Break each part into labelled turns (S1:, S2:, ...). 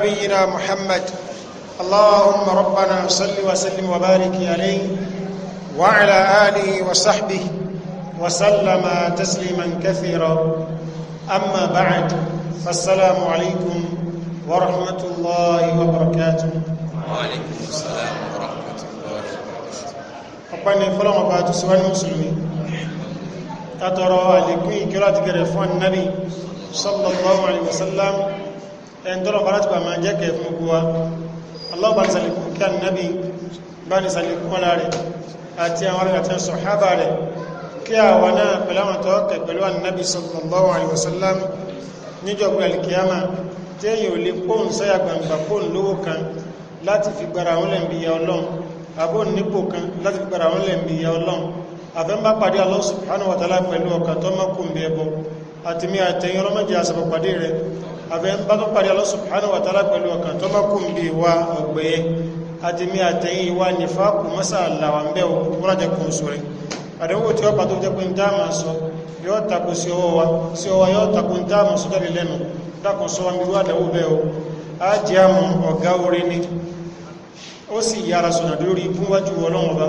S1: نبينا محمد اللهم ربنا صل وسلم وبارك عليه وعلى آله وصحبه وسلم تسليما كثيرا أما بعد فالسلام عليكم ورحمة الله وبركاته وعليكم السلام ورحمة الله وبركاته أبني فلما بعد سواني مسلمين أترى لكم كرات قرفان النبي صلى الله عليه وسلم ẹ̀ntọ́rọ̀ bá láti bá máa jẹ́ kẹfún gbogbo wa Allah bá ní sàlẹ̀kún kí ànábì bá ní sàlẹ̀kún ọlá rẹ̀ àti àwọn ará àti sọ̀hábà rẹ̀ kí àwa náà pẹ̀lú àwọn tó kẹ̀ pẹ̀lú ànábì sallallahu alaihi wasallam níjọba alkiyama tí èyí ò lè pọ́ùn sẹ́yà gbangba àwọn lẹ́m̀bì ya ọlọ́run àbó nípò àti mi àtẹ̀yìn ọlọ́mọdé àsọ̀pọ̀ pàdé rẹ̀ àfẹ́ ń bá tó pàdé Allah subhanahu wa ta'ala pẹ̀lú ọkàn tó bá kún bí wa ọgbẹ̀yẹ àti mi àtẹ̀yìn ìwà nìfà kù mọ́sà làwà ń bẹ́ o kúrọ̀jẹ̀ kún sórí àdéhùn tí ó pàtó jẹ́ pé ń dáàmà sọ yóò tako sí ọwọ́ wa sí ń dáàmà sọ jáde ni ó sì yára sọ̀nà lórí ìbúwájú ọlọ́run ọba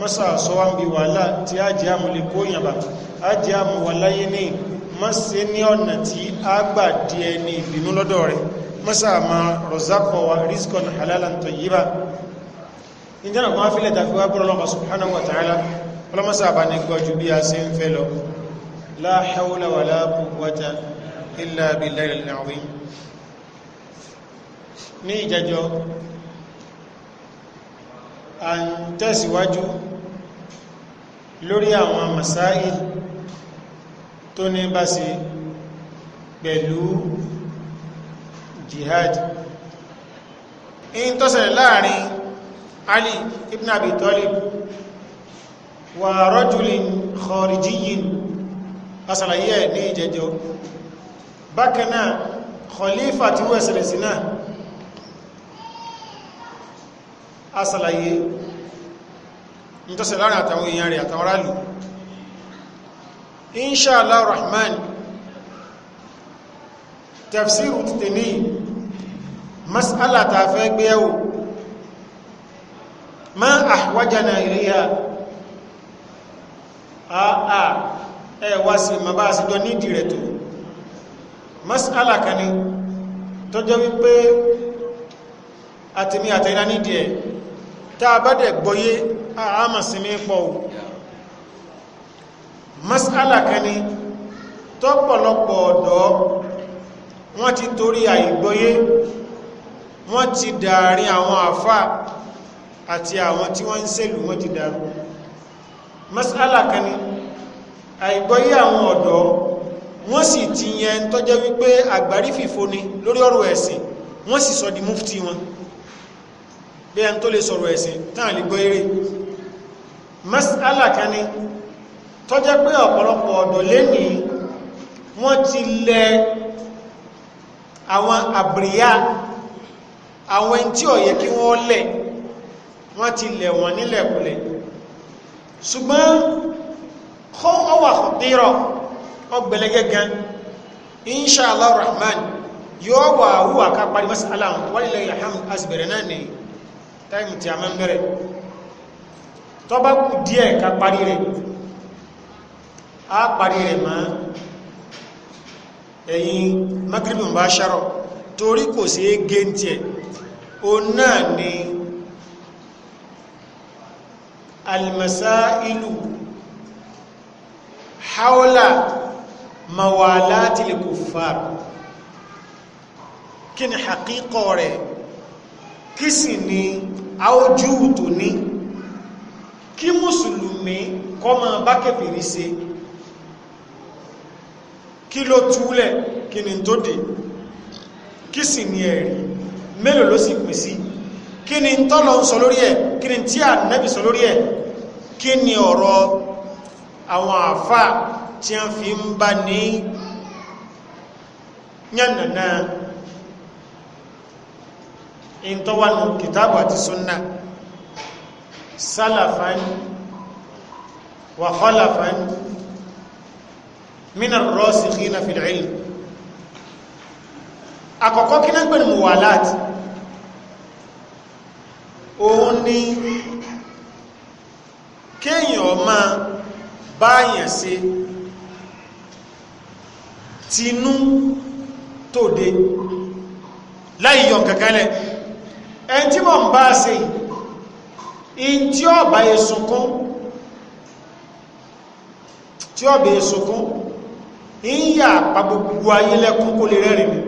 S1: mọ́sà sọ wa ń bi wàhálà tí á jẹ́ àmọ́ kó ìyàbà á jẹ́ àmọ́ láyé ní má ṣe ní ọ̀nà tí a gbà di ẹni ìbínú lọ́dọ̀ rẹ̀ mọ́sá ma rọ̀zákọ̀ wa rizqan halalan tayyiba ìjọ́nà kan fílẹ̀ tàbí wá gbọ́rọ̀ lọ́kọ̀ subhanahu wa ta'ala ọlọ́mọ́sá bá ní gbọ́jú bí a ṣe ń fẹ́ lọ la hawla wa la tó ní bá ṣe pẹ̀lú jihad in tó ṣẹlẹ̀ láàrin Ali ibn Abi Talib wà rajulin kharijiyin asàlàyé ní ìjẹjọ bákanáà khalifa tí wọ́n ṣẹlẹ̀ sí náà asàlàyé in tó ṣẹlẹ̀ láàrin àtàwọn èèyàn rẹ̀ àtàwọn aráàlú inṣàlá rahman tafsiru títẹ̀ ní mas'ala ta fẹ́ gbé ẹ̀wò ma ahwajana ilayha àà ẹ̀wà sí ma bá sí jọ ní ìdìrẹ̀ tó mas'ala kan ni tó jẹ́ wípé àtìmí àtẹ́ra nídìí ẹ̀ tá a bá sí mi pọ̀ masala kan ni tọ́pọ̀lọpọ̀ ọ̀dọ́ wọ́n ti torí àìgbọ́yé wọ́n ti dàárín àwọn àfá àti àwọn tí wọ́n ń sèlú wọ́n ti dàrú masala kan ni àìgbọ́yé àwọn ọ̀dọ́ wọ́n sì ti yẹn tó wípé àgbárí fìfo ni lórí ọ̀rọ̀ ẹ̀sìn wọ́n sì sọ di mufti wọn bí ẹni tó lè sọ̀rọ̀ ẹ̀sìn tán lè gbọ́ masala kan tó jẹ́ pé ọ̀pọ̀lọpọ̀ ọ̀dọ̀ lẹ́ni wọ́n ti lẹ àwọn àbìríyà àwọn ẹni tí ó yẹ kí wọ́n lẹ̀ wọ́n ti lẹ̀ wọ́n nílẹ̀kulẹ̀ ṣùgbọ́n kọ́ ọwà dírọ̀ ọgbẹ̀lẹ́gẹ́ gan inṣàlá rahman yóò wà wúwà ká parí masala wálẹ̀ ìhàm asibẹ̀rẹ̀ náà ni táìmù tí a máa ń bẹ̀rẹ̀ kù díẹ̀ ká rẹ̀ a parí rẹ̀ mọ́ ẹ̀yìn magribu bá ṣarọ̀ torí kò sí géńtì ẹ̀ o náà ni almasailu haula mawalatil kuffar kí ni hakíkọ rẹ̀ kí sì ni àójú tó ní kí mùsùlùmí kọ́ máa bá kèfèrí ṣe kí ló túlẹ̀ kí ni tó dé kí sì ni ẹ̀rí mélòó ló sì pín sí kí ni tọ́lọ ń sọ lórí ẹ̀ kí ni tí ànẹ́bì sọ lórí ẹ̀ kí ni ọ̀rọ̀ àwọn àfà tí a fi ń bá ní yànnàná ìntọ́wànù kìtàbù àti súnnà sálàfán wà khalafan min ar-rasikhina fil ilm àkọ́kọ́ kí náà gbẹ̀rẹ̀ muwalat òun ni kéèyàn ọmọ báyàn sí tinú tòde láì yọ kankanlẹ̀ ẹni tí mọ̀ ń bá ṣe in tí ọ̀bá esunkún tí ọ̀bá esunkún ń yà pa gbogbo ayé lẹ́kún kó lè rẹ́rìn mi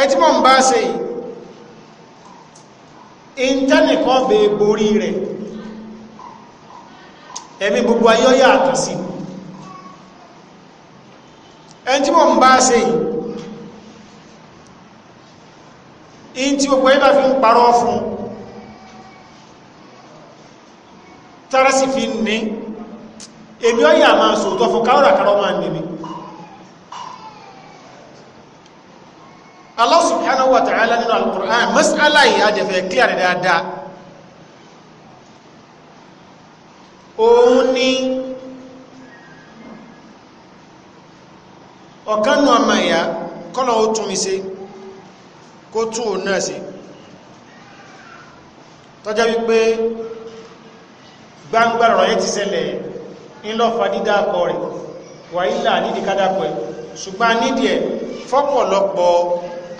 S1: ẹ tí mọ̀ ń bá ṣe ìntẹ́nìkan bèé borí rẹ̀ ẹ̀mí gbogbo ayé ọ yàtọ̀ sí ẹ tí ń bá ṣe in gbogbo ayé bá fi ń parọ́ fún tárásì fi ń ní èmi ọ yà máa sòótọ́ fún káwọ́rà kárọ́ máa ń nìmi Allah subhanahu wa ta'ala nínú al-Qur'an mas'ala yìí adẹ̀fẹ̀ clear dáadáa òun ni ọ̀kánu ọmọ ìyá kọ́lọ̀ ó tún mi kó tún òun náà ṣe tọ́já wípé gbangba yẹ́ ti ṣẹlẹ̀ ńlọ́fà dídákọ rẹ̀ wàílà nídi kádàkọ ẹ̀ ṣùgbọ́n nídi ẹ̀ fọ́pọ̀lọpọ̀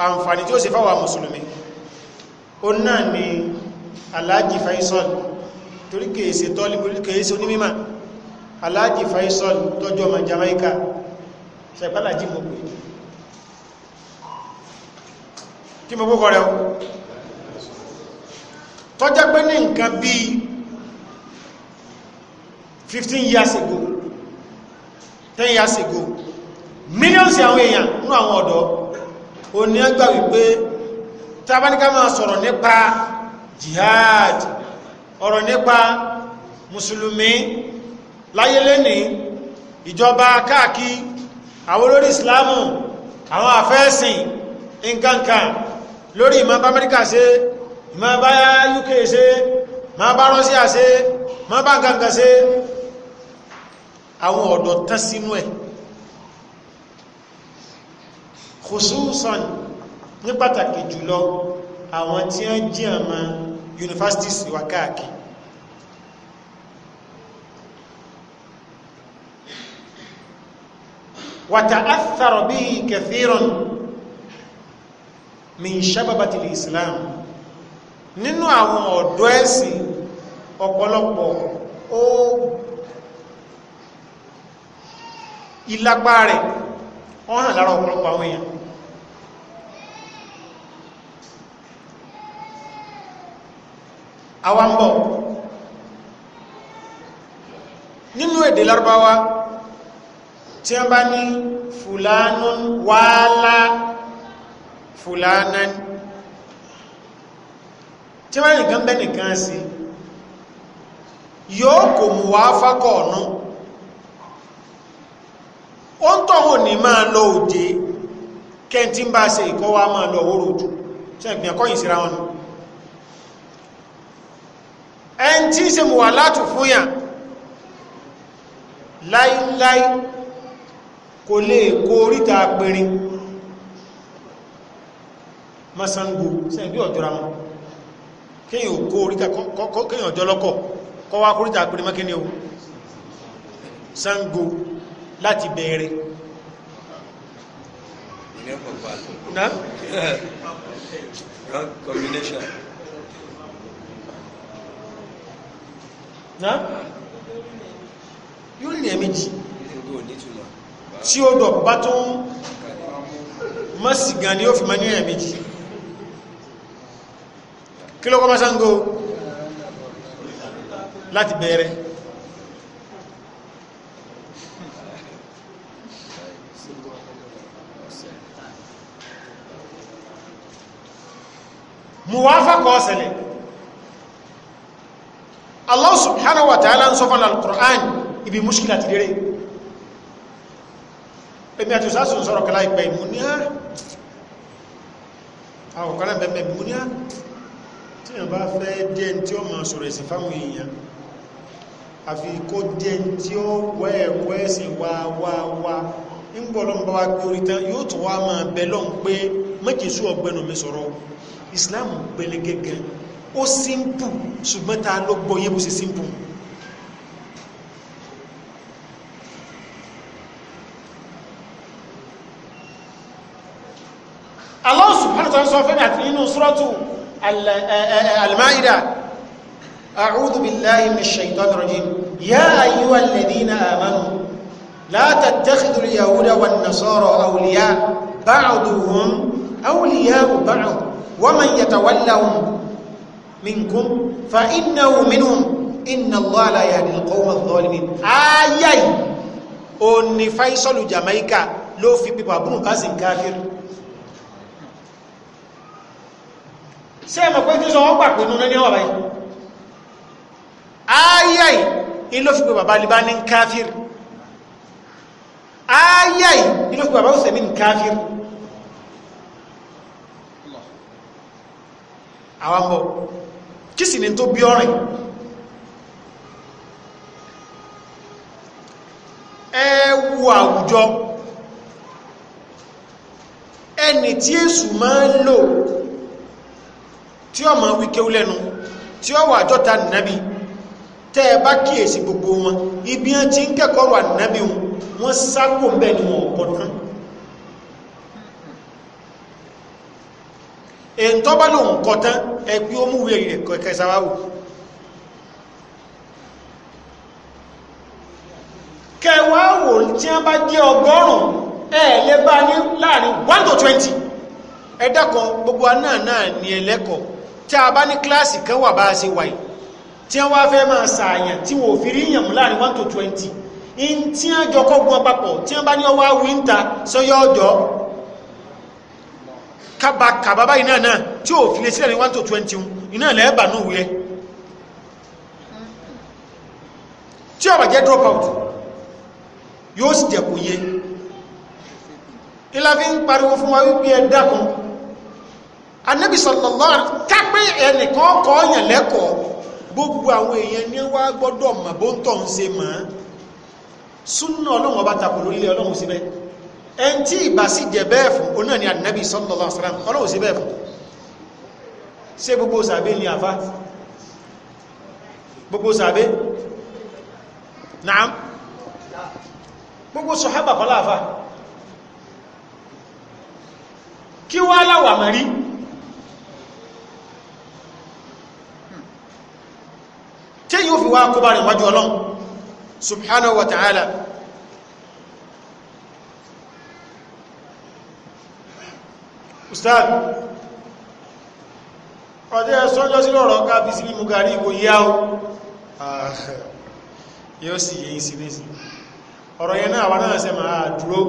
S1: àǹfààní tí ó ṣe fáwà mùsùlùmí ó náà ni aláàjì Faisal tori se torí kèèsè tọ́lì kèèsè onímímà aláàjì Faisal tọ́jú ọmọ Jamaica ṣẹ̀pálàjì mọ̀ pé kí mọ̀ púpọ̀ rẹ̀ tọ́jẹ́ pé ní nǹkan bíi 15 years ago 10 years ago millions àwọn èèyàn nínú àwọn ọ̀dọ́ òní ẹgbà wípé tábánikà máa sọ̀rọ̀ nípa jihad ọ̀rọ̀ nípa mùsùlùmí láyé lẹ́ni ìjọba káàkiri àwọn olórí islamu àwọn àfẹ́ẹ̀sìn nkankan lórí ìmọ̀ bá amẹ́ríkà se, ìmọ̀ bá uk se, ìmọ̀ bá rọ́ṣíà se, ìmọ̀ bá nkankan se àwọn ọ̀dọ́ tán sínú ẹ̀ khususan ní pàtàkì jùlọ àwọn tí wọ́n jí àmà universities wà káàkiri وتأثر به كثير من شبابة الإسلام nínú àwọn ọ̀dọ́ ẹ̀sìn ọ̀pọ̀lọpọ̀ ó ìlágbá rẹ̀ wọ́n hàn lára ọ̀pọ̀lọpọ̀ àwọn èèyàn àwa ń bọ̀ nínú èdè lárúbáwá tí wọ́n bá ní fulanun wàhálà fulanan tí wọ́n nìkan bẹ́ nìkan sí yóò kò mú wá fákọ̀ọ̀nù no? ó ń tọ́wọ́ ní máa lọ òde kẹ́ntí ń bá ìkọ́ wá máa lọ òórò jù ṣe ìgbìyàn kọ́yìn síra wọn ẹn tí ṣe mọ̀ wà látù fún láíláí kò lè kó oríta pẹ̀rin masango ṣe ìbí ọ̀jọ́ra wọn kíyàn kó oríta kíyàn ọjọ́ lọ́kọ̀ kọ́ wá kó oríta pẹ̀rin ni o láti bẹ̀rẹ̀
S2: na wrong combination
S1: na yóò ní ẹ̀mẹ́jì tí ó dọ̀ bá tó ń mọ́ sí gan ni ó fi mọ́ ní ẹ̀mẹ́jì kí ló kọ́ máa sáńgó láti bẹ̀rẹ̀ muwafakọ̀ ọ̀sẹ̀lẹ̀ Allah subhanahu wa ta'ala ń sọfà al-Qur'an ibi mushkila ti dére èmi àti òsásùn sọ̀rọ̀ kala ìgbà ìmúníà àwọn kan náà bẹ̀mẹ̀ ìmúníà tí wọ́n bá fẹ́ jẹ́ tí ó máa sọ̀rọ̀ ẹ̀sìn fáwọn èèyàn àfi kó jẹ́ tí ó wẹ́ẹ̀kọ́ ẹ̀sìn wá wá wá ń bọ̀ bá wá gbé tán yóò tún wá máa bẹ̀ pé mẹ́kìsú ọgbẹ́nu mi sọ̀rọ̀ islam pẹlẹgẹ gan ó simple ṣùgbọ́n ta ló gbọ́ yé bó ṣe simple Allah subhanahu wa ta'ala sọ fẹ́mi àti nínú suratu al-Ma'idah a'udhu billahi minash shaitani rajim ya ayyuhal ladhina amanu la tattakhidul yahuda wan nasara awliya ba'duhum awliya'u ba'd ومن يتولهم منكم فإنه منهم إن الله لا يهدي القوم الظالمين آي أن فيصل جامايكا لو في بيبا بنو كازن كافر sẹ́ẹ̀mọ̀ pé tí sọ wọ́n gbà pé nínú ní ọ̀rẹ́ ayayi ilé òfin pé bàbá libá ní káfíìr ayayi ilé òfin pé bàbá òsèmí ní káfíìr àwábọ̀ kí sì ni tó bí ọ̀rìn ẹ wo àwùjọ ẹni tí èsù máa ń lò tí ó máa wíkéú lẹ́nu tí ó wà jọ́ta nìnábi tẹ́ ẹ bá kíyèsí gbogbo wọn ibi wọn ti ń kẹ́kọ̀ọ́ ànìnábi wọn sákò ń wọn ọ̀pọ̀ náà èyí tó bá lòun kọ tán ẹgbẹ́ ó múwé rẹ̀ kẹ̀kẹ́ sáwáwò kẹwàá wò tí wọ́n bá jẹ́ ọgọ́rùn-ún ẹ̀ẹ́lẹ́gbá ní láàrin 1 to 20 ẹ̀dá kan gbogbo náà náà ní ẹlẹ́kọ̀ọ́ tí a bá ní kíláàsì kan wà bá a ṣe wáyé tí wọ́n wá fẹ́ máa sàáyàn tí wọ́n fi ìyàmù láàrin 1 to 20 in tí wọ́n jọ kọ́gbọ́n papọ̀ tí wọ́n bá ní ọwá wíńtà sọ́yọ́ ọjọ́ kaba kaba báyìí náà náà tí ò fi lè sílẹ̀ ní one to twenty iná lẹ́ẹ̀bà náà wúyẹ́ tí ọ̀bà jẹ́ drop out yóò sì jẹ́ kò yé ilá fi ń pariwo fún wa wípé ẹ̀dá kan anábì sallallahu alaihi kápẹ́ ẹnìkan kọ́ ọ̀yàn lẹ́kọ̀ọ́ gbogbo àwọn èèyàn ní wá gbọ́dọ̀ mà bó ń tọ̀ ń ṣe mọ́ súnà ọlọ́run ọba tàbí lórílẹ̀ ọlọ́run síbẹ̀ ẹn tí ìbá sì jẹ bẹ́ẹ̀ fún oná ni ànábì sallallahu alaihi wasallam ọlọ́wọ́ sí bẹ́ẹ̀ fún ṣe gbogbo sàbẹ́ ni àfá gbogbo sàbẹ́ naam gbogbo sọ̀hábà kọ́lá àfá kí wá láwà mẹ́rí tí yóò fi wá kó bá rẹ̀ wájú ọlọ́run ustad ọdẹ́ sọ́jọ́ sí lọ́rọ̀ ká bí sí ní mugari kò yá o ah, yóò sì yìí sí lé sí
S2: ọ̀rọ̀ yẹn náà àwọn náà sẹ ma
S1: àdúró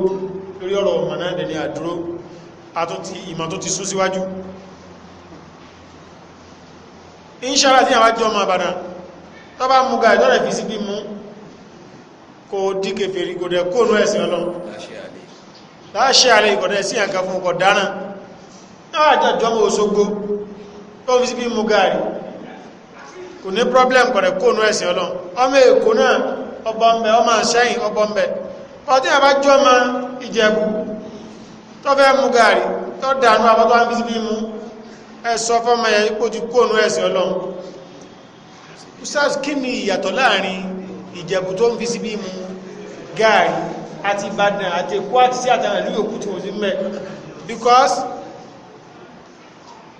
S1: lórí ọ̀rọ̀ ọmọ náà dẹ̀ ní àdúró ìmọ̀ tó ti sún síwájú inṣára tí àwọn jọmọ àbàdàn tó bá mugari láṣẹ́ àlẹ́ ìkọ̀dẹ̀ sí àkà ọkọ̀ dáná àjàjọ́ ọmọ Òṣogbo tó fi síbí mú gààrí kò ní problem kọ̀rẹ̀ kóònú ẹ̀sìn ọlọ́run ọmọ èkó náà ọbọ̀m̀bẹ̀ ọmọ àṣẹ́yìn ọbọ̀m̀bẹ̀ ọdí àbájọ́ ọmọ ìjẹ̀bù tó fẹ́ mú gààrí tó dànú àbọ́tọ́ wá ń fi síbí mú ẹ̀sọ́ fọ́mọ ẹ̀ ipò ti kóònú ẹ̀sìn ọlọ́run kí ni ìyàtọ̀ láàrin ìjẹ̀bù tó ń fi síbí mú gààrí àti Ìbàdàn àti Èkó àti sí àtàrà ìlú yòókù tí wọ́n ti because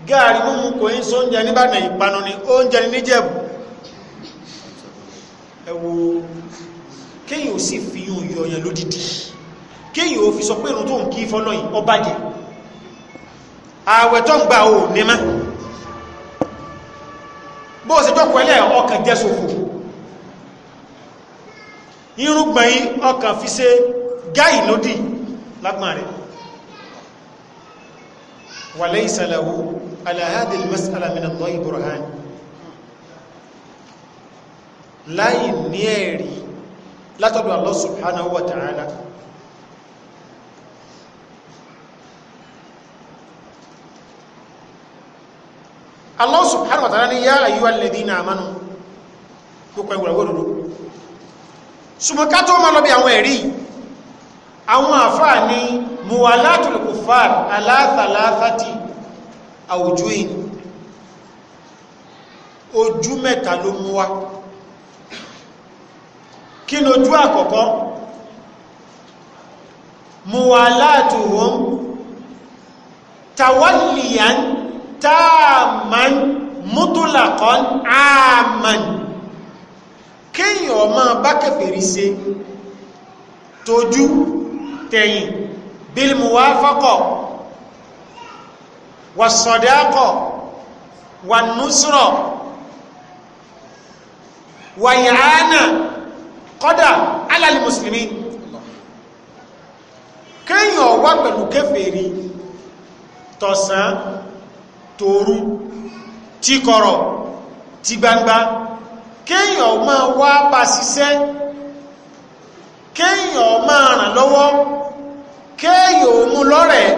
S1: gaari mímu kò ń sóúnjẹ ní Ìbàdàn ìpanu ni oúnjẹ ní níjẹ̀bù ẹwọ kéyìn ò sì fi yún yọyàn lódìdí kéyìn ò fi sọ pé irun tó ń kí fọ́nà yìí ọba jẹ ààwẹ̀ tó ń gba ò ní má bó o sì jọ́kọ̀ ọkàn jẹ́ sòfò irúgbọ̀n ọkàn fi ṣe gáì lódì lágbọ̀n rẹ̀ wàlẹ́ ìsàlẹ̀ wo على هذه المسألة من الله برهان لا ينيري لا تدعو الله سبحانه وتعالى الله سبحانه وتعالى يا أيها الذين آمنوا kópa ìwòrán wòròrò ṣùgbọ́n ká tó máa lọ bí àwọn ẹ̀rí muwalatul kufar ala thalathati àwùjú yìí ojú mẹ́ta ló mú wá kí lójú àkọ́kọ́ muwalatuhum tawalliyan taaman mutulakon aman kíyàn ọmọ bákẹfẹ̀rí se tójú tẹ̀yìn bil muwafaqo والصداقة والنصرة وإعانة قدر على المسلمين kéèyàn wá pẹ̀lú kèfèrí tọ̀sán tòru tí kọ̀rọ̀ tí gbangba kéèyàn máa wá bá ṣiṣẹ́ kéèyàn máa ràn lọ́wọ́ kéèyàn mú lọ́rẹ̀ẹ́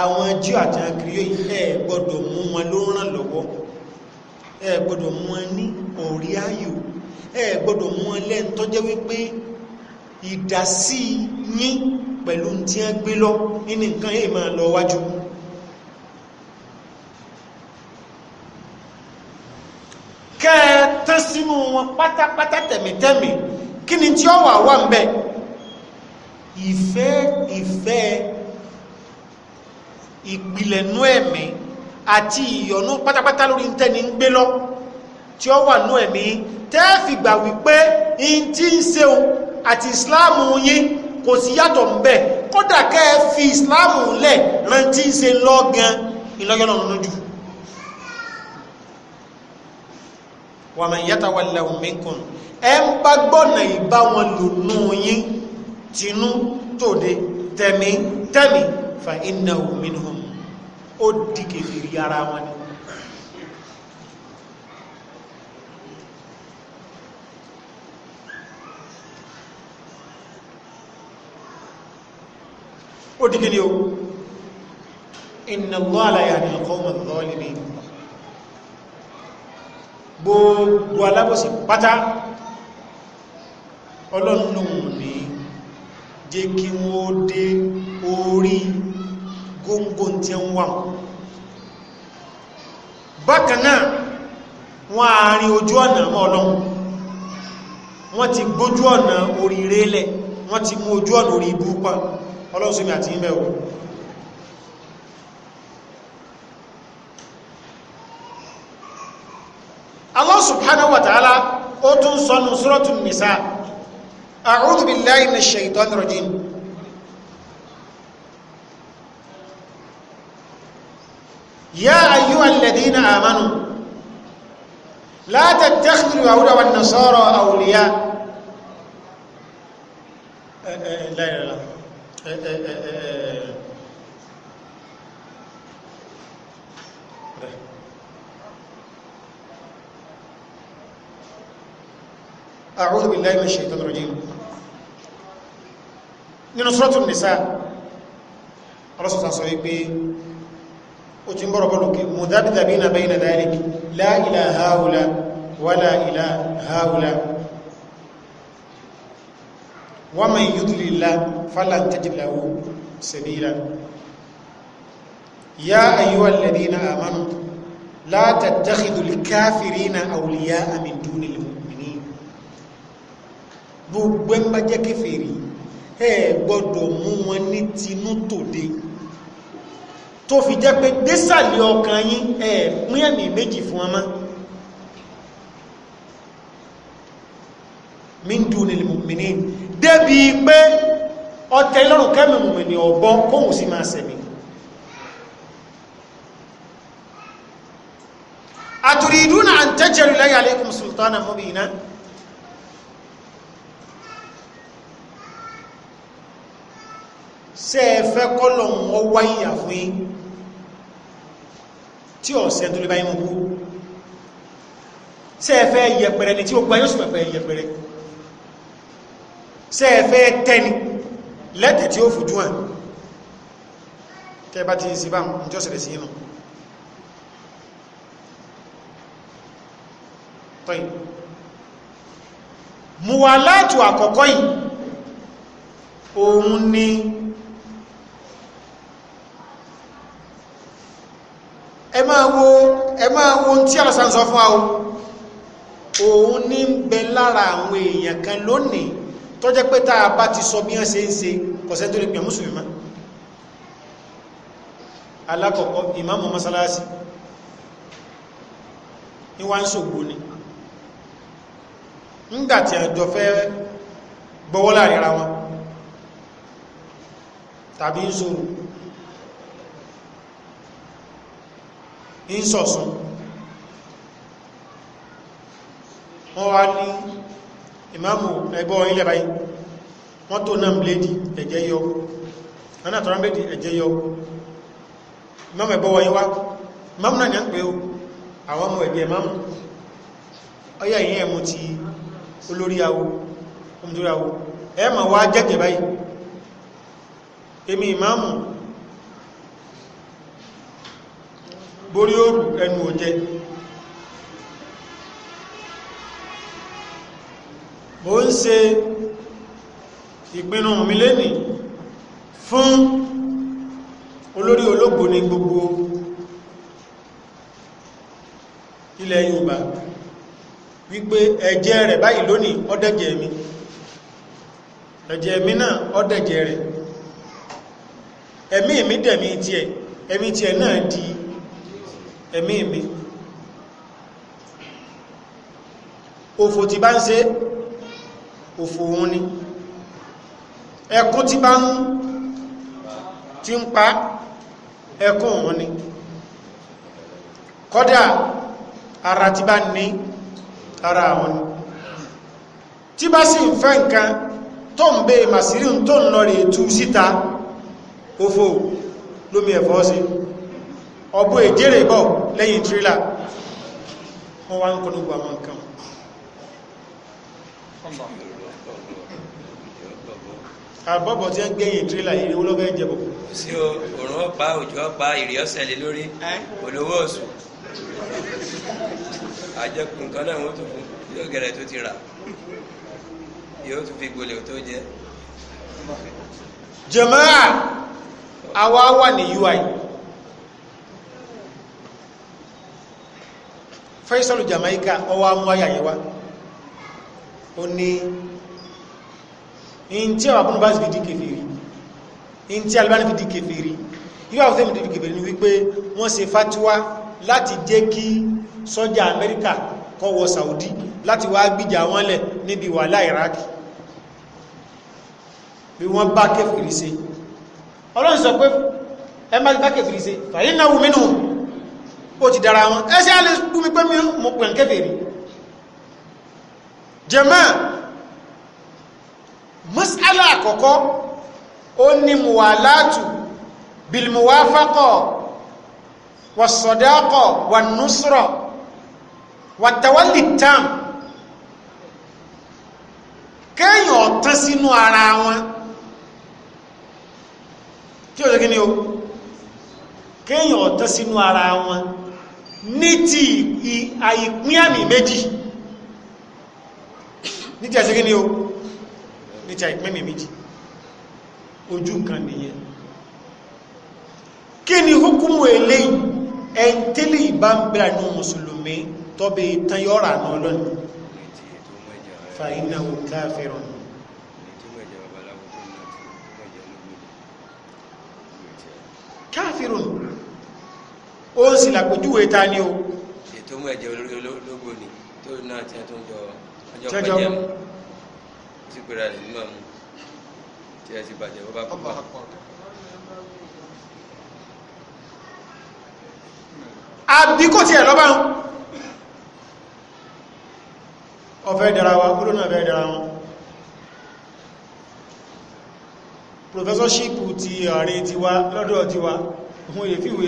S1: àwọn jíò àti àkìrí ẹ gbọ́dọ̀ mú wọn ló ràn lọ́wọ́ ẹ gbọ́dọ̀ mú wọn ní orí ayò ẹ gbọ́dọ̀ mú wọn lẹ́nu tó jẹ́ wípé ìdásí yín pẹ̀lú tí wọ́n gbé lọ nínú nǹkan yìí máa lọ wájú kẹ́ẹ̀tán sínú wọn pátápátá tẹ̀mítẹ̀mí kí ni tí ó wà wà ń bẹ ìfẹ́ ìfẹ́ ìpìlẹ̀nú ẹ̀mí àti ìyọ̀nú pátápátá lórí tẹ́ni ń gbé lọ tí ó wà nú ẹ̀mí tẹ́ẹ̀fìgbà wípé in tí ń seun àti ìsìláàmù yín kò sí yàtọ̀ ń bẹ̀ kódà kẹ́ ẹ fi ìsìláàmù lẹ̀ rántí ń se lọ́gan ìlọ́yọ́ náà lójú wa man yatawallahu minkum ẹ ń bá gbọ́nà ìbá wọn lò nú yín tinú tòde tẹ̀mí tẹ̀mí fa innahu minhum ó di kèfèrí ara wọn ni ó di kíni o inna Allah la yahdi al-qawma adh-dhalimin gbogbo alábòsí pátá ọlọ́run ní jẹ́ kí wọ́n dé orí góńgó tí ń wà bákan náà wọ́n àárín ojú ọ̀nà mọ́ ọlọ́run wọ́n ti gbójú ọ̀nà orí rélẹ̀ wọ́n ti mú ojú ọ̀nà orí ibú pa ọlọ́run sómi àti ìmẹ̀ wò Allah subhanahu ó tún sọnù suratul nisa a'udhu يا أيها الذين آمنوا لا تتخذوا اليهود والنصارى أولياء أه، أه، أه، لا لا لا أعوذ بالله من الشيطان الرجيم لنصرة النساء النساء الرسول صلى الله عليه وسلم ó ti ń bọ́rọ̀ bọ́rọ̀ kí mudhabdhabina bayna dhalik la ilaha haula wala ilaha haula wa man yudlilillah falan tajid lahu sabila ya ayyuhal ladhina amanu la tattakhidul kafirina awliya'a min dunil mu'minin gbogbo ẹmbá jẹ́ tó fi jẹ́ pé désàlẹ̀ ọkàn yín ẹ̀ mú ẹ̀mí méjì fún ọmọ míndú ní mùmìnì débi pé ọtẹ lọ́rùn kẹ́mì mùmìnì ọ̀bọ kóhùn sí máa sẹ̀mí àtùrìdúnà àtẹ́jẹ̀rù lẹ́yà alaikum sultana mubina ṣe é fẹ́ kọ́lọ̀ wọn wáyà fún yín tí ọ̀sẹ̀ tó lè bá mú kú ṣe é fẹ́ yẹpẹrẹ ni tí ó gbá yóò sì pẹ̀pẹ̀ yẹpẹrẹ ṣe é fẹ́ tẹ́ni lẹ́tẹ̀ tí ó fojú hàn tẹ́ bá ti sí bá ń jọ́sẹ̀rẹ̀ sí inú tọ́yìn
S2: muwalatu àkọ́kọ́ yìí
S1: òun ni e máa wo wo tí àlọ́sà ń sọ fún wa òun ní ń bẹ lára àwọn èèyàn kan lónìí tó jẹ́ pé tá a bá ti sọ bí wọ́n se ń se kọ̀sẹ́ tó lè pè mùsùlùmí ìmáàmù ní wá ń ńgbàtí àjọ fẹ́ gbọ́wọ́ láàrin ń sọ̀sún wọ́n wá ní ìmáàmù ẹgbọ́ ilẹ̀ báyìí wọ́n tó náà bléèdì ẹ̀jẹ́ yọ ọ̀nà àtọ́rọ̀ bléèdì ẹ̀jẹ́ yọ ìmáàmù ẹgbọ́ wọ́n yíwá ìmáàmù náà ní à ń pè ó àwọn ọmọ ẹ̀bí ẹ̀máàmù ọyá ìyẹn ẹ̀mú ti olórí ẹ wá jẹ́jẹ̀ borí òrù ẹnu òjẹ́ mo ń ṣe ìpinnu mi lẹ́nì fún olórí olóògbò ní gbogbo ilẹ̀ Yorùbá wípé ẹ̀jẹ̀ rẹ̀ báyìí lónìí ọdẹ́jẹ̀ mi ẹ̀jẹ̀ mi náà ọdẹ́jẹ̀ rẹ̀ ẹ̀mí mi dẹ̀mí tiẹ̀ ẹ̀mí tiẹ̀ náà di ẹ̀mí mi òfò tí bá ń ṣe òfò òun ni ẹkún tí bá ń tí ń pa ẹkún òun ni kọ́dà ara tí bá ní ara àwọn ni tí bá sì ń fẹ́ nǹkan tó ń bèè màsírí tó ń lọ rèé tú síta òfò lómi ẹ̀fọ́ sí i ọbú èjèrè bọ̀ lẹ́yìn tírélà wọ́n wá ń kọ́ nígbà wọn kan àbọ̀bọ̀ tí ó ń gẹ́yìn tírélà ìrìn olóbẹ́ ìjẹbọ̀
S2: sí òrùn ọ̀pá òjò ọ̀pá ìrìn ọ̀sẹ̀ lé lórí olówó oṣù àjẹkùn kan náà wọ́n tó fún yóò gẹ̀rẹ̀ tó ti rà yóò tún fi gbolè tó jẹ́
S1: jẹ́mọ́ àwa wà ní ui faisalu jamaica ọwọ́ amú ayàyẹwà ó ní in tí àwọn abúnú bá sì fi di kèfèrí in tí alibani fi di kèfèrí yíò àwọn tẹ́mù di kèfèrí ni wípé wọ́n ṣe fatiwa láti jẹ́ kí sọ́jà amẹ́ríkà kó wọ saudi láti wá gbìjà wọn lẹ̀ níbi wàhálà iraq bí wọ́n bá kèfèrí ṣe ọlọ́run sọ pé ẹ má bá kèfèrí ṣe fàyín náà ó ti dára wọn ẹsẹ́ alẹ́ gúnmi pé mi mọ̀ pẹ̀ kèfèrí jàmá mas'ala àkọ́kọ́ ó ní muwalatu bilmuwafaqa wasadaqa wannusra watawalli tam kéèyàn ọ̀tán sínú ara wọn kí o jẹ́ kí ni o kéèyàn ọ̀tán sínú ara wọn ní ti àìpín àmì méjì ní ti àṣírí ni o ní ti àìpín àmì méjì ojú nǹkan nìyẹn kí ni hukumu eléyìí ẹ̀ntẹ́lẹ̀ ìbá ń bẹ̀rẹ̀ ní mùsùlùmí tọ́bẹ̀ ìtàn yọ́rà náà lọ́nà
S2: fàínàwó káfíràn
S1: káfíràn ó sì làpèjúwe ta ni o.
S2: ètò mú ẹ̀jẹ̀ olórí ológbò ni tó náà tí wọ́n tó ń jọ ọjọ́ pẹ̀jẹ̀ mú ó sì pèrè àlè nímọ̀ tí ẹ ti bàjẹ́ bó bá kú bá.
S1: àbí kò tiẹ̀ lọ́bàá ọ̀fẹ́ dára wa kúrò náà fẹ́ dára wọn professorship ti ààrẹ tiwa lọ́dọ̀ tiwa wọ́n èfíwé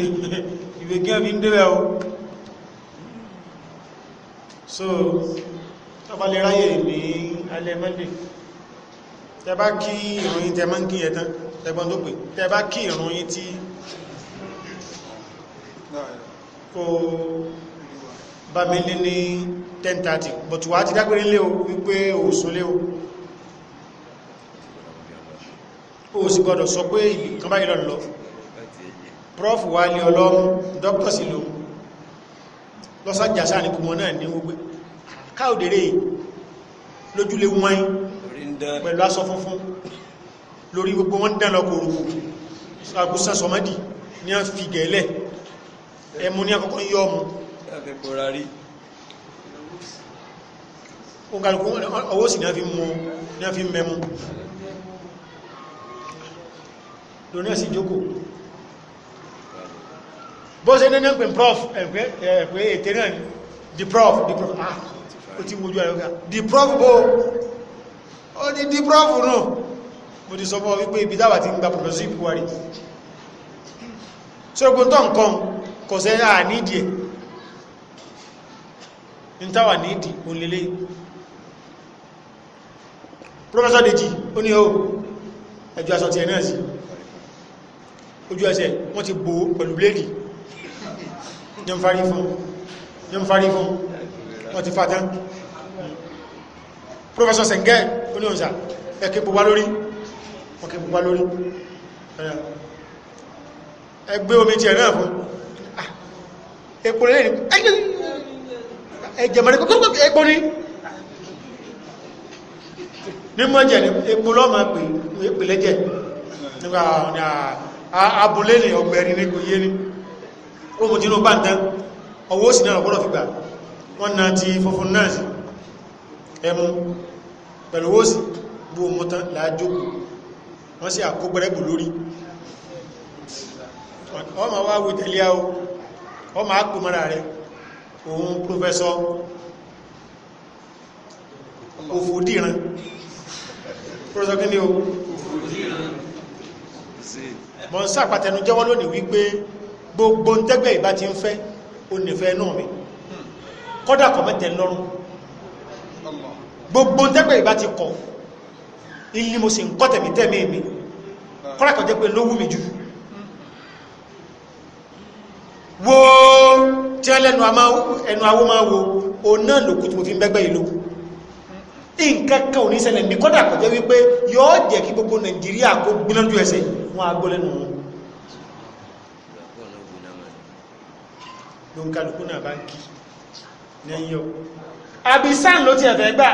S1: ìrègí ẹ̀fí ń débẹ̀ o so tọ́bá lè ráyè ní alẹ́ monday tẹbá kí ìròyìn tẹ mọ́ ń kí ẹ̀tán tẹgbọ́n tó pè tẹbá kí ìròyìn tí kò bá mi lé ní 10:30 but wà á ti dágbére lé o wípé òsùn lé o ó sì gbọ́dọ̀ sọ pé ìbìkan báyìí lọ́nà prof wa ní ọlọ́mú dr silo lọ́sàjásá ní kùmọ̀ náà ní gbogbo káòdèrè lójúlé wọ́n pẹ̀lú aṣọ funfun lórí gbogbo wọ́n dán lọ́kòrò agúsá sọmọ́dì ní a fi gẹ̀ẹ́lẹ̀ ẹmú ní àkọ́kọ́ yọ ọmú ọwọ́ sì ní a fi mú ní a fi mẹ́mú lónìí àsìjókòó bó ṣe ní ní prof ẹ̀pẹ́ ètè náà ni the prof the prof ah ó ti wojú ẹ̀rọ ká the prof bó ó ní the prof náà mo ti sọ fún ọ wípé ibi dáwà ti ń gba professor ibuwari so ogun tó nǹkan kò sẹ́ à nídìí ẹ̀ ń táwà nídìí òun professor deji ó ní o ẹjọ́ aṣọ ti ẹ̀ náà sí ojú ẹsẹ̀ wọ́n ti bò pẹ̀lú bléèdì yẹn fari fún yẹn fari fún wọ́n ti fàtán professor sengel oníhùnsà ẹ̀kẹ́ púpá lórí ọkẹ́ púpá lórí ẹgbẹ́ omi ti ẹ̀rẹ́ fún ah, epo lẹ́lẹ́ ní ẹgbẹ̀rẹ̀ kọ́kọ́ epo ní ní mọ́jẹ̀ ní epo lọ́mọ pè lẹ́jẹ̀ nígbà abúlé ní ọgbẹ̀rin ní kò yé ní ó mú tinú báńtẹ́ ọwọ́ òsì náà gbọ́dọ̀ fi gbà wọ́n na ti funfun náà sí ẹmu pẹ̀lú owó òsì bú omo tán láàjókù wọ́n sì àkógbẹ́rẹ́gbò lórí ọmọ wá wí tẹ̀lé o ọmọ àpò mọ́ra rẹ̀ òun púrọfẹ́sọ́ òfòdíran púrọfẹ́sọ́ kí ni o mọ̀ ń sàpàtẹnu jẹ́wọ́ lónìí wípé gbogbo ń tẹ́gbẹ́ ìbá ti ń fẹ́ o nífẹ̀ẹ́ náà mi kọ́dà kọ́ mẹ́tẹ̀ lọ́rùn gbogbo ń tẹ́gbẹ́ ìbá ti kọ̀ ilé mo sì ń kọ́ tẹ̀mí tẹ́mí mi kọ́dà kọ́ jẹ́ pé ló wù mí jù wo tí ẹ lẹ́nu awó máa wo o náà lòkú tí fi ń bẹ́gbẹ́ ìlú nǹkan kan ò ní ṣẹlẹ̀ mi kọ́dà kọ́ jẹ́ wípé yóò jẹ́ kí gbogbo Nàìjíríà kó gbínà ju wọn á gbọ́ wọn ló ń kálukú náà bá ń kí lẹ́yìn ọkọ̀ abisan ló ti ẹ̀fẹ́ gbà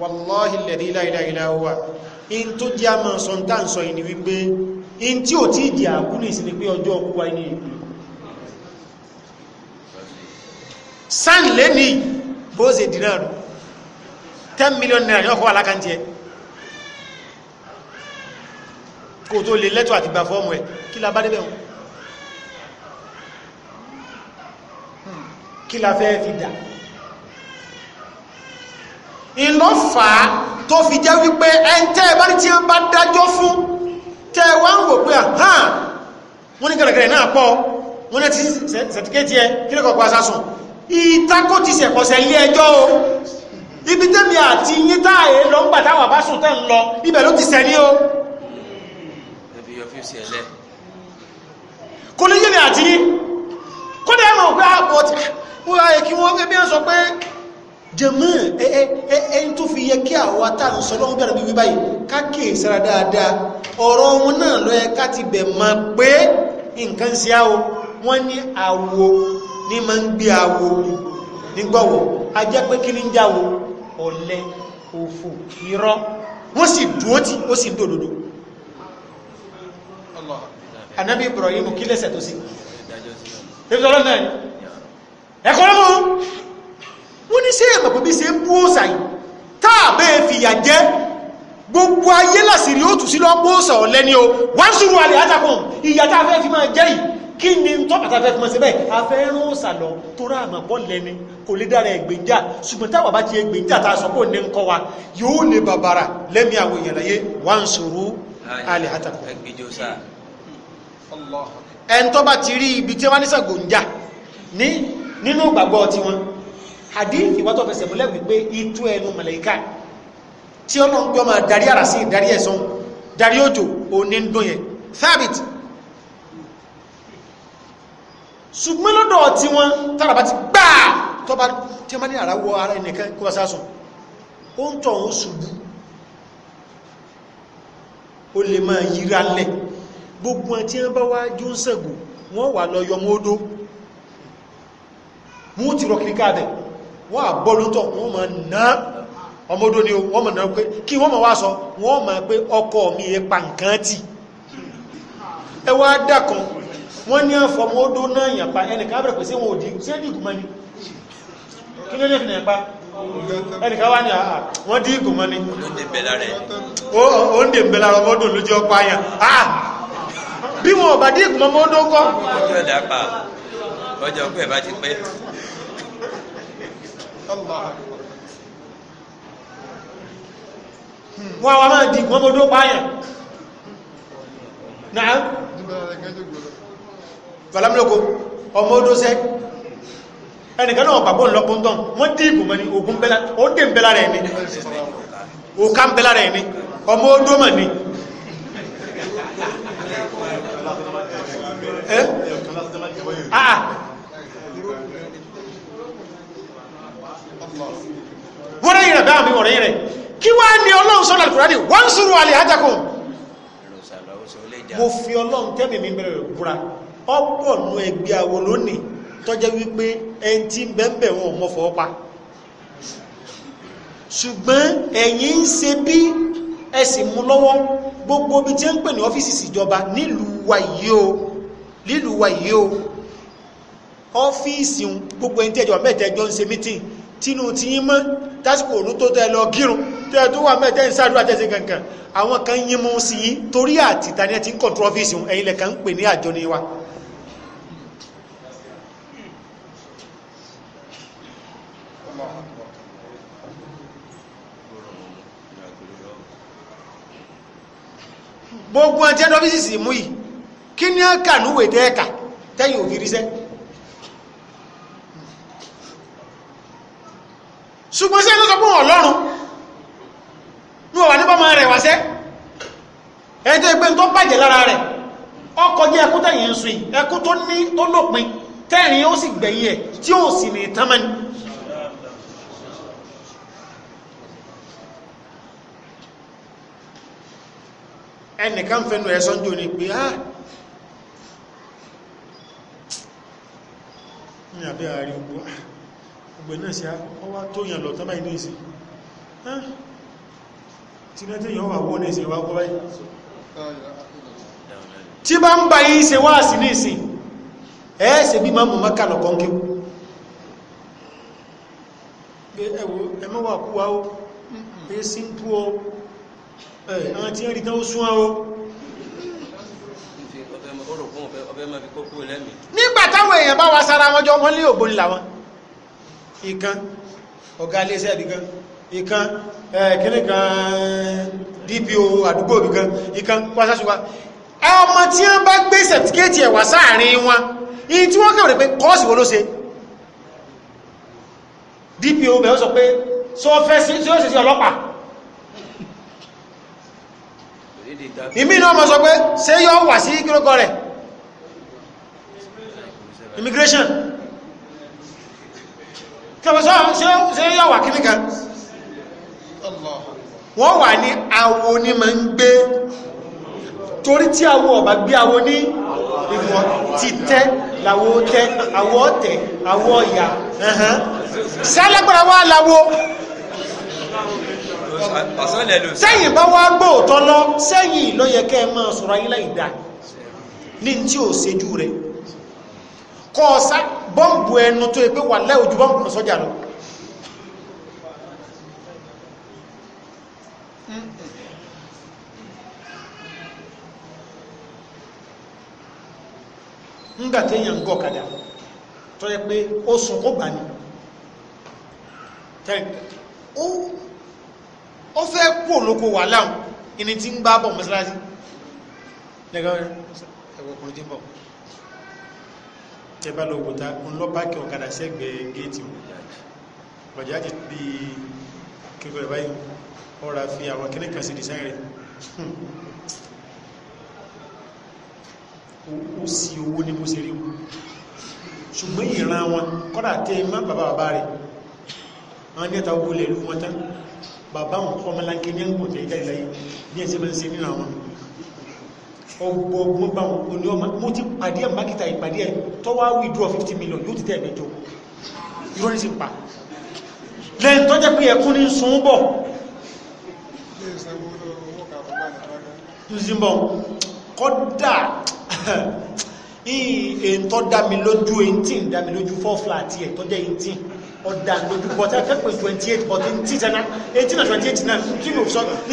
S1: wàláhì lẹ̀dí láìláìlá wà in tó jẹ́ àmà sọ̀ntà ìní wípé in tí ò tí ìdí àkúnì sí pé ọjọ́ ọkúwa ní ìlú san lẹ́ni bóòsè dínà rú 10 million naira ní ọkọ̀ alákàntí ẹ̀ kò tó lè lẹ́tọ̀ àti gbà fọ́ọ̀mù ẹ̀ kí la bá débẹ̀ wọn hmm, kí la fẹ́ fi dà ìlọ́fà tó fi jẹ́ wípé ẹntẹ́ ẹ̀bá tí wọ́n bá dájọ́ fún tẹ́ wá ń wò pé àhán wọ́n ní gẹ̀rẹ̀gẹ̀rẹ̀ náà pọ̀ wọ́n ní sẹ̀tíkẹ́tì ẹ kílẹ̀kọ̀ pa sásùn ìtakò ti sẹ̀kọ̀sẹ̀ ilé ẹjọ́ o ibi tẹ́mi àti yín táàyè lọ ń gbà táwọn àbásùn tẹ́ ń lọ ibẹ̀ ló ti sẹ́ ní o fi ṣe ẹlẹ́ kò ní yé mi àti yín kódà ẹ̀ mọ̀ pé àpò tí wọ́n yẹ kí wọ́n ẹbí ẹ̀ sọ pé jẹ̀mọ́ ẹ ẹ ẹ tó fi yẹ kí àwọn atáàlù sọ lọ́wọ́ bẹ̀rẹ̀ bíbí báyìí ká kìí sára dáadáa ọ̀rọ̀ wọn náà lọ yẹ bẹ̀ máa pé nǹkan sí àwọ wọ́n ní àwo ní máa ń gbé àwo nígbọ̀wọ̀ a pé kí ní ń jáwo ọ̀lẹ òfò irọ́ wọ́n sì dúó tí ó sì dòdòdò anabi ibrahim kí lẹ́sẹ̀ tó sí ìfẹ́sọ́lọ́ náà ni ẹ̀kọ́ mú wọ́n ní sí ẹ̀mọ̀pọ̀ bí ṣe ń bú òsà yìí táàbẹ̀ fìyà jẹ́ gbogbo ayé làsìrí ó tù sí lọ́pọ̀ òsà ọ̀lẹ́ ni o wọ́n sùúrù alẹ́ àtàkùn ìyà tá a fẹ́ fi máa jẹ́ yìí kí ni tọ́pàtà fẹ́ fi máa ṣe bẹ́ẹ̀ a fẹ́ rán òsà lọ tó rà àmọ́ bọ́ lẹ́ni kò lè dára ẹgbẹ̀njà ṣùgbọ́n táwọn bá ti ẹgbẹ̀njà tá sọ pé òní ń kọ́ wa yóò lè bàbàrà lẹ́mìí àwọn láyé wọ́n sùúrù alẹ́ àtàkùn ẹn tó bá ti rí ibi tí wọ́n ní sàgòǹjà ní nínú ìgbàgbọ́ ti wọn hadith ìwà tó fẹsẹ̀ múlẹ̀ wípé itú ẹnu màláíkà tí ọ̀nà ń gbọ́ máa darí àrà sí ìdarí ẹ̀sán darí òjò òní ń dùn yẹn thabit ṣùgbọ́n lọ́dọ̀ tí wọ́n tára bá ti gbáà tó bá tí wọ́n bá ní àrà wọ ara ẹnìkan kó bá sásùn ó ń tọ̀ ń ṣubú ó lè máa yíra lẹ̀ gbogbo ẹ̀ tí wọ́n bá wá jú ń wọ́n wà lọ yọmọ odó mú ti rọ kìríkà bẹ̀ wọ́n àbọ́lótọ̀ wọ́n ma ná ọmọ odó ni wọ́n ma ná pé kí wọ́n ma wá sọ wọ́n ma pé ọkọ mi yẹ pa nǹkan tì ẹ wá wọ́n ní odó náà yàn pa bẹ̀rẹ̀ sí wọn sí ẹni ni kí ló wá ní dí ni bí wọn ò bá dé ìgbìmọ̀ mọ́ ló kọ́. ọjọ́ ìdá pa
S2: ọjọ́ ọgbẹ́ bá ti pẹ́.
S1: wọ́n àwọn máa di ìgbìmọ̀ mọ́ ló pààyàn. náà balamiloko ọmọ odó sẹ́ ẹnìkan náà pàgbọ́ ńlọpọ̀ ń tán wọ́n dé ìgbìmọ̀ ni ogun bẹ́lá ó dé ń bẹ́lá rẹ̀ ni òkà ń bẹ́lá rẹ̀ ni ọmọ odó mọ̀ ni Eh? Ah! wọ́n rẹ̀ bá mi wọ̀rẹ̀ rẹ̀ kí wá ní ọlọ́run sọ́lọ̀ alìkùnrin wọ́n ń súnrù alì ájákò mo fi ọlọ́run tẹ́mì mi bẹ̀rẹ̀ búra ọ̀pọ̀ nù ẹgbẹ́ àwọ̀ lónìí tọ́jẹ́ wípé ẹn tí ń bẹ́ẹ̀bẹ̀ wọn mọ́ fọ́ pa ṣùgbọ́n ẹ̀yin ń ṣe bí ẹ̀sìn mú lọ́wọ́ gbogbo bí tí ń pè ní ọ́fíìsì ìjọba nílùú wa yìí o lílùú wa yìí o ọ́fíìsì gbogbo ẹni tẹ́jọ mẹ́tẹ́jọ ń ṣe mítìn tínú ti yín mọ́ tásìkò òun tó tẹ́ lọ gírun tẹ́ tó wà mẹ́tẹ́ ń sáàdúrà tẹ́sí kankan àwọn kan yín mú sí yín torí àtìta ni ẹ ti ń kọ̀ntró ọ́fíìsì ẹ̀yin lẹ̀ kan ń pè ní àjọ ni wa gbogbo ẹni tẹ́jọ ọ́fíìsì mú yìí kí ní ọkà núwè tẹ́ẹ̀kà tẹ́yìn òfin ríṣẹ́ ṣùgbọ́n sí ẹ̀lọ́sọ pé wọ́n lọ́rùn ní ọ̀wà nípa máa rẹ̀ wáṣẹ́ ẹ̀tọ́ ìpé tó bàjẹ́ lára rẹ̀ ọkọ̀ jẹ́ ẹkú tẹ̀yìn sùn ẹkú tó ní tó lópin tẹ́rin ó sì gbẹ̀yìn ẹ̀ tí ó sì ní tamani ẹnìkan fẹ́nu ẹ̀sọ́ ń pé ah, ní àbẹ́ ààrí ogun ọgbẹ̀ ah, náà sí ọwá tó yàn lọ tọ́bá inú ìsìn tí náà tí yàn wà wọ́n ní ìsìn wá ah, kọ́ báyìí tí bá ń bá yìí ṣe wá sí ní ìsìn ẹ́ẹ̀ṣẹ̀ bí máa mú mọ́kà lọ́kọ́ ń kéwú ẹwọ ẹmọ́wà kúwa ó ẹ sí ń pú ọ ẹ̀
S2: ọbẹ̀ máa fi kókó lẹ́mìí.
S1: nígbà táwọn èèyàn bá wa sára wọn jọ wọn lé ògbóni làwọn ìkan ọ̀gá iléeṣẹ́ ìbìkan ìkan ẹ̀kìnrin kan dpo àdúgbò ìbìkan ìkan pàṣásùwá ọmọ tí wọ́n bá gbé sẹ̀tíkéètì ẹ̀wà sáàrin wọn in tí wọ́n kẹ̀rẹ̀ pé kọ́ọ̀sì wọ́n ló ṣe dpo bẹ̀ ó sọ pé sọ fẹ́ sí ó sì sí ọlọ́pàá
S2: ìmí náà sọ pé ṣé yọ
S1: wà sí kílógọ́ rẹ̀ immigration kẹfẹ́sọ́ ṣe yọ wà kíníkà wọ́n wà ní awo ní ma ń gbé torí tí awo ọ̀bà gbé awo ní ìwọ̀n ti tẹ́ làwọ̀ tẹ́ àwọ̀ tẹ́ àwọ̀ ìyà sẹ́lẹ́gbẹ̀rẹ̀ wà láwọ̀ sẹ́yìn bá wá gbóòtọ́ lọ sẹ́yìn ló yẹ máa sọ̀rọ̀ ayé láì dá ní tí ò ṣejú rẹ̀ kọsa ẹnu tó ẹgbẹ́ wà lẹ́ ojú bọ́m̀bù sọ́jà lọ èyàn ń tó yẹ pé ó sùn kó gbà ní ó fẹ́ kú olóko wà láhùn ìní tí ń bá tẹ́bá lóògùntà ń lọ báàkì ọ̀kadà sẹ́gbẹ̀ẹ́ géètì lọ́jáàjì bí kíkọ́ ẹ̀ báyìí ọ̀rà fi àwọn kíní kan sí design rẹ̀ hmm. ó sì owó ní bó ṣe rí ṣùgbọ́n ìran wọn kọ́dà tẹ́ má bàbá bàbá rẹ̀ wọ́n ní ẹ̀ta owó lẹ̀lú wọn tán bàbá wọn kọ́ ọmọláńkẹ́ ní ẹ̀kùn tẹ̀ ìjáde láyé ní ẹ̀sẹ̀ ọgbọ̀ ọgbọ̀n bá wọn oní ọmọ mo ti pàdé ẹ̀ mákìtà ìpàdé ẹ̀ tó wá withdraw 50 million yóò ti tẹ́ ẹ̀mẹ́jọ ìrọ́ni sí pa lẹ́yìn tó jẹ́ pé ẹkún ní sun bọ̀ ìsìnbọn kọ́dà èyí tó dá mi lójú 18 dá mi lójú 4 flat ẹ̀ tó jẹ́ 18 ọ̀dà lójú bọ̀tẹ́ fẹ́ pé 28 but 18 náà 28 náà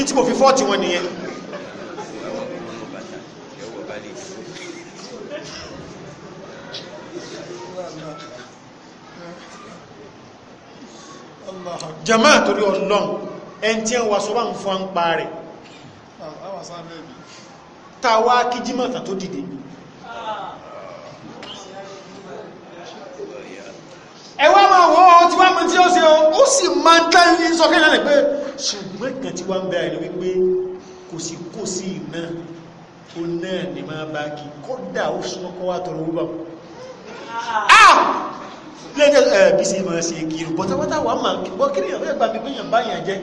S1: tí mo fi 40 wọn nìyẹn jama torí ọlọ́n ẹn tí wọ́n sọ bá ń fún ń pa rẹ̀ tàwa kí jímọ̀ta tó dìde ẹwà máa wọ́ ọ tí wá mú tí ó ṣe ó sì máa ń tán ní sọ fẹ́lẹ̀ pé ṣùgbọ́n kan tí wá ń bẹ̀rẹ̀ wípé kò sí kò sí iná ó náà ní máa bá kí kódà ó súnmọ́ kọ́ tọrọ owó lẹ́jọ́ ẹ̀ bí sì máa ṣe kiri bọ́tàbọ́tà wà máa bọ́ kí nìyàn fẹ́ gba mi péyàn báyàn jẹ́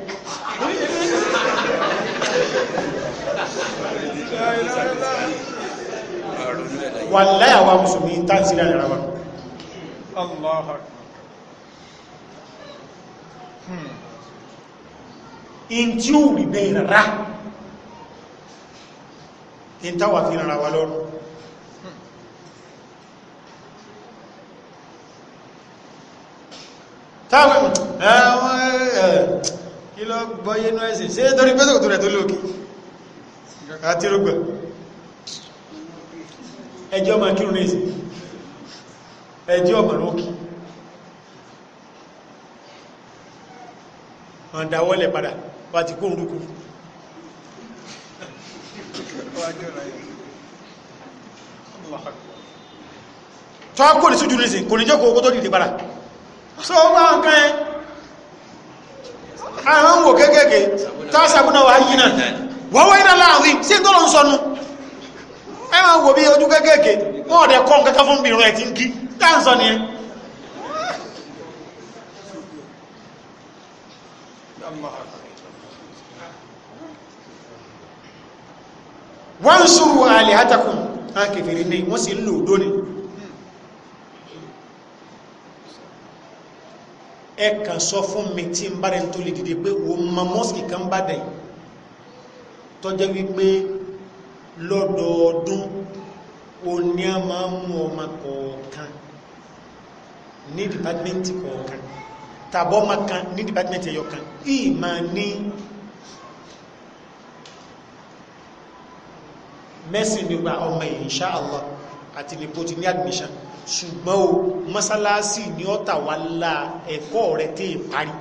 S2: wà láyàwó mùsùlùmí tá ń sílẹ̀ àyàrá wa
S1: hmm. in tí ó rí bẹ́ẹ̀ rárá in táwà fi rárá wa lọ́rùn táwọn àwọn kí lọ gbọ́yé inú ẹ̀sìn ṣe é torí pẹ́sọ̀kò tó rẹ̀ tó lókè àti rúgbà ẹjọ́ ma kírùn ní ìsìn ẹjọ́ ọmọ lókè wọ́n dáwọ́lẹ̀ padà wá ti kóhùn rúkú tọ́kùnrin sójú ní ìsìn kò ní jẹ́ kò kó tó dìde padà so bá nǹkan ẹ àwọn wò kéékèèké tá sàbúnà wà yìí náà wọ́n wáyé náà láàrin sí ìtọ́lọ̀ ń sọnu ẹ máa wò bí ojú kéékèèké wọ́n ọ̀dẹ̀ kọ́ nǹkan kan fún bìnrin ẹ̀ ti ń kí dáǹsọ nìyẹn wọ́n ń sùúrù àlè àtàkùn á kèfèrè ní wọ́n sì ń lò dóni ẹ kàn sọ fún mi tí n bá rẹ̀ tó lè dìde pé o ma mọ́sìkì kan bá dẹ̀ tọ́jẹ́ wípé lọ́dọọdún o ní a máa ń mú ọmọ kọ̀ọ̀kan ní dìpátímẹ́ntì kọ̀ọ̀kan tàbọ́ ọmọ kan ní dìpátímẹ́ntì ẹ̀yọ kan ìyí máa ní mẹ́sìn nígbà ọmọ insha Allah àti níbo ti ní admission ṣùgbọ́n o mọ́sálásì ni ó tà wá la ẹ̀kọ́ rẹ̀ tẹ́ parí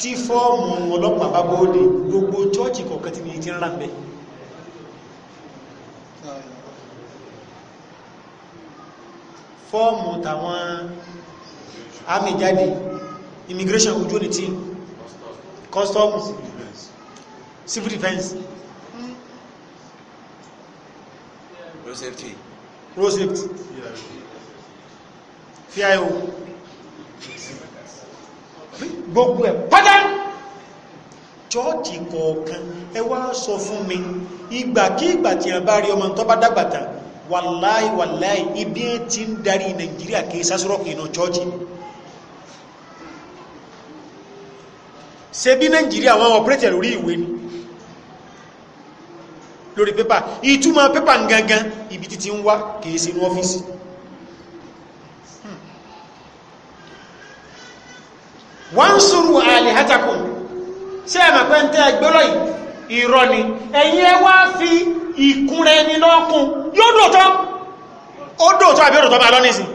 S1: tí fọ́ọ̀mù ọlọ́pàá bá bóde gbogbo chọ́ọ̀chì kọ̀ọ̀kan tí mi ti ń rà fọ́ọ̀mù tàwọn àmì jáde immigration ojú ní tí customs civil defense road safety road safety fíà o gbogbo ẹ̀ pátá chọ́ọ̀chì kọ̀ọ̀kan ẹ wá sọ fún mi ìgbàkígbà tí a bá rí ọmọ tó bá dàgbàtà wàláì wàláì ibi ẹ ti ń darí nàìjíríà kí sásúrọ̀kì iná chọ́ọ̀chì ṣe bí nàìjíríà wọn ọ̀pẹ́tẹ̀ lórí ìwé ni lórí pépà ìtumọ̀ pépà gangan ibi títí ń wá kìí sí inú ọ́fíìsì wọ́n sùúrù àlè hátakùn sí ẹ̀mà pé ń tẹ́ ẹgbẹ́lọ́ ìrọ̀ ni ẹ̀yin ẹ wá fi ìkún rẹ ní lọ́kùn yóò dòótọ́ ó dòótọ́ àbí òdòótọ́ bá lọ́nìsìn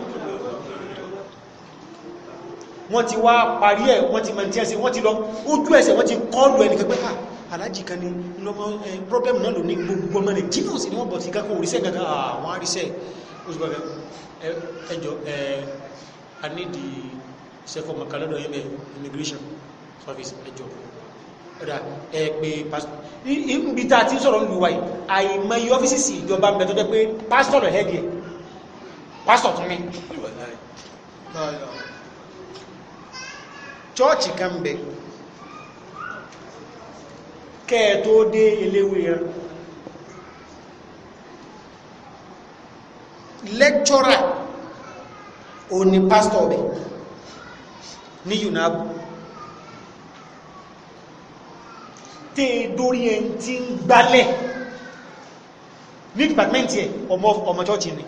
S1: wọ́n ti wá parí ẹ̀ wọ́n ti mẹ́ntí ẹsẹ̀ wọ́n ti lọ ojú ẹsẹ̀ wọ́n ti kọlù ẹnìkan pẹ́ká alájì kan ní lọ́mọ problem náà ló ní gbogbo ọmọ nàìjíríà sí ni wọ́n bọ̀ sí kákó oríṣẹ́ gangan àwọn aríṣẹ́ òṣùgbọ́n ẹjọ ẹ i need sẹ́fọ̀ mọ̀kànlọ́dọ̀ yẹn bẹ́ẹ̀ immigration service ẹjọ ọ̀dà ẹ pé pastor níbi tá a ti sọ̀rọ̀ lùwà yìí àìmọye ọ́fíìsì sí ìjọba ń bẹ tó jẹ́ pé pastor lọ hẹ́ẹ̀dì ẹ̀ pastor tún mi chọ́ọ̀chì kan bẹ́ẹ̀ kẹ́ ẹ tó dé eléwé ẹran lẹ́kṣọ́rà ò ní pásítọ̀ ọ̀bẹ̀ ní UNAB tí dórí ẹ ti ń gbálẹ̀ ní dìpàtmẹ́ntì ẹ̀ ọmọ chọ́ọ̀chì ni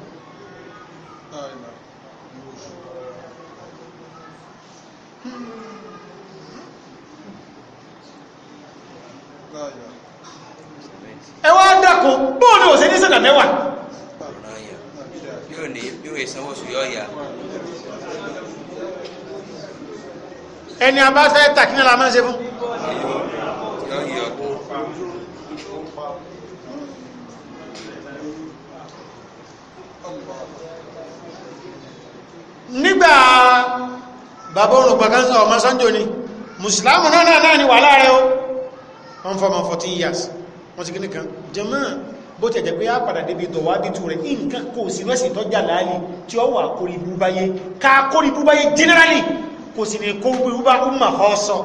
S1: Hmm. ẹ wá bụ bóò ni òsè ní sọ̀dà mẹ́wàá.
S2: yóò ní yóò sanwó oṣù yóò yá. ẹni a bá fẹ́ tàkínà la ṣe fún. nígbà
S1: bàbá òrùn gbàgán ọmọ sanjó ni mùsùlùmí náà náà ni wà láàrẹ o. wọ́n fọ́ ma 14 years wọ́n ti kíní kan jẹmọ́ bó tẹ̀ jẹ́ pé á padà débi tọ̀wá dìtù rẹ̀ nǹkan kò sí rẹ́sì tọ́jà láàlì tí ó wà kórí búbáyé ká kórí búbáyé generally kò sì ní kó gbé búbá ọmọ ọ̀sọ̀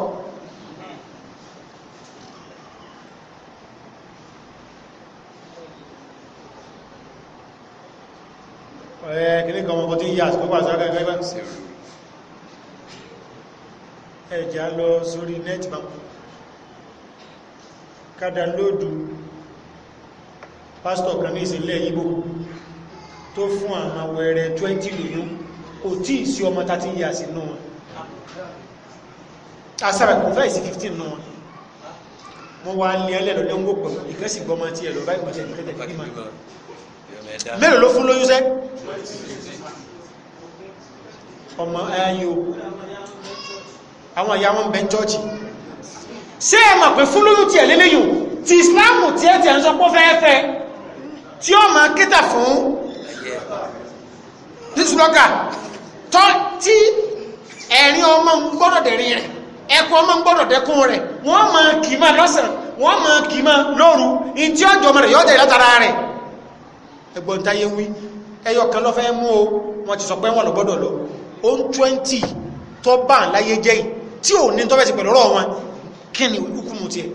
S1: kíní kan ọmọ 14 years gbogbo àṣà ẹgbẹ́ ẹgbẹ́ ẹjà lọ sórí nẹ́ẹ̀tì báwọn ká dánlóòdù pásítọ̀ kan ní ìsìnlẹ̀ Ìgbò tó fún àwọn wẹ̀rẹ̀ 20 lóyún kò tí sí ọmọ 30 years inú wọn asára kò fẹ́ sí 15 náà wọ́n wá ní ẹlẹ́lọ ní ọgbọ̀ pẹ̀lú ìkẹ́sì gbọmọ tí ẹ̀lọ bá ìpàṣẹ ìkẹ́tẹ̀ ìgbìmọ̀ mẹ́rọ ló fún lóyún sẹ́ ọmọ ayáyí o àwọn ìyá wọn bẹ chọ́ọ̀chì ṣé ẹ mọ̀ pé fún lóyún tiẹ̀ lélẹ́yìn ti ìsìláàmù tiẹ̀ tiẹ̀ ń sọ pé fẹ́ẹ́fẹ́ tí ó máa kíta fún dísúlọ́gà tọ́ tí ẹ̀rín ọmọ ń gbọ́dọ̀ dẹ̀rín rẹ̀ ẹkọ ọmọ ń gbọ́dọ̀ dẹkùn rẹ̀ wọ́n máa kì í máa lọ́sàn wọ́n máa kì í máa lóru ìtí ọjọ́ ọmọ rẹ̀ yọ́ dẹ̀ látara rẹ̀ ẹgbọ́n táyé wí ẹyọ kan lọ́fẹ́ mú o wọ́n ti sọ pé wọ́n lọ gbọ́dọ̀ lọ ó ń 20 tọ́ bá ń láyé jẹ́yìn tí ò ní tọ́fẹ́ sí pẹ̀lú ọ̀rọ̀ wọn kí ni hukumu tiẹ̀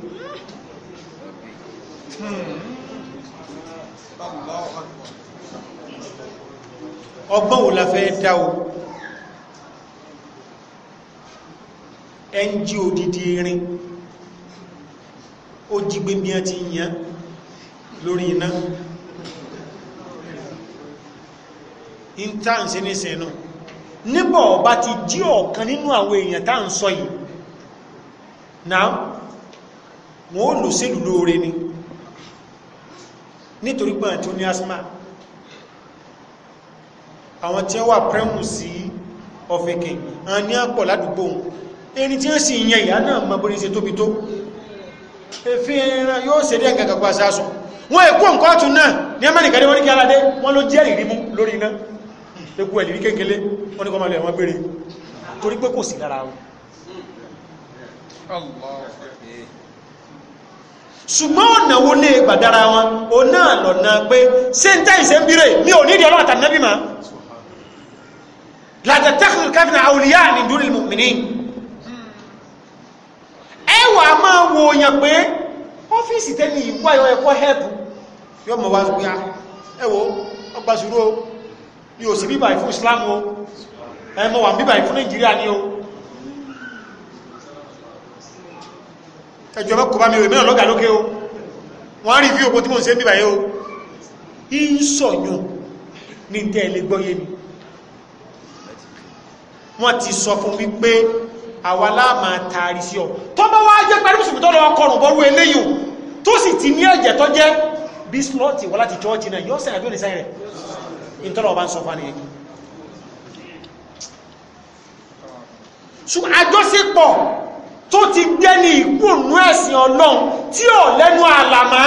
S2: ọgbọ́n wo la fẹ́ dá o
S1: ẹnjí odidi irin ó jí gbémi á ti yàn lórí iná intanse ní sẹ́nu níbọ̀ ọba ti jí ọ̀kan nínú àwọn èèyàn tá ń sọ yìí náà wọ́n ó lò sílù lóore ni nítorí pé àti ní asma àwọn tí wọ́n wà prẹ́mù sí ọ̀fẹ́kẹ̀ àwọn ní àpọ̀ ládùúgbò ẹni tí ó sì yẹn ìyá náà mọ̀ bórí ṣe tóbi tó èfin ẹran yóò ṣe dé ẹ̀gàgà pa sásùn wọ́n èkó nǹkan ọ̀tún náà ní amẹ́ríkà torí pé kò sí lára wọn ṣùgbọ́n ọ̀nà wo lè gbàdára wọn o náà lọ̀nà pé ṣe ń tẹ́ ìṣẹ́ ń bírè mi ò nídìí ọlọ́ọ̀tà nábì máa látàtàkùn káfíńà àwòlíyá ní dúró mùmìnì ẹwà máa wo yàn pé ọ́fíìsì tẹ́lẹ̀ ìwà ẹ̀kọ́ hẹ́ẹ̀bù yóò mọ̀ wá gbíyà ah, ẹwọ́ ọgbàṣúrò ni ò sí bíbà ìfún Islam o ẹmọ wà bíbà ìfún Nàìjíríà ni o ẹjọ́ mẹ́kọ̀ọ́ bá mi rẹ̀ mẹ́ràn lọ́gà lókè o wọ́n rí fíò tí mo ń ṣe bíbà yóò ń sọ̀yún ní tẹ́ẹ̀lẹ́ gbọ́yé mi wọ́n ti sọ fún wípé àwa láàmà taari sí ọ tó bá wá jẹ́ pẹ̀lú mùsùlùmí tó lọ ọkọrùn bọ́rú eléyìí tó sì ti ní ẹ̀jẹ̀ tó jẹ́ bí slọ́ọ̀tì wọ́n láti chọ́ọ̀tì náà yóò sẹ́yìn àbí òní sẹ́yìn rẹ̀ ìtọ́lọ̀ ọba ń sọ fún àníyàn ṣùgbọ́n àjọṣepọ̀ tó ti ní ìgbóònú ẹ̀sìn ọlọ́run tí ọ lẹ́nu àlàmá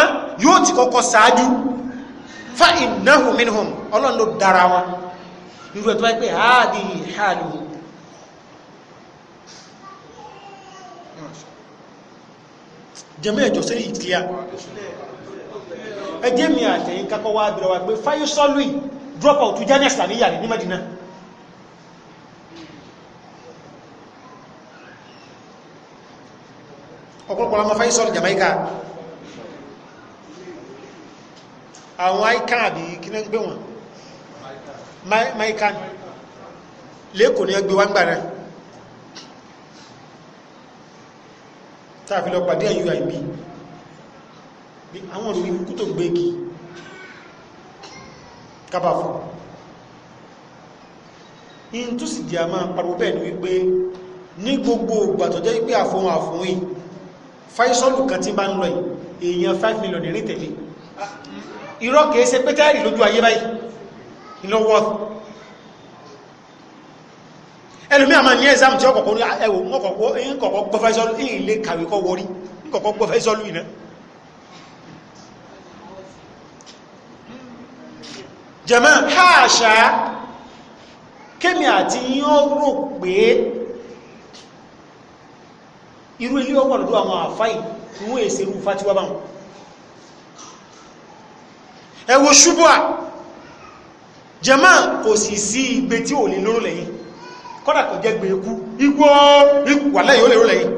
S1: yóò ti kọ́kọ́ sáájú fa ọlọ́run ló dára wọn irú ẹ̀ tó wáyé pé sí mi àtẹ̀yìn kakọ́ wá bẹ̀rẹ̀ ọ̀pọ̀lọpọ̀ ọmọ faisal jamaica àwọn aikan àbí kí ní gbé wọn maikan lẹ́kọ̀ọ́ ní ẹgbẹ́ wọn gbàrẹ́ tààfi lọ pàdé uib bí àwọn òrùn ikú tó gbé kí kábàfọ́ in tó sì jẹ́ a máa pariwo bẹ́ẹ̀ ni wípé ní gbogbo ìgbà tó jẹ́ wípé àfohun àfohun yìí fáìsọ́lù kan tí bá ń lọ èèyàn 5 million ní tẹ̀lé irọ́ kìí ṣe pé tẹ́rì lójú ayé báyìí ìlọ́wọ́ ẹlùmí àmà ní ẹ̀sàm tí ọkọ̀kọ́ ní ẹwò ìkọ̀kọ́ gbọ́ fáìsọ́lù ilé kàwé kọ́ wọrí ìkọ̀kọ́ gbọ́ fáìsọ́lù ìná jẹ̀mọ́ háàṣá kémi àti yíó rò pé irú ilé ọwọ́ lọ́dọ̀ àwọn àfáì tí wọ́n èsè irú fatiwa báwọn ẹ wo ṣubúà jẹmọ́ kò sì sí igbe tí ò lè lóró lẹ́yìn kọ́dà kò jẹ́ gbé ikú igbó wà lẹ́yìn ó lè ró lẹ́yìn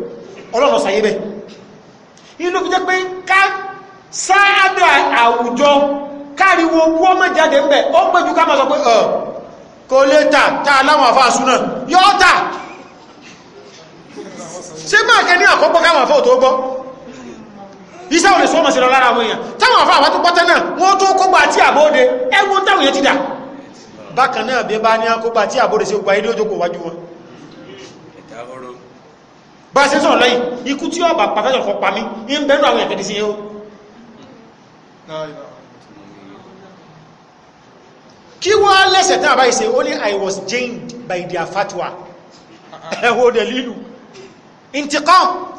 S1: ọlọ́run sàyé bẹ́ inú fi jẹ́ pé ká ṣe máa kẹ ní àkọ́gbọ́ káwọn àfọ́ tó gbọ́ iṣẹ́ olè sọ́mọ̀ sí lọ lára àwọn èèyàn táwọn àfọ́ àwọn tó pọ́tẹ́ náà wọ́n tó kógbà àti àbóde ẹwọ́n táwọn èèyàn ti dà bákan náà bí bá ní àkógbà àti àbóde sí gba ilé òjòkó lẹ́sẹ̀ tán àbáyé ṣe ó I was jailed by their fatwa ah, ah. ẹ̀wọ̀n dẹ̀ lílù intiqam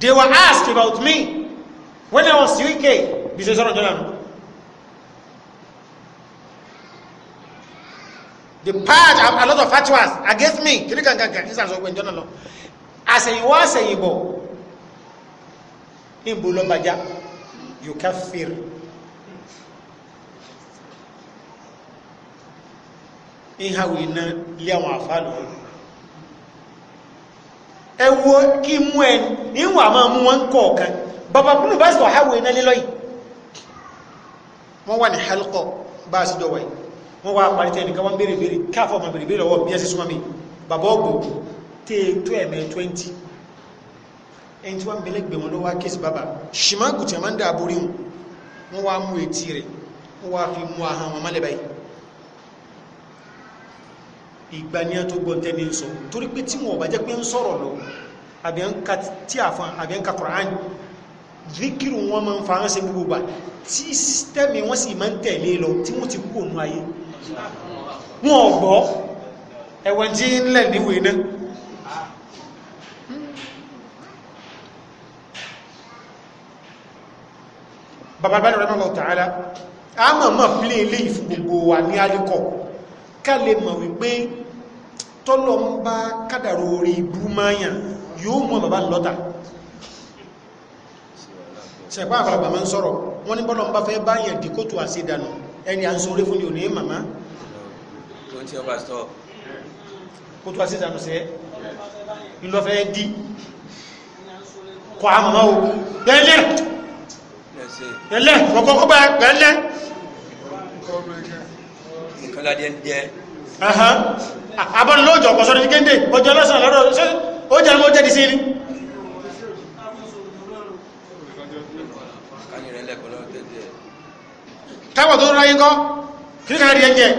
S1: they were asked about me when I was UK bí ṣe sọ́rọ̀ jọ́nà they passed a lot of fatwas against me kiri kankan kan nísàn sọ pé jọ́nà lọ àṣẹ̀yìnwó àṣẹ̀yìnbọ̀ ìbò lọ́bàjá yóò káfíìrì ń hàwé iná lé àwọn àfáà lòun ẹ wo kí mú ẹ níwọ̀n àmọ́ mú wọn kọ̀ọ̀kan bàbá kúrò bá sì wà hàwé iná lé lọ́yìn wọ́n wà ní halkọ̀ bá a sì dọ̀wọ̀ yìí wọ́n wá parí tẹ́ nìkan wọ́n bèèrè bèèrè káfọ́ ọmọ bèèrè bèèrè lọ́wọ́ bí ẹ sì súnmọ́ mi bàbá ọgbò tẹ́ tó ẹ̀mẹ́ 20 ẹni tí wọ́n bẹ̀lẹ̀ gbẹ̀ wọn lọ́wọ́ kéèsì bàbá ṣìmọ́ kùtì ń dà aborí wọn wọ́n wá mú etí rẹ̀ wọ́n wá fi mú ahọ́n wọn mọ́lẹ̀ báyìí ìgbani tó gbọ́n tẹ́ni sọ torí pé tí wọ́n bá jẹ́ pé ń sọ̀rọ̀ lọ àbí ń ka tí àfan àbí ń ka Qur'an zikiru wọn máa ń faransé gbogbo gbà tí sísítẹ́mì wọ́n sì máa ń tẹ̀lé lọ tí wọ́n ti kú ònú ayé wọn ò gbọ́ ẹ̀wọ̀n jí ńlẹ̀ níwèé náà babalbani rahimahullah ta'ala a mọ̀ mọ̀ pílé ilé ìfún gbogbo ní alikọ̀ ká lè mọ̀ wípé tọ́lọ ń bá kádàrò orí ibú máyà yóò mọ́ bàbá lọ́ta ṣẹ̀pá àgbàlagbà máa ń sọ̀rọ̀ wọ́n ní bọ́lọ̀ ń bá fẹ́ báyẹ̀ dìkótò àti ìdànù ẹni à ń sọ̀rẹ́ fún ní òní màmá kótó àti ìdànù sẹ́ ìlọ́fẹ́ dí kọ àmàmá o bẹ́ẹ̀lẹ́ bẹ́ẹ̀lẹ́ ọkọ̀ kọ́ bá bẹ́ẹ̀lẹ́ nǹkan ládé ń jẹ́ abọ́n lóòjọ́ ọ̀pọ̀ sọ́rọ̀ jíkéńdé ọjọ́ lọ́sàn lọ́rọ̀ ó jẹ́ mọ́ jẹ́dì sí ní káwọ̀ tó ráyé kọ́ kí ká rí ẹjẹ́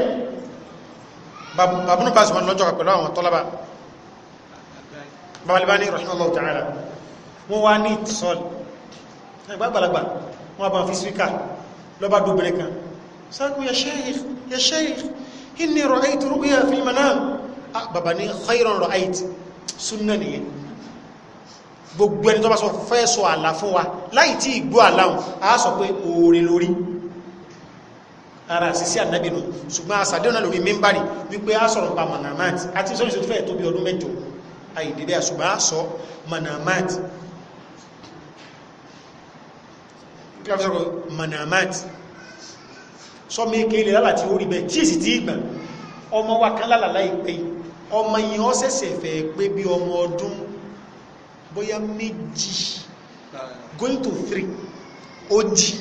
S1: babunu basu wọn lọ́jọ́ pẹ̀lú àwọn tọ́lábà babalibani rahimahullah ta'ala wọ́n wá ní ìtìsọ́l ẹgbàgbàlagbà wọ́n bá fi síkà lọ́bá dóbìnrin kan sáàkù yẹ sheikh yẹ sheikh inni ra'aytu ru'ya fil manam ah bàbá ní khayran ra'ayt súnà nìyẹn gbogbo ẹni tó bá sọ fẹ́ sọ àlá fún wa láì tí ìgbó àláhùn a sọ pé oore lórí ara àṣìṣí ànábìnú ṣùgbọ́n àṣàdéhùn náà lórí mímbàrí wípé a sọ̀rọ̀ pa manamat àti sọ́rọ̀ tó fẹ́ tó bí ọdún mẹ́jọ àìdíbẹ̀ ṣùgbọ́n sọmọ èké ilẹ̀ lálà tí ó rí bẹ tí èsì tí ìgbà ọmọ wa kan lálà láìpẹ́ ọmọ yìí ó ṣẹ̀ṣẹ̀ fẹ́ pé bí ọmọ ọdún bóyá méjì going to three ó jí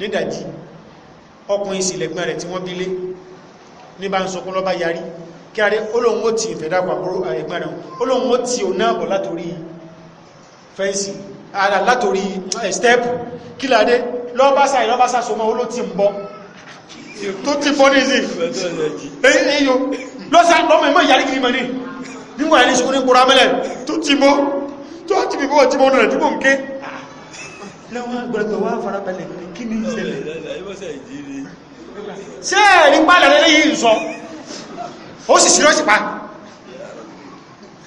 S1: nídàjí ọkùnrin sì lẹ́gbẹ́ rẹ̀ tí wọ́n bílé ní bá ń sọ lọ́bá yarí kí a rí olóhun ó ti ìfẹ̀dàpà ẹgbẹ́ rẹ̀ olóhun ó ti òun náà bọ̀ látòrí fẹ́ǹsì látòrí step kí láadé lọ́básá ìlọ́básá sọmọ́ ó ló ti ń bọ́ tó ti bọ́ ní ìsìn eyo lọ́sà lọ́mọ ìmọ̀ ìyàrí kìí mọ̀ ní níwọ̀n ẹni sọ ní kúrò amẹ́lẹ̀ tó ti bọ́ tó ti bí bọ́ ti bọ́ náà tí mò ń ké lẹ́wọ́n agbẹ̀rẹ̀gbẹ̀ wá farabalẹ̀ kí ni ìṣẹ̀lẹ̀ ṣé ẹ̀rí pálẹ̀ lẹ́yìn ìsọ ó sì sírọ́sì pa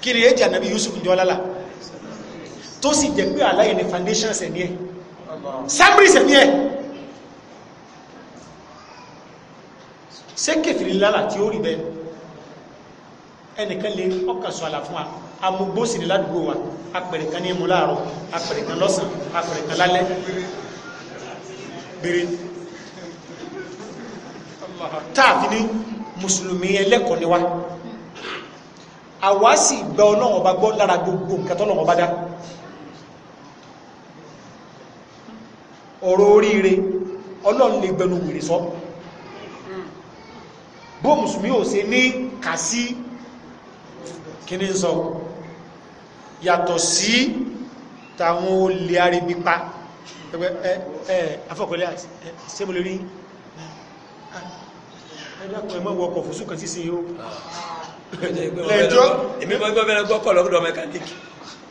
S1: kí ni èjì ànàbí Yusuf jọ lálà tó sì jẹ́ pé àlàyé ni foundations ẹ̀ ní ẹ̀ sábírì sẹ̀mí ẹ̀ ṣé kẹfìrí lálà tí ó rí bẹ́ẹ̀ ẹnìkan lè ọkà sọ àlà fún wa amúgbósìrì ládùúgbò wa apẹ̀rẹ̀ kan ní mú láàárọ̀ apẹ̀rẹ̀ kan lọ́sàn apẹ̀rẹ̀ kan lálẹ́ bèrè táàfin ní mùsùlùmí ẹlẹ́kọ̀ọ́ ni wa àwa sì gba ọlọ́run ọba gbọ́ lára gbogbo nǹkan tọ́lọ́run ọba dá ọ̀rọ̀ oríire ọlọ́run lè gbẹnu wèrè sọ bó mùsùlùmí ò ṣe ní kà sí kíní sọ yàtọ̀ sí tàwọn olè arìbípa ẹgbẹ́ ẹ ẹ afọ́kọ̀lẹ́ àti sẹ́mọ̀lẹ́ rí ẹ̀dàkùn ẹ̀mọ́ wọkọ̀ fòsùkàn sí sí yóò ah. lẹ́jọ́ èmi mọ́ gbọ́gbẹ́rẹ́ gbọ́kọ̀ lọ́gbọ́dọ̀ mẹkáníkì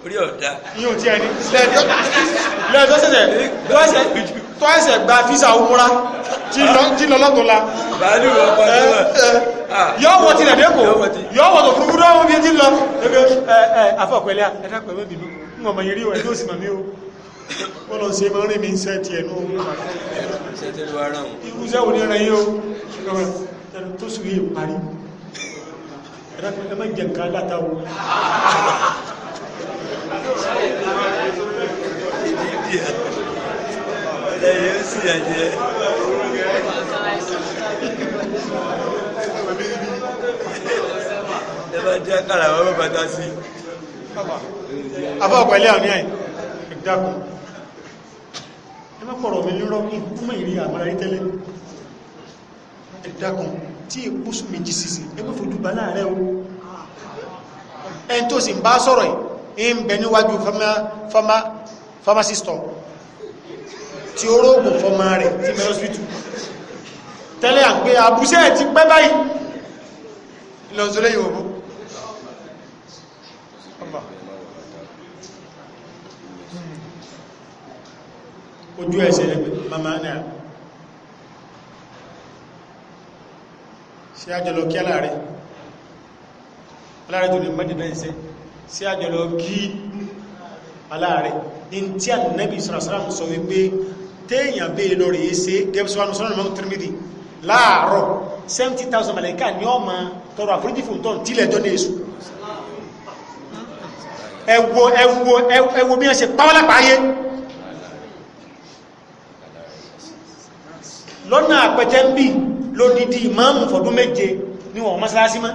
S1: orí ọ̀dá. yóò tí ẹni lẹ́ẹ̀dọ́ sẹ̀sẹ̀ tọ́ ẹsẹ̀ gba físà òmúra tí lọ lọ́tọ̀ la. bàálù ọkọ ní wọn. yọ wọ tilẹ̀ dẹ́kọ̀ yọ wọ tó fúrufú náà wọ́n fi ti lọ. ẹ ẹ afọ̀pẹ̀lẹ́ ẹ̀dá pẹ̀lú ìbínú ń wọ̀n mọ̀nyẹ́rí wọn ẹ̀dọ́ sì mọ̀ mí o wọ́n lọ ṣe mọ́rin mi ń sẹ́ ti ẹnu ohun ìrúsẹ́ òní ẹran yíò ẹnu tó sì rí ìparí ẹ̀rọ ẹmọ́ ìjẹ̀ǹkan látàwọ̀
S2: ẹ̀yẹ sì ẹ̀jẹ̀. ẹ bá jẹ́ kára wọn bá dá sí. àbá ọ̀pẹ̀lẹ́ àmì ẹ̀
S1: dákun ẹ má pọ̀rọ̀ mi lérọ́ kí kúmọ̀ ìrí àmàrà rí tẹ́lẹ̀ ẹ dákun tí èkó sùn méjì sísè ẹ má fojú bá láàárẹ̀ o ẹ̀ tó sì bá sọ̀rọ̀ yìí ń fama níwájú pharmacistọ̀ tí ó rógùn fọmọ rẹ̀ tí mẹ́ hospital tẹ́lẹ̀ àgbé àbúṣẹ́ ti pẹ́ báyìí lọ́sọ́lẹ̀ yóò bú ojú ẹ̀ṣẹ̀ ẹgbẹ̀ mama náà ṣe àjọlọ kí aláàrẹ aláàrẹ tó lè mẹ́dẹ̀dẹ̀ ìṣẹ́ sí àjọlọ kí aláàrẹ̀ in tí ànábì sọ̀rọ̀sọ̀rọ̀ sọ wípé téèyàn bèèrè lọ rèé ṣe gẹ́bùsọ́ àwọn sọ́nà mọ́tò tìrìmìdì láàárọ̀ 70,000 mẹ́lẹ̀ká ní ọmọ tọrọ àforíjì fún tọ́n tílẹ̀ jọ ní èṣù ẹwọ ẹwọ ẹwọ bí wọ́n ṣe pàwọ́lápàáyé lọ́nà àpẹtẹ́ ń bì lódìdí ìmáàmù fọ̀dún méje ni wọ́n mọ́sálásí máa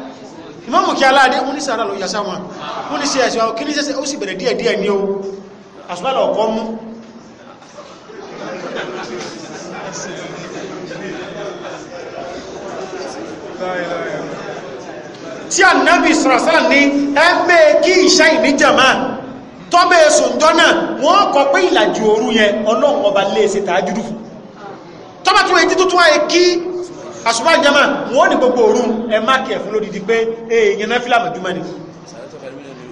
S1: mọ́mù kí aláàdé ó ní sàárà lọ yà sáwọn ó ní sí ẹ̀sìn àwọn kí ní sẹ́sẹ̀ ó sì bẹ̀rẹ̀ díẹ̀ díẹ̀ ní o àṣùbálọ̀ ọ̀kọ́ mú
S2: tí ànábì sàrásàrà
S1: ní ẹgbẹ́ kí ìṣá ìníjàmá tọ́bẹ̀ sòǹjọ́ náà wọ́n kọ pé ìlàjì òru yẹn ọlọ́run ọba lè ṣe tàájúdù tọ́bà tó èyí tó tún wáyé kí àṣùbá ìjẹmà wọ́n ní gbogbo òru ẹ má kẹ̀ fún lódìdí pé èèyàn eh, náà fílàmù jùmọ́ ni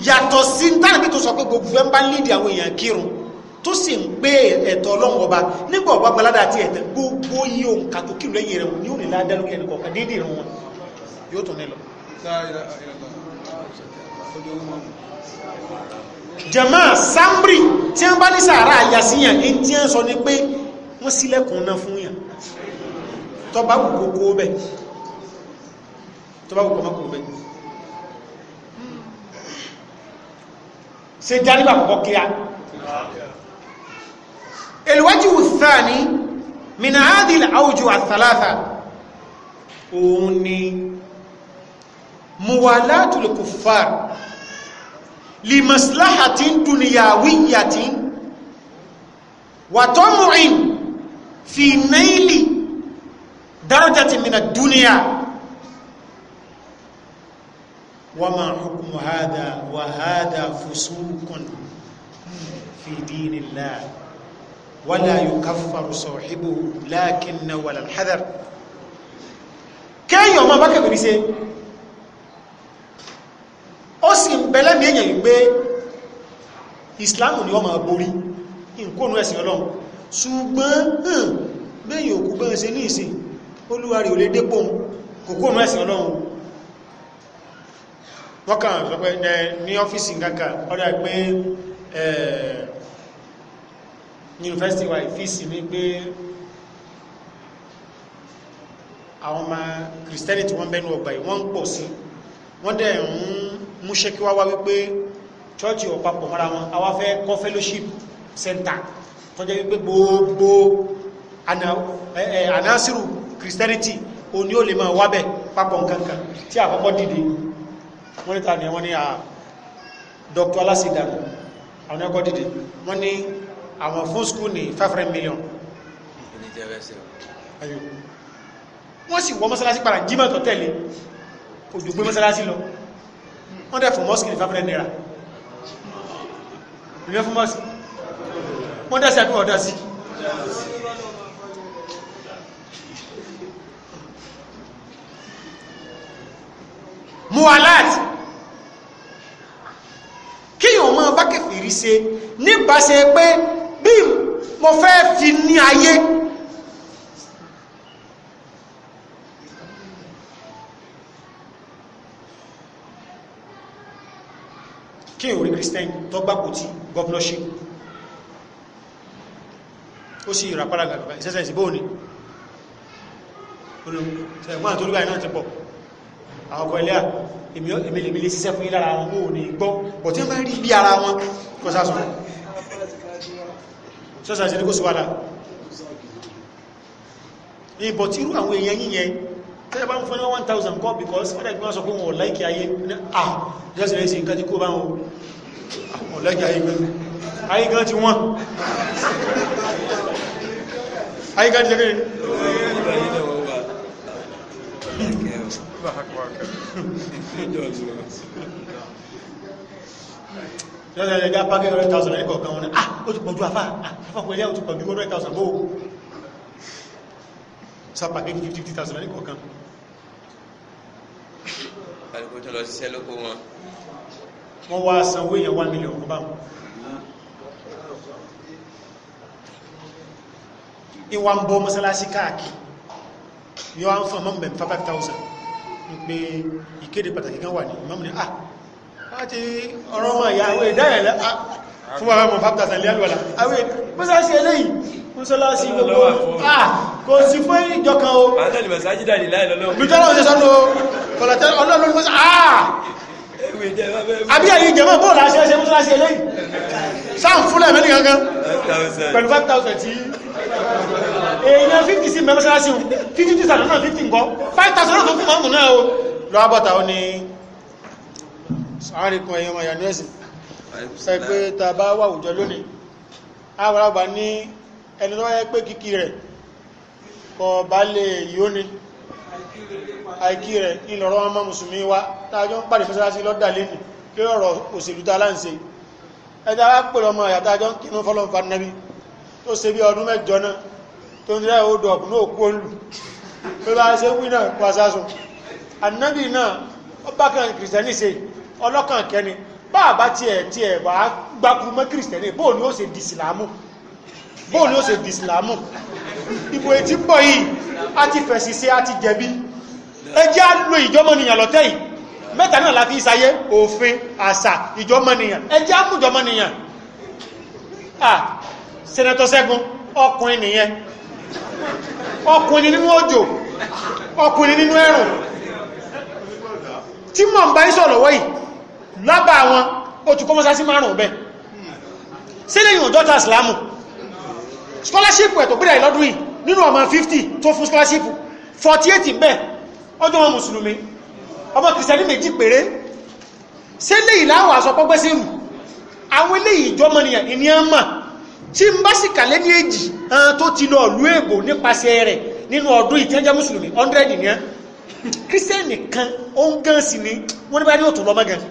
S1: yàtọ̀ sí tánàbí tó sọ pé gbogbo fẹ́ ń bá lídìí àwọn èèyàn kírun tó sì ń gbé ẹ̀tọ́ ọlọ́run ọba nígbà ọba gbalada àti ẹ̀tẹ̀ gbogbo yí ohun kàtó kírun lẹ́yìn rẹ̀ ní òní ládá lókè ẹnì kọ̀ọ̀kan déédéé ìrún wọn yóò tún nílọ. jama samri tí wọn bá ní sàárà àyàsíyàn ní tí wọn sọ ni pé wọn sílẹ̀kùn náà fún yàn tó bá wù kókó bẹ̀ tó bá wù kọ́mọ́kó bẹ̀ ṣe járíbà kọ́kọ́ kíá الوجه الثاني من هذه الأوجه الثلاثة أوني موالاة الكفار لمصلحة دنيوية وطمع في نيل درجة من الدنيا وما حكم هذا وهذا فسوق في دين الله ولا يكفر صاحبه لكن ولا الحذر kéèyàn máa bá kẹ̀kẹ̀rí ṣe ó sì ń bẹ lẹ́mìí èèyàn wípé ìsìláàmù ni wọ́n máa borí nǹkónú ẹ̀sìn ọlọ́run ṣùgbọ́n hàn mẹ́yìn òkú bẹ́ẹ̀ ṣe ní ìsìn olúwarì ò lè dépò kòkó mẹ́sìn ọlọ́run wọ́kàn lọ́pẹ́ ní ọ́fíìsì kàkà ọ̀dá pé university wa ìfíìsì ní pé àwọn ọmọ kìrìsìtẹ́nì tí wọ́n bẹ́nu ọgbà yìí wọ́n ń pọ̀ sí wọ́n dẹ̀ ń mú ṣẹ́kí wá wá wípé chọ́ọ̀chì ọ̀pápọ̀ mọ́ra wọn àwa fẹ́ kọ́ fellowship center tó wípé gbogbo anásírù christianity o ní ó lè máa wábẹ̀ papọ̀ nkankan tí àkọ́kọ́ dìde wọ́n ní tàbí wọ́n ní à dr alásìdànù àwọn ẹ̀kọ́ dìde wọ́n ní àwọn fún skul ní five hundred million wọ́n sì wọ́ mọ́sálásí padà jímọ̀ tó tẹ̀lé òjò gbé mọ́sálásí lọ wọ́n dẹ̀ fún mọ́sìkì ní five hundred naira ilé fún mọ́sìkì wọ́n dẹ̀ sí àbí wọ́n dẹ̀ sí mualat kíyàn ọmọ bá kẹfìrí ṣe nípasẹ̀ pé bí mo fẹ́ fi ní ayé kí n rí christian tó gbá kò tí governorship ó sì rà pàdàgà ìṣẹ́sẹ̀ ìsìnbó ni ṣẹ̀gbọ́n àtúrúgbà iná ti pọ̀ àwọn ọkọ̀ ilé à èmìlèmìlè síṣẹ́ fún ìlara wọn ò ní gbọ́ bọ̀ tí ó máa rí bí ara wọn kọ́ sásùn sọ́sà ìṣẹ́lẹ̀ kó síwádà ìbọ̀ eh, tí irú àwọn èèyàn yíyẹn tẹ́lẹ̀ bá ń fún ní 1000 kọ́ because fẹ́lẹ̀ gbọ́n sọ pé wọn láìkì ayé ní à jẹ́sì rẹ̀ sí nǹkan tí kó bá wọn wọn láìkì ayé gan ayé gan ti wọ́n ayé gan ti jẹ́ daha korkarım. lọ́dọ̀ ẹ̀rẹ́ gá pákẹ́ ọ̀rẹ́ tàùsàn ẹ̀kọ́ kan wọn ni ah ó ti pọ̀jú afá afọ́pọ̀ ilé ó ti pọ̀jú ọ̀rẹ́ tàùsàn bó sá pàkẹ́ 50,000 ẹ̀kọ́ kan
S2: alùpùpù lọ síṣẹ́ lókó wọn
S1: wọ́n wá sanwó èèyàn 1 million kọ́ báwọn ìwà ń bọ́ mọ́sálásí káàkì yóò án fún ọmọ mẹ́m 5,000 wípé ìkéde pàtàkì kan wà ní ìmọ́mù ní ah láti ọ̀rọ̀ ọmọ ìyá àwọn ìdáyẹ̀ lẹ́
S2: fún wa mọ̀ fápítà
S1: sàlẹ̀ alùwàlá àwọn mọ́sáṣí eléyìí mọ́sáṣí gbogbo ah kò sí fún ìjọ kan o àbí ẹ̀yìn jẹ́mọ́ bóòlá ṣe é ṣe mọ́sáṣí eléyìí sáà fúnlẹ̀ mẹ́rin kankan pẹ̀lú five thousand tí èèyàn fifty sí mẹ́mọ́sálásí fifty two thousand náà fifty nǹkan five thousand náà tó fún mọ́mù náà o lọ́wọ́ bọ́ta ó ní sáàríkùn ẹ̀yọ́ ọmọ ìyànú ẹ̀sìn sọ pé ta bá wà àwùjọ lónìí àwọn àgbà ní ẹni tó wáyé pé kíkí rẹ̀ kọ bá lè yíó ni àìkí rẹ̀ ìlọ̀rọ̀ ọmọ mùsùlùmí wa tájọ́ ń pàdé mẹ́sálásí lọ́dà lẹ́nu kí ọ̀rọ̀ òṣèlú ta láǹṣe ẹja wá pè lọ́mọ ìyàtà jọ ń kínú fọ́lọ́nfà nẹ́bí tó ṣe bí ọdún mẹ́jọ náà tó ń rẹ́ odò ọ̀pù náà kú olù pé bá ṣe wí náà kú asásun ànábì náà ó bá kan kìrìsìtẹ́nì ṣe ọlọ́kàn kẹni bá a bá tiẹ̀ tiẹ̀ wà á gbákùrú mọ́ kìrìsìtẹ́nì bóò ni ó ṣe di ìsìlámù bóò ni ó ṣe di ìsìlámù ìbò ètí pọ̀ yìí a ti fẹ̀sì ṣe a ti jẹ̀bi ẹjẹ́ á lo ìjọ́mọ́nìyàn lọ́tẹ́ yìí mẹ́ta náà la fi ìsayé òfin àṣà ìjọmọ́nìyàn ẹjẹ́ àmújọmọ́nìyàn ah sẹ́nẹ́tọ̀ Ṣẹ́gun ọkùnrin nìyẹn ọkùnrin nínú òjò ọkùnrin nínú ẹ̀rùn tí mọ̀ ń bá ń sọ̀rọ̀ wọ́yìí lábà wọn ó tún kọmọ́sá sí márùn-ún bẹ́ sílẹ̀ yìí ọjọ́ta islamu scholarship ẹ̀ tó gbídà ìlọ́dún yìí nínú ọmọ 50 tó fún scholarship 48 bẹ́ ọjọ́ wọn mùsùlùmí ọmọ kìrìsìtẹ́nì méjì péré ṣé léyìí láwọn àsọpọ́gbẹ́ sí rù àwọn eléyìí ìjọmọnìyàn ìníyàn mọ̀ tí n bá sì kàlẹ́ ní èjì tó ti lọ ìlú èbò nípasẹ̀ rẹ̀ nínú ọdún ìtẹ́jẹ́ mùsùlùmí 100 nìyẹn kírísítẹ́nì kan ó ń gán sí ni wọ́n ní bá ní òtún lọ́mọ gan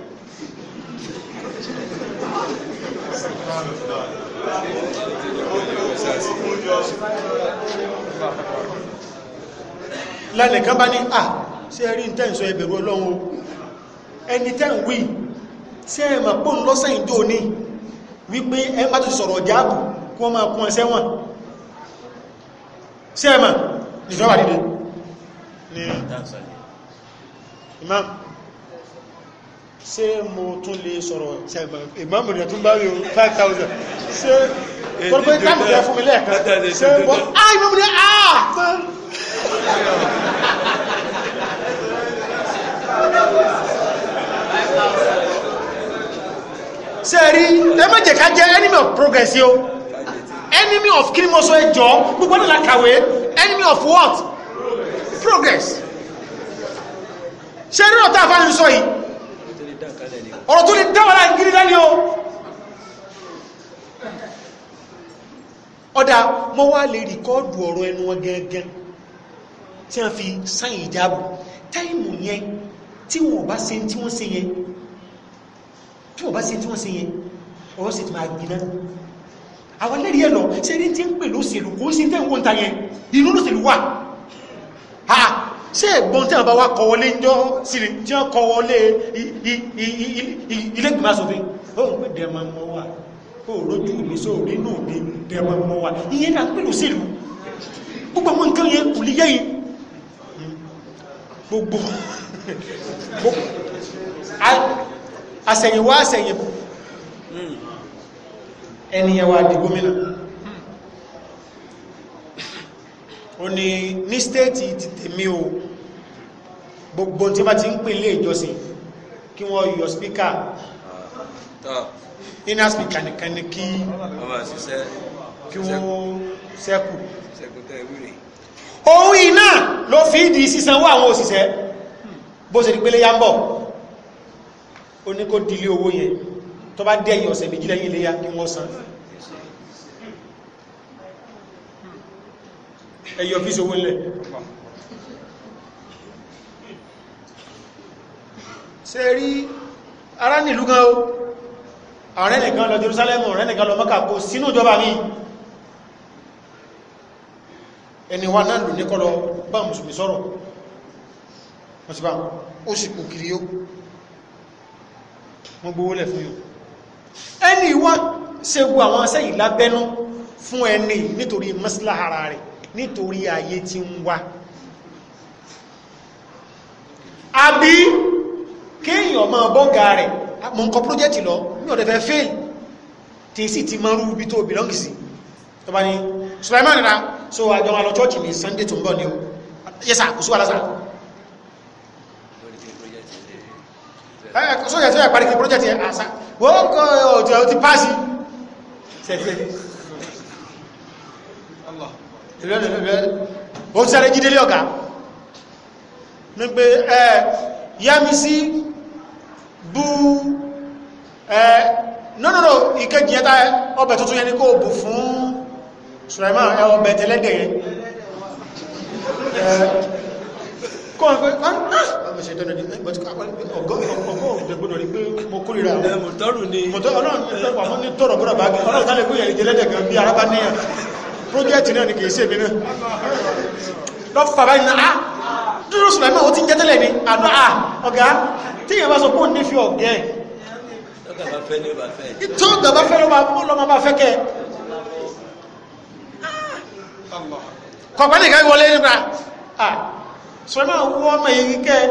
S1: lẹ́nìkan bá ní à sí ẹ̀rí ń tẹ́ǹsọ ẹbẹ̀rù ọlọ́run ẹni tẹ́ǹ wí sí ẹ̀mà pò ń lọ́sẹ̀ ìjọ ní wípé ẹ bá ti sọ̀rọ̀ jáàbù kí wọ́n máa kún ẹsẹ́ wọn sí ẹ̀mà ìjọba dìde ní imam ṣé mo tún lè sọ̀rọ̀ imam rẹ̀ tún bá rí o 5000 ṣé tọ́lọ́pẹ́ táàmù rẹ̀ fún mi lẹ́ẹ̀kan ṣé wọ́n á ah, imam rẹ̀ á ah! sẹ́ẹ̀rí ẹmẹ́jẹ̀ ká jẹ́ enemy of progress yìí enemy of kí ni mo sọ ẹ jọ gbogbo náà la kàwé enemy of what progress sẹ́ẹ̀rí ọ̀tá àfáàní sọ yìí ọ̀rọ̀ tó lè dáwàlá ìgírí lẹ́ni o ọ̀dà mo wá lè rìkọ́ọ̀dù ọ̀rọ̀ ẹnu wọn gẹ́gẹ́ tí wọ́n fi sáyìn ìjábù táìmù yẹn tí wọ́n bá ṣe tí wọ́n ṣe yẹn tí wọ́n bá ṣe tí wọ́n ṣe yẹn ọ̀rọ̀ sì ti máa gbiná àwọn lẹ́rìí ẹ̀ lọ ṣe ní tí ń pè lóṣèlú kò sí tẹ́ ń wọ́n ta yẹn inú lóṣèlú wà ha ṣé ẹ̀gbọ́n tí wọ́n bá wá kọ wọlé ńjọ́ sí ni tí wọ́n kọ wọlé ilé ìgbìmọ̀ asòfin ó ń pè dẹ́mọ̀ mọ́ wà ó lójú mi sóòrí inú mi dẹ́mọ̀ mọ́ wà ìyẹn náà pè lóṣèlú gbogbo àwọn nǹkan yẹn kò lè yẹ́yìn gbogbo àṣẹ̀yìnwá àṣẹ̀yìnbò ẹniyàn wà di gómìnà o ní ní stéètì ti tèmi o gbogbo tí bá ti ń pè ilé ìjọsìn kí wọ́n yọ spíkà iná spíkà nìkan ní kí kí wọ́n sẹ́kù òun iná ló fi ìdí sísanwó àwọn òṣìṣẹ́ bó ṣe di pé léyà ń bọ̀ ó ní kó dilé owó yẹn tó bá dé ẹ̀yìn ọ̀sẹ̀ méjì lẹ́yìn léyà kí wọ́n san ẹ̀yìn ọ̀fíìsì owó ńlẹ̀ ṣe rí ará nílùú gan o ààrẹ nìkan lọ Jerusalem ọ̀rẹ́ nìkan lọ Mọ́kà kó sínú ìjọba mi ẹni wa náà lò ní kọlọ bá mùsùlùmí sọ̀rọ̀ wọ́n ti bá ó sì kò kiri yó wọ́n gbówó lẹ̀ fún yóò ẹni wọ́n ṣe gbọ́ àwọn aṣẹ́ lábẹ́nú fún ẹni nítorí maslahara rẹ̀ nítorí ayé tí ń wá àbí kéèyàn máa bọ́gà rẹ̀ mọ̀ nǹkan pírójẹ́tì lọ ní ọ̀dẹ̀ fẹ́ tí sì ti máa rú ibi tó belong sí tó bá ní Sulaiman nira so àjọ àlọ́ chọ́ọ̀chì ní Sunday tó ń bọ̀ ní o yẹ́sà kò sí wà lásàkó sójà eh, sójà parí kí project yẹn àṣà wọ́n kọ́ ọ̀tọ̀ ọ̀tí páàsì ó ti sáré jídélé ọ̀gá ní pé ẹ eh, yámi sí bú ẹ eh, nọ́nọ́nọ́ ìkejì ẹta ọbẹ̀ tuntun yẹn ni kó bù fún Sulaiman ẹ ọbẹ̀ tẹ́lẹ́dẹ̀ yẹn kọ́ ọ̀pẹ́ ọmọ ìṣẹ̀tọ́ ní ọgọ́ ọmọ ìjẹgbọ́nà rí pé ah, ah! Eh, mo kórìíra mọ̀tọ́rù ni mọ̀tọ́rù náà ní tọ́rọ̀ bọ́rọ̀ bá gẹ̀ẹ́ ọlọ́ta lè gbóyẹ̀ ìjẹlẹ́dẹ̀ gan bí ará bá níyàn project náà ni kìí ṣe mi náà lọ fàbá iná á ah, dúró sùlẹ̀mọ́ ó ti jẹ́tẹ́lẹ̀ ni àdọ́ à ọ̀gá tí yẹn bá sọ pé ó ní fi ọ̀gẹ́ tó gàbá fẹ́ lọ́mọ bá fẹ́ kẹ́ kọ̀pẹ́ nìkan wọlé nípa so náà wọ́n ọmọ yìí kẹ́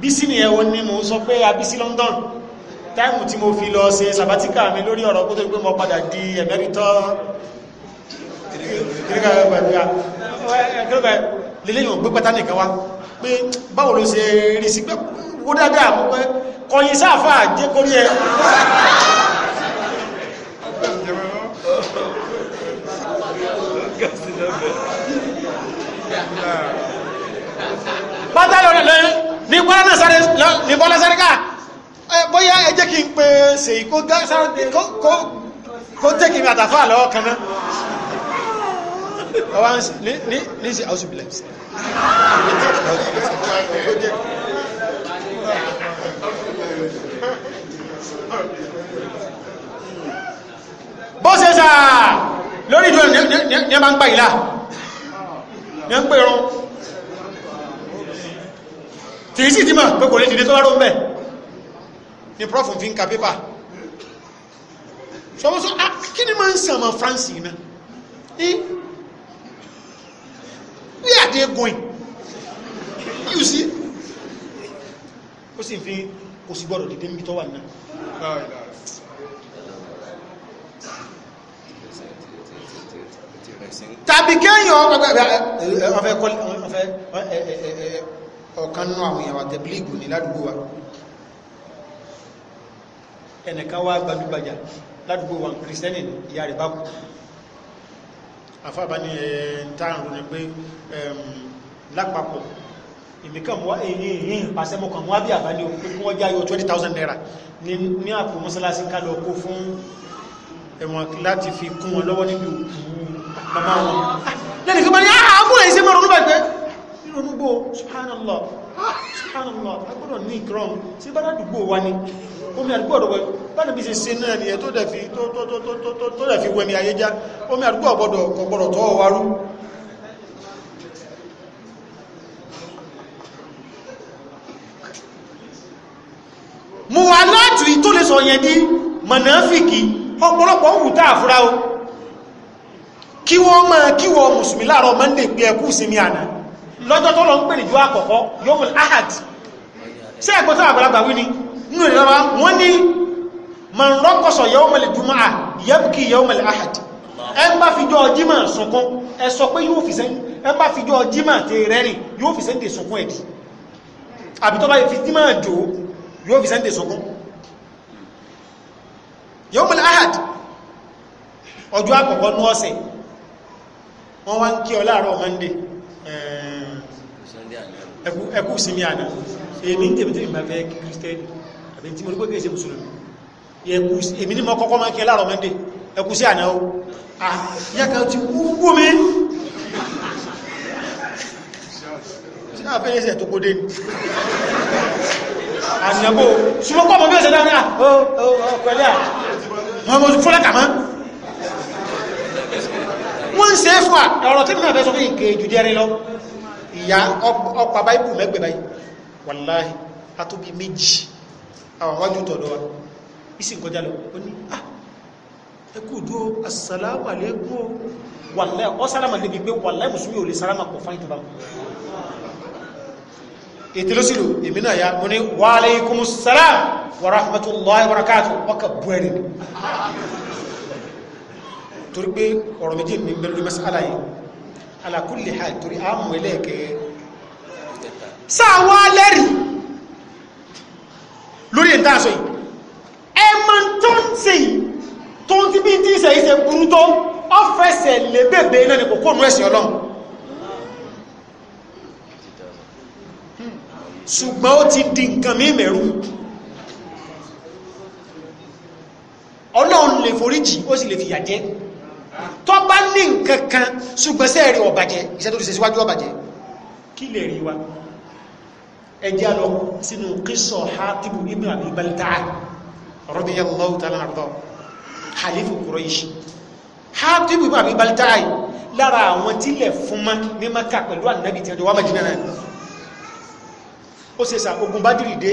S1: bísí ni ẹ̀wọ̀n ni mò ń sọ pé a bísí London táìmù tí mo fi lọ ṣe sabatika mi lórí ọ̀rọ̀ kó tó gbé mọ padà di ẹ̀mẹ́rítọ́ lélẹ́yìn ògbé pátá nìkan wá pé báwo ló ṣe rí sí pé wó dáadáa mú pé kọyìn sáàfà jẹ́
S2: kórí ẹ Yeah.
S1: bátálíọ̀nù lẹ́yìn ní bọ́lá sáríkà bóyá ẹ jẹ́ kí n pè é sèyí kó tẹ́kì mi àtàfà lọ́wọ́ kan náà ọwá ń ní ní ní ṣe house bill ẹ̀sìn bó ṣe sáà lórí ìdúró ní ẹ máa ń gbà ìlà ní ẹ ń pè rún kìí sì dímọ̀ pé kò lè dìde tó bá rọ́n bẹ̀ ni prof fi ń ka pépà sọwọ́ sọ kí ni máa ń sàn mọ́ france náà where are they going you see ó sì fi kò sì gbọ́dọ̀ dìde níbi tó wà náà tàbí kéèyàn ọ̀fẹ́ ọ̀kan nú àwọn ìyàwó àtẹ̀bílígù ní ládùúgbò wa ẹnìkan wá gbajúgbajà ládùúgbò wa kìrìsìtẹ́nì ìyá rẹ̀ bá kú àfáàbá ní ẹ̀ẹ́ntàrùn ní pé lápapọ̀ ìmìkan wá èyí ìyìn pàṣẹmọ̀kan wá bí àbá ní o pé kí wọ́n mama wọn ah, lẹ́nìkan bá ní àmúrẹ̀ ìṣẹ́mọ̀rún lọ́gbẹ̀gbẹ̀ ronúgbò subhanallah ah, subhanallah agbọ́dọ̀ ní ìkram sí bá dàdúgbò wa ni omi àdúgbò ọ̀dọ̀wẹ̀ bára bí i ṣe náà ni ẹ tó dẹ̀ fi wẹni ayé já omi àdúgbò ọ̀gbọ̀dọ̀ tọ́ ọwárú mú wa látìrí tó lè sọ yẹn ní mọ̀náfíkì ọ̀pọ̀lọpọ̀ ń wùtá àfúrá o kí wọ́n máa kíwọ́ mùsùlùmí láàrọ̀ mọ́ndé pé ẹkú sí ní àná lọ́jọ́ tó lọ ń pè ní jọ àkọ́kọ́ yomul ahad ṣe ẹ̀kọ́ tó àgbàlagbà wí ni nínú ìrìnàmà wọ́n ní man rọ́kọ̀sọ̀ yomul jumaa yabki yomul ahad ẹ ń bá fijọ́ jímọ̀ sunkún ẹ sọ pé yóò fi sẹ́yìn ẹ bá fijọ́ jímọ̀ tẹ rẹ́rìn yóò fi sẹ́yìn tẹ sunkún ẹ̀dì àbí tó bá fi jímọ̀ jò yóò fi tẹ sunkún yomul ahad ọjọ́ àkọ́kọ́ nú ọ̀sẹ̀ wọ́n wá ń kí ọ láàárọ̀ monday ẹkú sinmi àná èmi ń tèmi tèmi máa fẹ́ kírísítẹ́nì àbí tí mo ní gbẹ́gẹ́ ṣe mùsùlùmí èmi ní mọ́ kọ́kọ́ máa ń kí láàrọ̀ mẹ́ndé ẹkú sí àná o yàkà ti wúgbó mi tí a fẹ́ ẹsẹ̀ tó kódé ní ànàbò ṣùgbọ́n mọ́ bí ẹsẹ̀ dáadáa ó pẹ̀lẹ́ àwọn fúnlẹ̀kà mọ́ wọ́n ń ṣe é fún ọ̀rọ̀ tí mi náà fẹ́ sọ fún ìkè jùdẹ́rin lọ ìyá ọpa báìbù mẹ́gbẹ̀ báyìí wàláhì atóbi méjì àwọ̀wájú tọ̀dọ̀ wa ìsìn kọjá lọ ó ní ah ẹkù dúó assalamu alaikum wàláhì ọ sálámà débi pé wàláhì mùsùlùmí ò lè sálámà pọ̀ fáyìn tó bá ètè ló sì lò èmi náà ya mo ní wa alaikumus salam torí pé ọ̀rọ̀ méjì ní bẹ̀rẹ̀ lórí mẹ́sàlá yìí ala kulli hal torí àmú ẹlẹ́ẹ̀kẹ́ sáwọ́ lẹ́rì lórí ìtaṣọ yìí ẹmọ tó ń ṣe yìí tó ń ti bí tí ìṣẹ̀ ìṣẹ̀ burú tó ọ́fẹ́sẹ̀ lè bèbè náà ní kòkó nù ẹ̀sìn ọlọ́run ṣùgbọ́n ó ti di nǹkan mí mẹ̀rú ọlọ́run lè foríjì ó sì lè fìyà jẹ tọ́ba ní nǹkan kan ṣùgbọ́n sẹ́ẹ̀ rí ọ̀bàjẹ́ iṣẹ́ tó ti ṣe síwájú ọ̀bàjẹ́ kí lè rí wa ẹjẹ́ lọ sínú kíṣọ̀ hátìbù ibn àbí balta'a radiyallahu ta'ala àrùdọ́ halifu Quraysh hátìbù ibn àbí balta'a lára àwọn tílẹ̀ fún ma ní maka pẹ̀lú ànábì tí ọjọ́ wà Mádínà náà ó ṣe sà ogun bá dìrìdé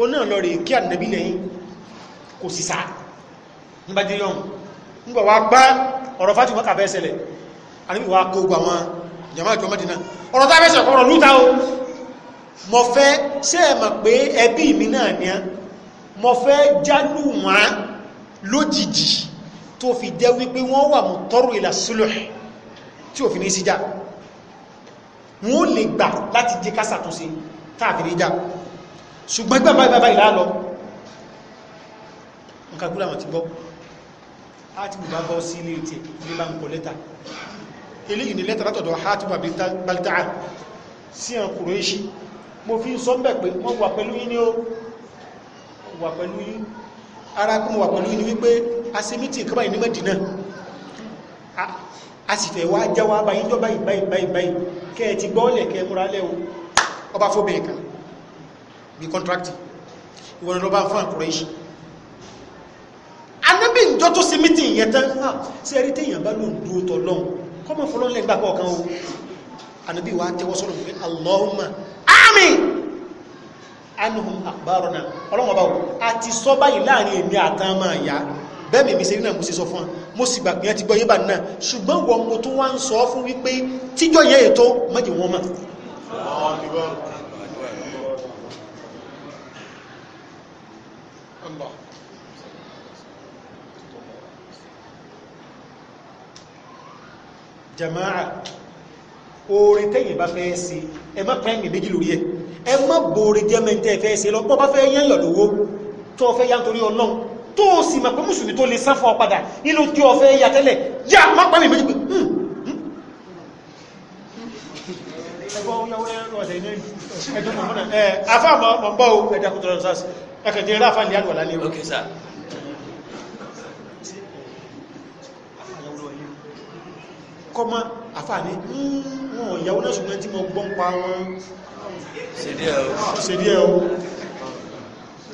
S1: ó náà lọ rè kí ànábì lẹ́yìn kò sì sá ní bá dìrì ọ̀hún ńgbọ̀ wa bá ọ̀rọ̀ fátìmọ́ kàbẹ́ ẹsẹ̀lẹ̀ àníbì wá kó gbà wọn jama ìjọ mẹ́dínà ọ̀rọ̀ tá fẹ́sẹ̀ ọ̀rọ̀ lúta o mọ̀ fẹ́ ṣe é mọ̀ pé ẹbí mi náà ni á mọ̀ fẹ́ jálù wọn lójijì tó fi jẹ́ wípé wọ́n wà mú tọ́rù ìlà sílò hátìmù bá bọ́ sí ilé ìtì ní bá ń kọ lẹ́tà eléyìí ni lẹ́tà látọ̀dọ̀ hátìmù àbí balta'a sí àwọn kùrẹ́ṣì mo fi ń sọ bẹ̀ pé wọ́n wà pẹ̀lú yín ni ó wà pẹ̀lú yín ara kún wà pẹ̀lú yín ni wípé asemiti kọ́ báyìí ní Mẹ́dínà a sì fẹ́ wá já wá báyìí jọ báyìí báyìí báyìí kẹ́ ẹ ti gbọ́ọ̀lẹ̀ kẹ́ múra lẹ́ o ọba anábì ìjọ tó ṣe mítì ìyẹn tán ha ah, sí ẹrí téèyàn bá ló ń dúró tọ lọ́hùn kọ́mọ fọlọ́ lẹ́gbà kọ̀ọ̀kan o anábì wa tẹwọ́ sọ́nà pé Allahumma àmín anuhum akbarona ọlọ́wọ́n báwo a ti sọ báyìí láàrin èmi àtàn máa yá bẹ́ẹ̀ mímí ṣe rí náà mo ṣe sọ fún wa mo sì gbàgbé yẹn ti gbọ́ yé bá náà ṣùgbọ́n wọn mo tún wá ń sọ fún wípé tíjọ́ yẹ ètò mọ́jì wọn mọ́. Allah jama'a oore tẹ́yìn bá fẹ́ ṣe ẹ má pẹ́ẹ̀mì méjì lórí ẹ ẹ má bóore jẹ́mẹ́ntẹ́ fẹ́ ṣe lọ bọ́ bá fẹ́ yẹn lọ lówó tó fẹ́ yá nítorí ọlọ́run tó sì mọ̀ pé mùsùlùmí tó lè sáfọ́ padà nínú tí ọ fẹ́ yá tẹ́lẹ̀ yá má pẹ́ẹ̀mì méjì pé ẹgbọ́n yọ kọ́mọ́ àfààní hmm, wọn ìyàwó náà ṣùgbọ́n tí mo gbọ́n pa wọn
S2: ṣe díẹ̀ o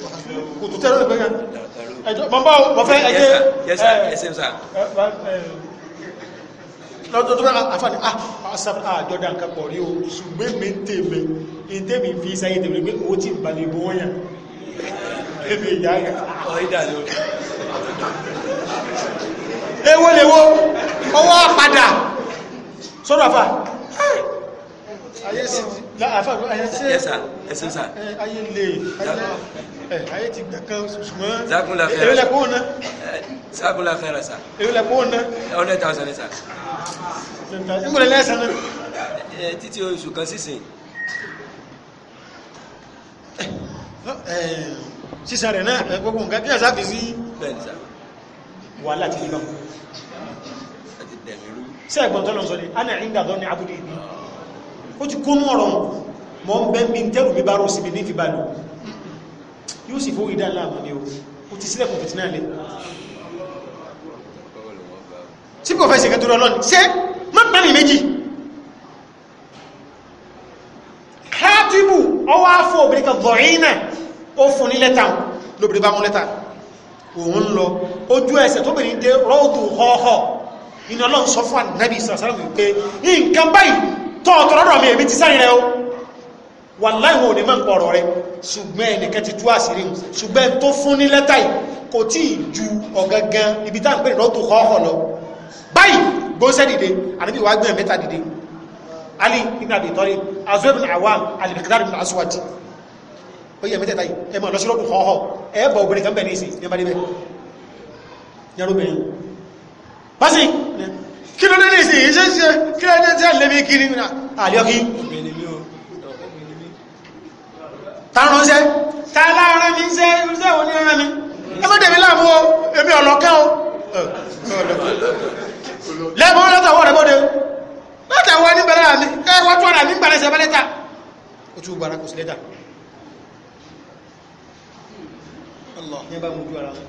S1: ah, kò tó tẹ́rọ ìgbẹ́gẹ́ ẹjọ́ bọ́mbọ́ wọ́fẹ́ ẹjẹ́ lọ́dọ̀ tó bá àfààní àjọ́dá ah, ah, nǹkan pọ̀ rí o ṣùgbọ́n mi ń tèmi ń tèmi fi sáyé tèmi pé owó tí ìbàlẹ̀ ìbò wọ́n yàn ebi ìyá yẹn ewé lewó ọwọ́ sọ́rọ̀ àfà ayé sí àfà ayé sí ẹ̀sìn sà ayé lè ayé ti gbẹ̀kan ṣùgbọ́n
S2: ewélẹ̀kún náà sáàkúnláfẹ́ rẹ̀ sà ewélẹ̀kún náà 100,000 ní sà ìgbòrò lẹ́sàn náà títí oṣù kan sísìn
S1: sísan rẹ̀ náà gbogbo nǹkan kí ẹ̀sà fi sí wàhálà ti lè sí ẹ̀gbọ́n tó lọ ana ìgbà tó ní abúlé ibi ó ti kó mọ̀rọ̀ mọ́ ń bẹ́ mi tẹ́rù mi bá rò síbi ní ìfibà lò yóò sì fowó ni o ó ti sílẹ̀kùn fìtínà lé tí kò fẹ́ ṣe kẹtùrọ lọ́nà ṣe má pẹ́ mi méjì kátìbù ọwọ́ afọ obìnrin kan ó fún ní lẹ́tà lóbìnrin bá mú lẹ́tà òun lọ ojú ẹsẹ̀ tóbìnrin dé rọ́ọ̀dù họ́ọ̀họ́ọ̀ iná lọ́n sọ fún ànábì sàrásàrà wípé nǹkan báyìí tọ́ ọ̀tọ̀rọ̀dọ̀ mi èmi ti sáyìn rẹ o wà láìwọ̀ òní máa ń pọ̀ ọ̀rọ̀ rẹ ṣùgbọ́n ẹnìkan ti tú àṣírí mu ṣùgbọ́n tó fún ní lẹ́tà yìí kò tí ì ju ọ̀gangan ibi tá à ń ali ibn abi tọ́lẹ̀ azuwe bin awam alibikadari bin aswad ó yẹ mẹ́tẹ̀ẹ̀ta yìí ẹ máa lọ sí lọ́tò kọ́ọ̀kọ́ ẹ bọ̀ obìnrin kan bẹ̀ ìsìn ní ẹ bá dé bọ́sí kí ló lẹ́lẹ́ sí ìṣẹ́ ṣe kí ló lẹ́lẹ́ tí a lẹ́bí kiri ní àlẹ́ọ̀kí tàránṣẹ́ tààláàrán mi ṣe irúṣẹ́ òní ẹran mi ẹgbẹ́dẹ̀mí láàmú o èmi ọ̀lọ́kẹ́ o lẹ́bọ̀ látàwọ̀ rẹ̀ bọ́dẹ̀ látàwọ̀ ní bẹ̀rẹ̀ mi ẹwọ́ tó ara mi gbàrẹsẹ̀ bẹ́lẹ́ta ó tún gbàrà kò sí lẹ́tà Allah ní bá mú ojú ara wọn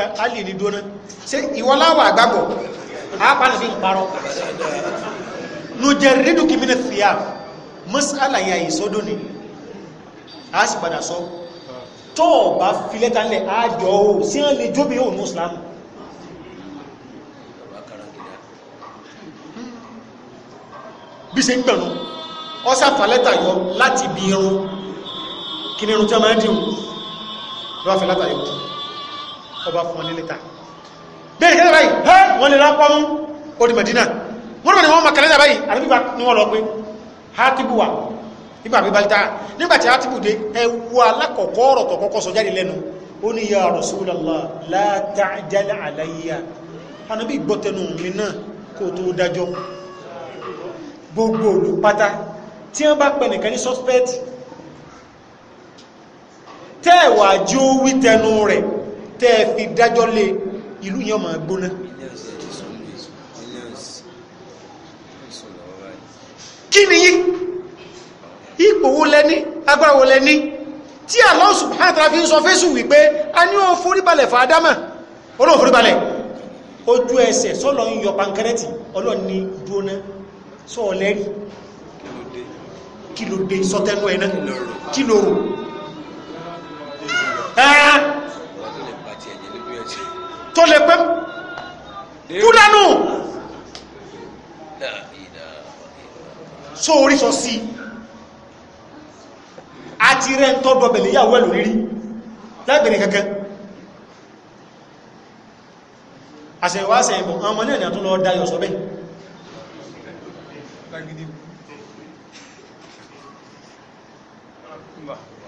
S1: alì ní dúró náà ṣe ìwọláwà àgbàgbọ̀ àápàlù sí ìparọ́ nùjẹ̀rì nínú kí mínú fìyà mọ́sálà yà ìsọ́dọ̀ ni a sì padà sọ tó bá fi lẹ́ta ńlẹ̀ àjọ o sí ń lè jóbi òun ní Islam bí ṣe ń gbẹ̀nu ọ́sà fàlẹ́tà yọ láti bí irun kí ni irun tí a máa dìhun lọ́wọ́ látàrí òkú ọba fún wọn ní lẹ́tà bẹ́ẹ̀ kẹ́lẹ́ báyìí hẹ́ wọ́n lè rápọ́ mú odi Medina wọ́n mọ̀ ní wọ́n mọ̀ kẹ́lẹ́dà báyìí àdúgbà ní wọ́n lọ pé hátìbù wà nígbà bí balita nígbàtí hátìbù dé ẹwú alákọ̀ọ́kọ́ ọ̀rọ̀ tó kọ́kọ́ sọ jáde lẹ́nu ó ní ya Rasulullah la ta'jal alayya anábì gbọ́tẹnu mi náà kó tó dájọ́ gbogbo olùpátá tí wọ́n bá pẹ̀ nìkan ní suspect tẹ́ẹ̀wà jí ó wí tẹnu rẹ̀ tẹ́ ẹ fi dájọ́ lé ìlú yẹn máa gbóná. kí ni yín ipò wo lẹ́ni agbára wo lẹ́ni tí Allah subhanahu wa ta'ala fi ń sọ fésù wípé a ní o foríbalẹ̀ fún Ádámà olóò foríbalẹ̀ ojú ẹsẹ̀ sọ́lọ ń yọ pankẹ́rẹ́tì ọlọ́ni dúóná sọ́ọ̀lẹ́rì kí ló dé sọ́tẹ́nu ẹ̀ná kí ló rò tó lè pé kúdánù só orí sọ sí àti rẹ̀ ń tọ́ dọ̀bẹ̀lẹ̀ yàwó ẹ̀lú rírí láìbẹ̀rẹ̀ kẹ́kẹ́ àṣẹ̀wáṣẹ̀ ìbọn ọmọ náà ni a tún lọ dáyọ̀ sọ bẹ́ẹ̀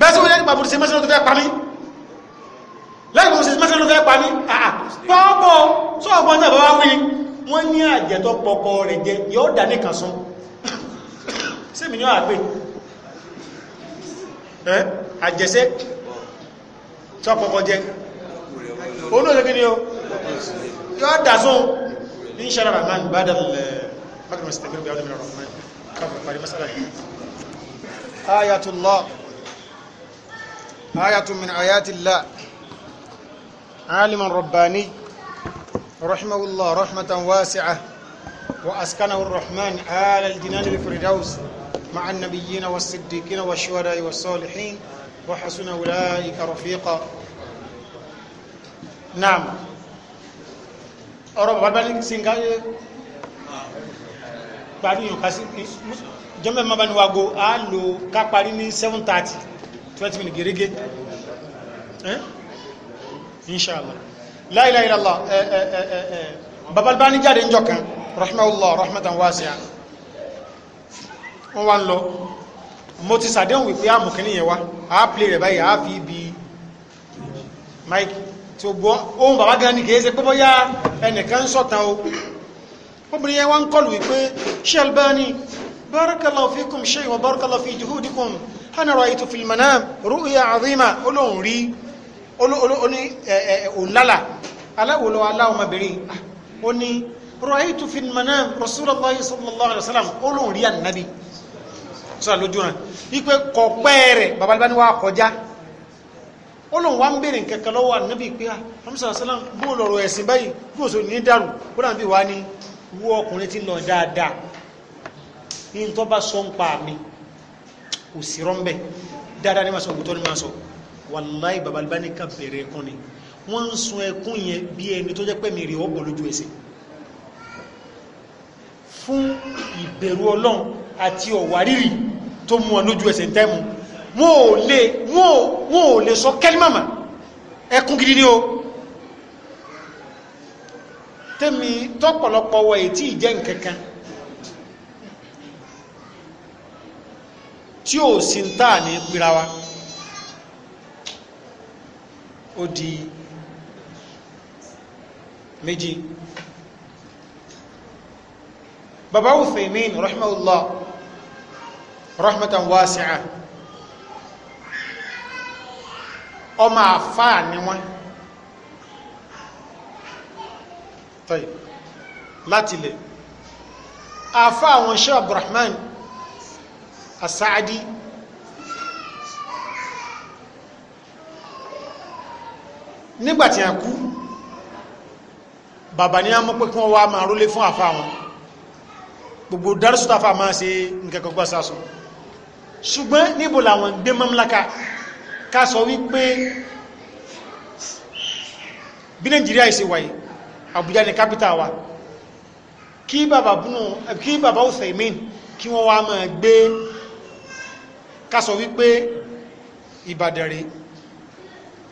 S1: bẹ́ẹ̀ sí wọ́n yẹ́ nípa bùrùsí mẹ́sàn tó fẹ́ parí kí ló fẹ́ pa mí pọ́pọ̀ sọ́ọ̀pọ̀ náà bá wí wọ́n ní àjẹ̀tọ́ pọkọ rẹ̀ jẹ yóò dà ní kànsán sími ní àgbè àjẹsẹ́ sọ́pọ̀pọ̀ jẹ olóòlù kí ni o yóò dà sún ní ṣe rárá máa ń bá dàlẹ̀ mọ́kànlá mọ́sítẹ̀gbẹ̀rẹ̀ bí i ọdún mìíràn rọ̀ mọ́ káfẹ́ parí mọ́sálà yìí ayatullah عالما رباني رحمه الله رحمة واسعة وأسكنه الرحمن آل الجنان الفردوس مع النبيين والصديقين والشهداء والصالحين وحسن أولئك رفيقا نعم ọ̀rọ̀ bàbá bá ní sí ń gáyé parí yàn kásí jọ́mẹ́ ma bá ní wago a lò ká parí ní 7:30 20 minutes gẹ́gẹ́ inshallah la ilaha illallah eh, eh, eh, Baba Albani jáde ń jọkan rahimahullah rahmatan wasi'a wọ́n wá ń lọ mo ti sàdéhùn wípé a mùkíní yẹn wá a play rẹ̀ báyìí a fi ibi mike tí ó gbọ́ ohun bàbá gan ni kìí ṣe pé bóyá ẹnìkan ń sọ̀tàn o obìnrin yẹn wá ń kọlù wípé Sheikh Albani barakallahu fikum sheikh wa barakallahu fi juhudikum ana ra'aytu fil manam ru'ya 'azima olóhùn rí oní òlálà aláwòlò aláwọmọbìnrin ó ní ra'aytu fil manam Rasulullahi sallallahu alaihi wasallam olóhùn rí ànábì sọ́rọ̀ lójú rẹ̀ wípé kọ̀pẹ́ rẹ̀ babalibani wa kọjá olóhùn wa ń bèèrè kẹ̀kẹ́ lọ́wọ́ ànábì pé àmúṣà sálám bó lọ̀rọ̀ ẹ̀sìn báyìí bí òṣò ní dàrú ó náà bí wá ní wú ọkùnrin tí ń lọ dáadáa ní tó bá sọ ń pa mi kò sí rọ́ńbẹ́ dáadáa ní máa sọ òkútọ́ ní máa sọ wàláì baba Albani kan fèrè ẹkún ni wọ́n ń sun ẹkún yẹn bí ẹni tó jẹ́ pé mi rí ọ̀bọ̀ lójú ẹsẹ̀ fún ìbẹ̀rù ọlọ́run àti ọ̀wárìrì tó mú wọn lójú ẹsẹ̀ tẹ́mu wọn ò lè wọn ò lè sọ kẹ́límàmà ẹkún gidi ni o tẹ́mi tọ́pọ̀lọpọ̀ wọ èyí tí nkankan tí ò sí ń pirawa ó di méjì bàbá Uthaymin rahimahullah rahmatan wasi'a ọmọ àfáà ni wọ́n tọ́yì láti lè àfáà wọn Sheikh Abdurrahman as-Sa'di as sadi nígbàtí a kú bàbá ní a mọ́ pé kí wọ́n wá máa rólé fún àfá wọn gbogbo dárúsútàfà máa ṣe nkẹ́kọ̀ọ́ gbà sásùn ṣùgbọ́n níbo làwọn gbé mamlaka ká sọ wípé bí nàìjíríà ìṣe wáyé àbújá ní kápítà wa kí bàbá búnú kí bàbá Uthaymin kí wọ́n wá máa gbé ká sọ wípé ìbàdàn rèé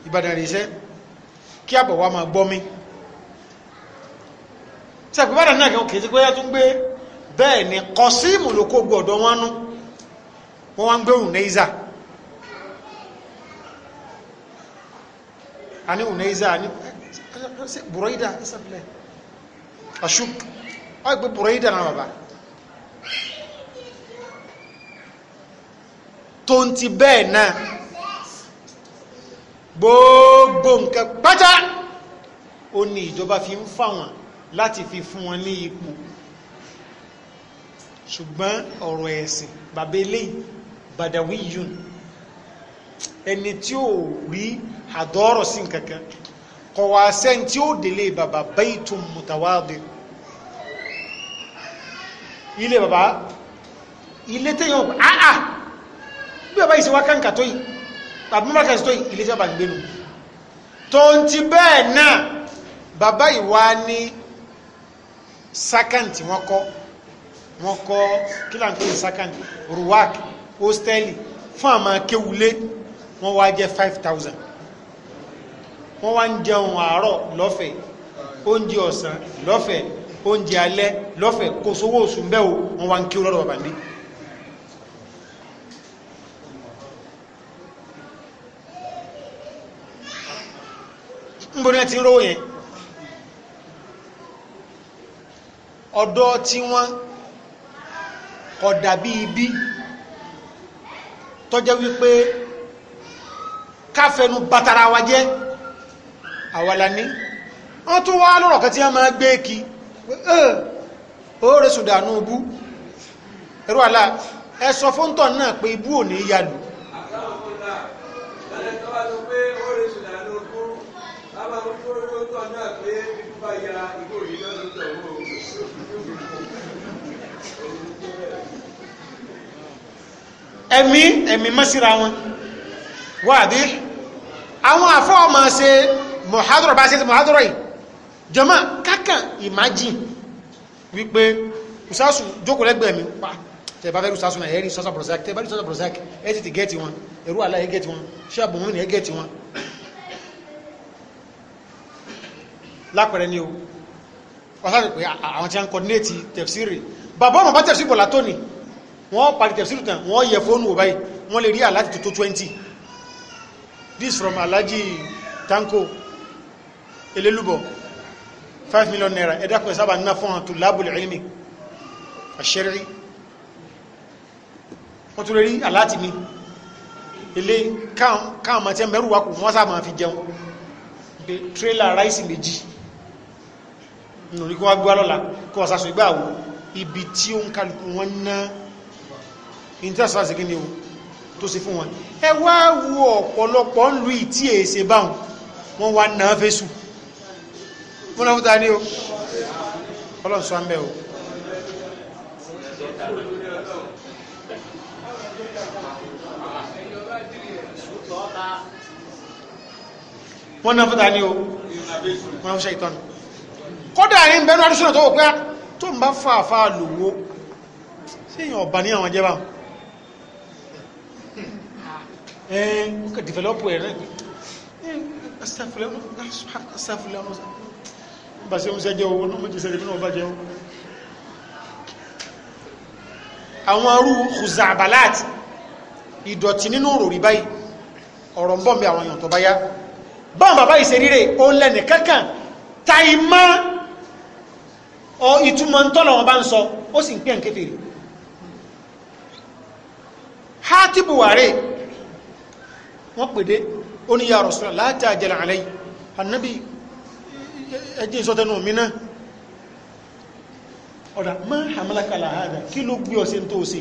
S1: ìbàdàn rèé iṣẹ́ kí àbọ̀ wa máa gbọ́ mi sàgbébàdàn náà kìí ti pé yàtún gbé bẹ́ẹ̀ ni kọ sí ìmùlòkó gbọ̀dọ̀ wọn nú wọ́n wá ń gbé ùnẹ́ìzà a ní ùnẹ́ìzà a ní bùrọ̀ìdà ìsàbílẹ̀ ashuk wọ́n gbé bùrọ̀ìdà náà bàbá tó ń ti bẹ́ẹ̀ náà gbogbo nǹkan pátá ó ní ìjọba fi ń fáwọn láti fi fún wọn ní ipò ṣùgbọ́n ọ̀rọ̀ ẹ̀sìn bàbá eléyìí badawiyun ẹni tí ó rí àdọ́rọ̀ sí nǹkankan kọ̀ wá sẹ́ni tí ó délé bàbá baytun mutawadi ilé baba ilé tẹ́yàn àà bí bàbá yìí ṣe wá kàǹkà tó yìí tàbí mọ́kẹ́ sí tó iléeṣẹ́ bá gbénu tó ń ti bẹ́ẹ̀ náà bàbá ìwá ní sákàǹtì wọ́n kọ́ wọ́n kọ́ kí là ń pè fún àmọ́ kéwulé wọ́n wá jẹ́ five thousand wọ́n wá ń jẹun àárọ̀ lọ́fẹ̀ẹ́ oúnjẹ ọ̀sán lọ́fẹ̀ẹ́ oúnjẹ alẹ́ lọ́fẹ̀ẹ́ kò sówó oṣù mbẹ́ wọ́n wá ń kí lọ́dọ̀ bàbá ní. ń ti yẹn tí ibi tọ́jẹ́ wípé káfẹ́nu bàtàrà wa jẹ́ àwàlání wọ́n tún wá lọ́rọ̀ kan tí wọ́n máa gbé kí ó rẹ̀ sùdánù bú ẹ̀rọ àlá ẹ sọ náà pé ibú ò ní
S2: olùdókòtò náà pé ikú bá ya ikú òní náà ló tẹ̀
S1: wọ́n ẹ̀mí ẹ̀mí mọ́síra wọn wáàbí àwọn àfọ́ ọmọ ṣe mọ̀hádọ́rọ̀ bá ṣe ṣe mọ̀hádọ́rọ̀ yìí jọmọ́ kákàn imagine wípé usasu jókòó lẹ́gbẹ̀ẹ́ mi pa tẹ̀bá fẹ́ náà ẹ̀rí sọ́sọ́ bọ̀rọ̀sáàkì tẹ̀bá rí sọ́sọ́ bọ̀rọ̀sáàkì ti gẹ́ẹ̀tì wọn ẹ̀rú aláyé gẹ́ẹ̀tì wọn ṣé àbùmọ́ ni wọn lápẹẹrẹ ni o wọ́n sáré pé àwọn tí a ń kọ́dínéètì tẹ̀fsírì bàbá ọmọ bá tẹ̀fsírì bọ̀ látòní wọ́n parí tẹ̀fsírì tán wọ́n yẹ fóònù wò báyìí wọ́n lè rí aláti tó tó twenty this from alhaji tanko Elelubo, five million naira ẹ̀dá pẹ̀ sábà ná fún àwọn tulabul ilmi àṣẹrí wọ́n tún lè rí aláti mi ilé káwọn máa tẹ́ mẹ́rù wákùn wọ́n sábà máa fi jẹun tírélà ráìsì méjì nìrí kó wá gbá lọ́la kó wà sásùn ìgbà àwò ibi tí ó ń kálukú wọn ná ìntẹ́sà sí kí ni o tó sì fún wọn ẹ wá wo ọ̀pọ̀lọpọ̀ ń lu ìtí èsè báwọn wọn wá náà fésù wọn náà fúta ní o ọlọ́run sọ àmẹ́ o wọ́n náà fúta ní o wọ́n náà fúta ìtọ́nù kódà yìí ń bẹnu adúsùnà tó wò pé tó ń bá fàáfà lòwó sí èèyàn ọ̀bà ní àwọn jẹba ẹ̀ẹ́n ó kẹ́ dìfẹ́lọ́pù ẹ̀rẹ́ bàṣẹ ń sẹ́jẹ́ owó náà mọ́jẹ́ sẹ́jẹ́ náà bàjẹ́ owó àwọn arú huzabalat ìdọ̀tí nínú òròrí báyìí ọ̀rọ̀ ń bọ̀ bí àwọn èèyàn tó bá yá báwọn bàbá ìṣeríre ó lẹ́nì kankan taimá ọ ìtumọ̀ ntọ́lọ̀ wọn bá o si ó sì ń pè ń wọn pede buhari wọ́n ya Rasulullah la ta'jal alayhi annabi ẹjẹ́ má hamalakala hada kí ló gbé ọ̀sẹ̀ tó ṣe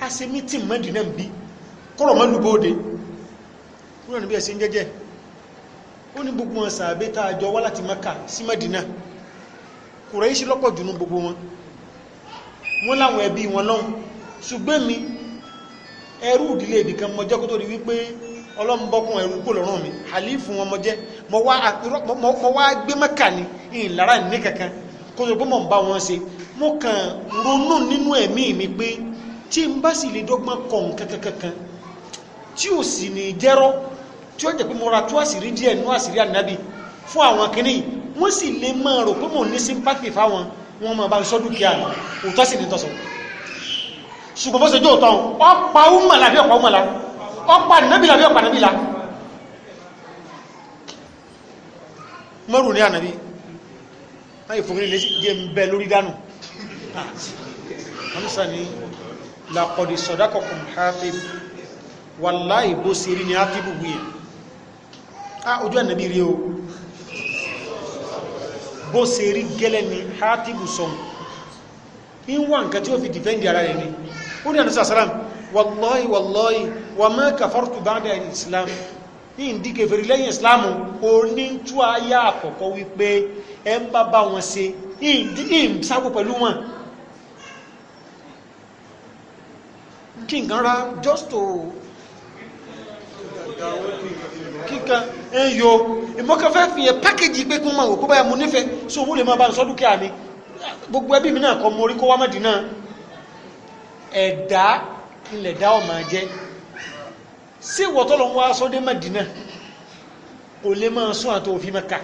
S1: a ṣe mítìn mẹ́dínà bí kọ́rọ̀ má lùbọ́ọ̀dẹ́ kúrò níbi ẹ̀sìn jẹ́jẹ́ ó ní gbogbo ọ̀sà àbẹ́ta àjọ wá láti Maka sí kùrẹ́ṣì lọ́pọ̀ jù nú gbogbo wọn wọ́n láwọn ẹbí wọn lọ́hùn ṣùgbọ́n mi ẹrú ìdílé ibìkan mọ́jẹ́ kó tó di wípé ọlọ́mbọ́kún ẹrú kò lọ́rùn mi àlífù wọn mọ́jẹ́ mọ́ wá gbé mẹ́kà ní ìlara ní kankan kó tó gbọ́mọ̀ ń bá wọn ṣe mo kàn ronú nínú ẹ̀mí mi pé tí n bá sì lè dọ́gbọ́n kọ̀ nǹkan kankan tí ò sì ní jẹ́rọ́ tí ó jẹ́ pé mo ra tó àṣírí díẹ̀ nú àṣírí ànábì fún àwọn kìnnìyàn wọ́n sì lè máa rò pé mò ní sympathy fáwọn wọ́n máa bá ń sọ́ dúkìá mi òótọ́ sì ní tọ́sọ̀ ṣùgbọ́n bó ṣe jó òótọ́ ọ̀pá ọmọ làbí ọ̀pá ọmọ la ọ̀pá nàbí làbí ọ̀pá nàbí la mọ́rù ní ànàbí láyé fún ilé jẹ́ ń bẹ lórí dánù ọmọsà ni làkọ̀dì sọ̀dákọ̀kùn hafi wàláì bó ṣe rí ní áfíbù gbìyàn á ojú ànàbí rí o bó ṣe rí gẹ́lẹ́ ni hátìbù sọ̀n ń wà nǹkan tí ó fi dìfẹ́ǹdì ara rẹ̀ ni ó ní àdúsà sàrám wallahi wallahi wà má kàfàrùtù ba'da islam ní ìdíkẹ̀ fèrè lẹ́yìn islam ó ní tú ayá àkọ́kọ́ wípé ẹ ń bá bá wọn ṣe ìsáàbò pẹ̀lú wọn kí nǹkan rá just to kíkan ń yo ìmọ̀kan fẹ́ fi yẹn pákéjì pé kí wọ́n máa wò kó báyà mo nífẹ̀ẹ́ so owó lè máa bá ń sọ dúkìá mi gbogbo ẹbí mi náà kọ́ mo rí kó wá mọ̀dí náà ẹ̀dá ilẹ̀ dá ọ̀ máa jẹ́ sí ìwọ̀ tọ́lọ̀ ń wá sọ́dé mọ̀dí náà kò lè máa sún àti òfin mẹ́ka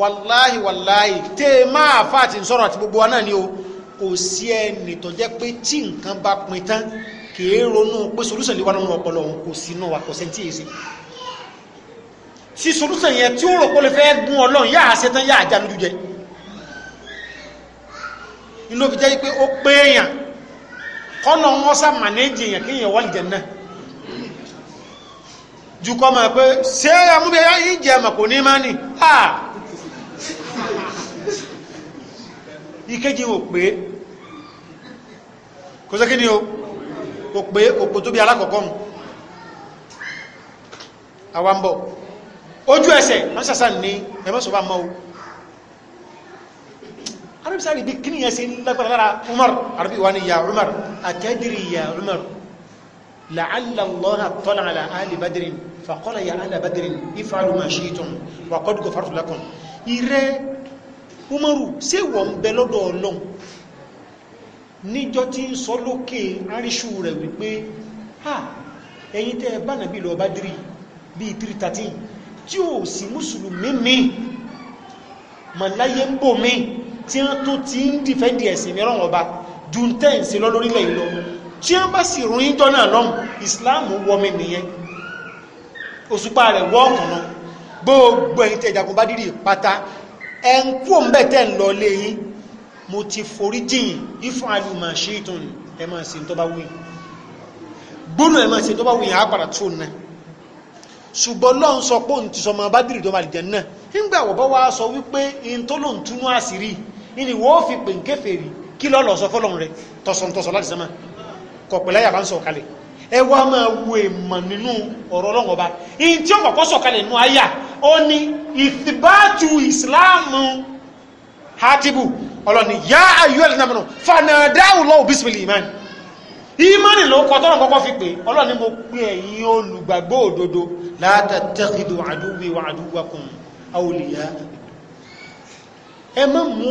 S1: wàláhì wàláhì tẹ́ ẹ máa fà àti sọ̀rọ̀ àti gbogbo wa náà ni o kò sí ẹnì tó jẹ́ pé tí nǹkan bá pin tán kìí ronú pé solúsàn lè wà nínú ọpọlọ òun kò sínú wa kò sẹ́ntì èsì tí solúsàn yẹn tí ó rò pé lè fẹ́ gún ọlọ́run yáà ṣetán yáà já lójú jẹ inú fi jẹ́ pé ó pé èèyàn kọ́nà wọn sá mànéjì èèyàn kí èèyàn wà lè jẹ náà ju kọ́ mọ̀ pé ṣé amúbíyá yìí jẹ mọ̀ kò ní máa nì ha ìkejì ò pé kò sẹ́kí ni o kò pé kò tó bí alákọ̀ọ́kọ́ mu àwa ń bọ̀ ojú ẹsẹ̀ wọ́n ṣàṣà ní ẹ̀mọ́sọ̀ bá mọ́ o arabisa ribi kini yẹn ṣe lágbára lára umar arabi wa ni ya umar atadiri ya umar la'alla allah tọ́lá ala ali badrin faqala ya ala badrin if'alu ma shi'tum wa qad ghafartu níjọ́ tí ń sọ lókè aríṣù rẹ̀ wípé ha ẹ̀yin tẹ́ bá nàbí lọ bá dìrì bíi 313 tí ò sí mùsùlùmí mi màláyé ń bò mí tí wọ́n tó ti ń dìfẹ́ndì ẹ̀sìn mìíràn ọba ju ń tẹ́ ìsìn lọ lórílẹ̀ ìlọ tí wọ́n bá sì rún ìjọ náà lọ́hùn ìsìláàmù wọmi nìyẹn òṣùpá rẹ̀ wọ́ ọ̀kànnà gbogbo ẹ̀yin tẹ́ ìjàkùn bá dìrì pátá ẹ̀ ń kú òun bẹ́ẹ̀ tẹ́ ń lọ lé yín mo ti forí jìn ifun alùmọ̀ ṣe ìtùn ẹ máa ṣe tó bá wù yín gbónú ẹ máa ṣe tó bá wù yín àpàrà tó nà ṣùgbọ́n lọ́n sọ pé òun ti sọ ọmọ bábìrì tó bá lè jẹ náà nígbà wọ́n bá wá sọ wípé ihun tó lòun túnú àṣírí ni wọ́n fi pè ń kèfèrí kí lọ́ọ́ lọ sọ fọlọ́run rẹ tọ̀sọ̀ntọ̀sọ̀ láti sẹ́mà kọ̀pẹ̀lá yàrá ń sọ kalẹ̀ ẹ wá máa wo èèmọ̀ nínú ọ̀rọ̀ ọlọ́run ọba ihun tí ó kọ̀kọ́ sọ kalẹ̀ nínú àyà ó ní ìfibátu ìsìláàmù hátìbù ọlọ́ni yá ayú ẹ̀lẹ́nà mẹ́nu fanadáwù lọ́wọ́ bísímìlì ìmán ìmánì ló kọ́ tọ́nà kọ́kọ́ fi pé ọlọ́ni mo pé ẹ̀yin olùgbàgbọ́ òdodo látàtẹ́kìdò àdúgbì wà àdúgbàkùn àwòlìyá ẹ má mú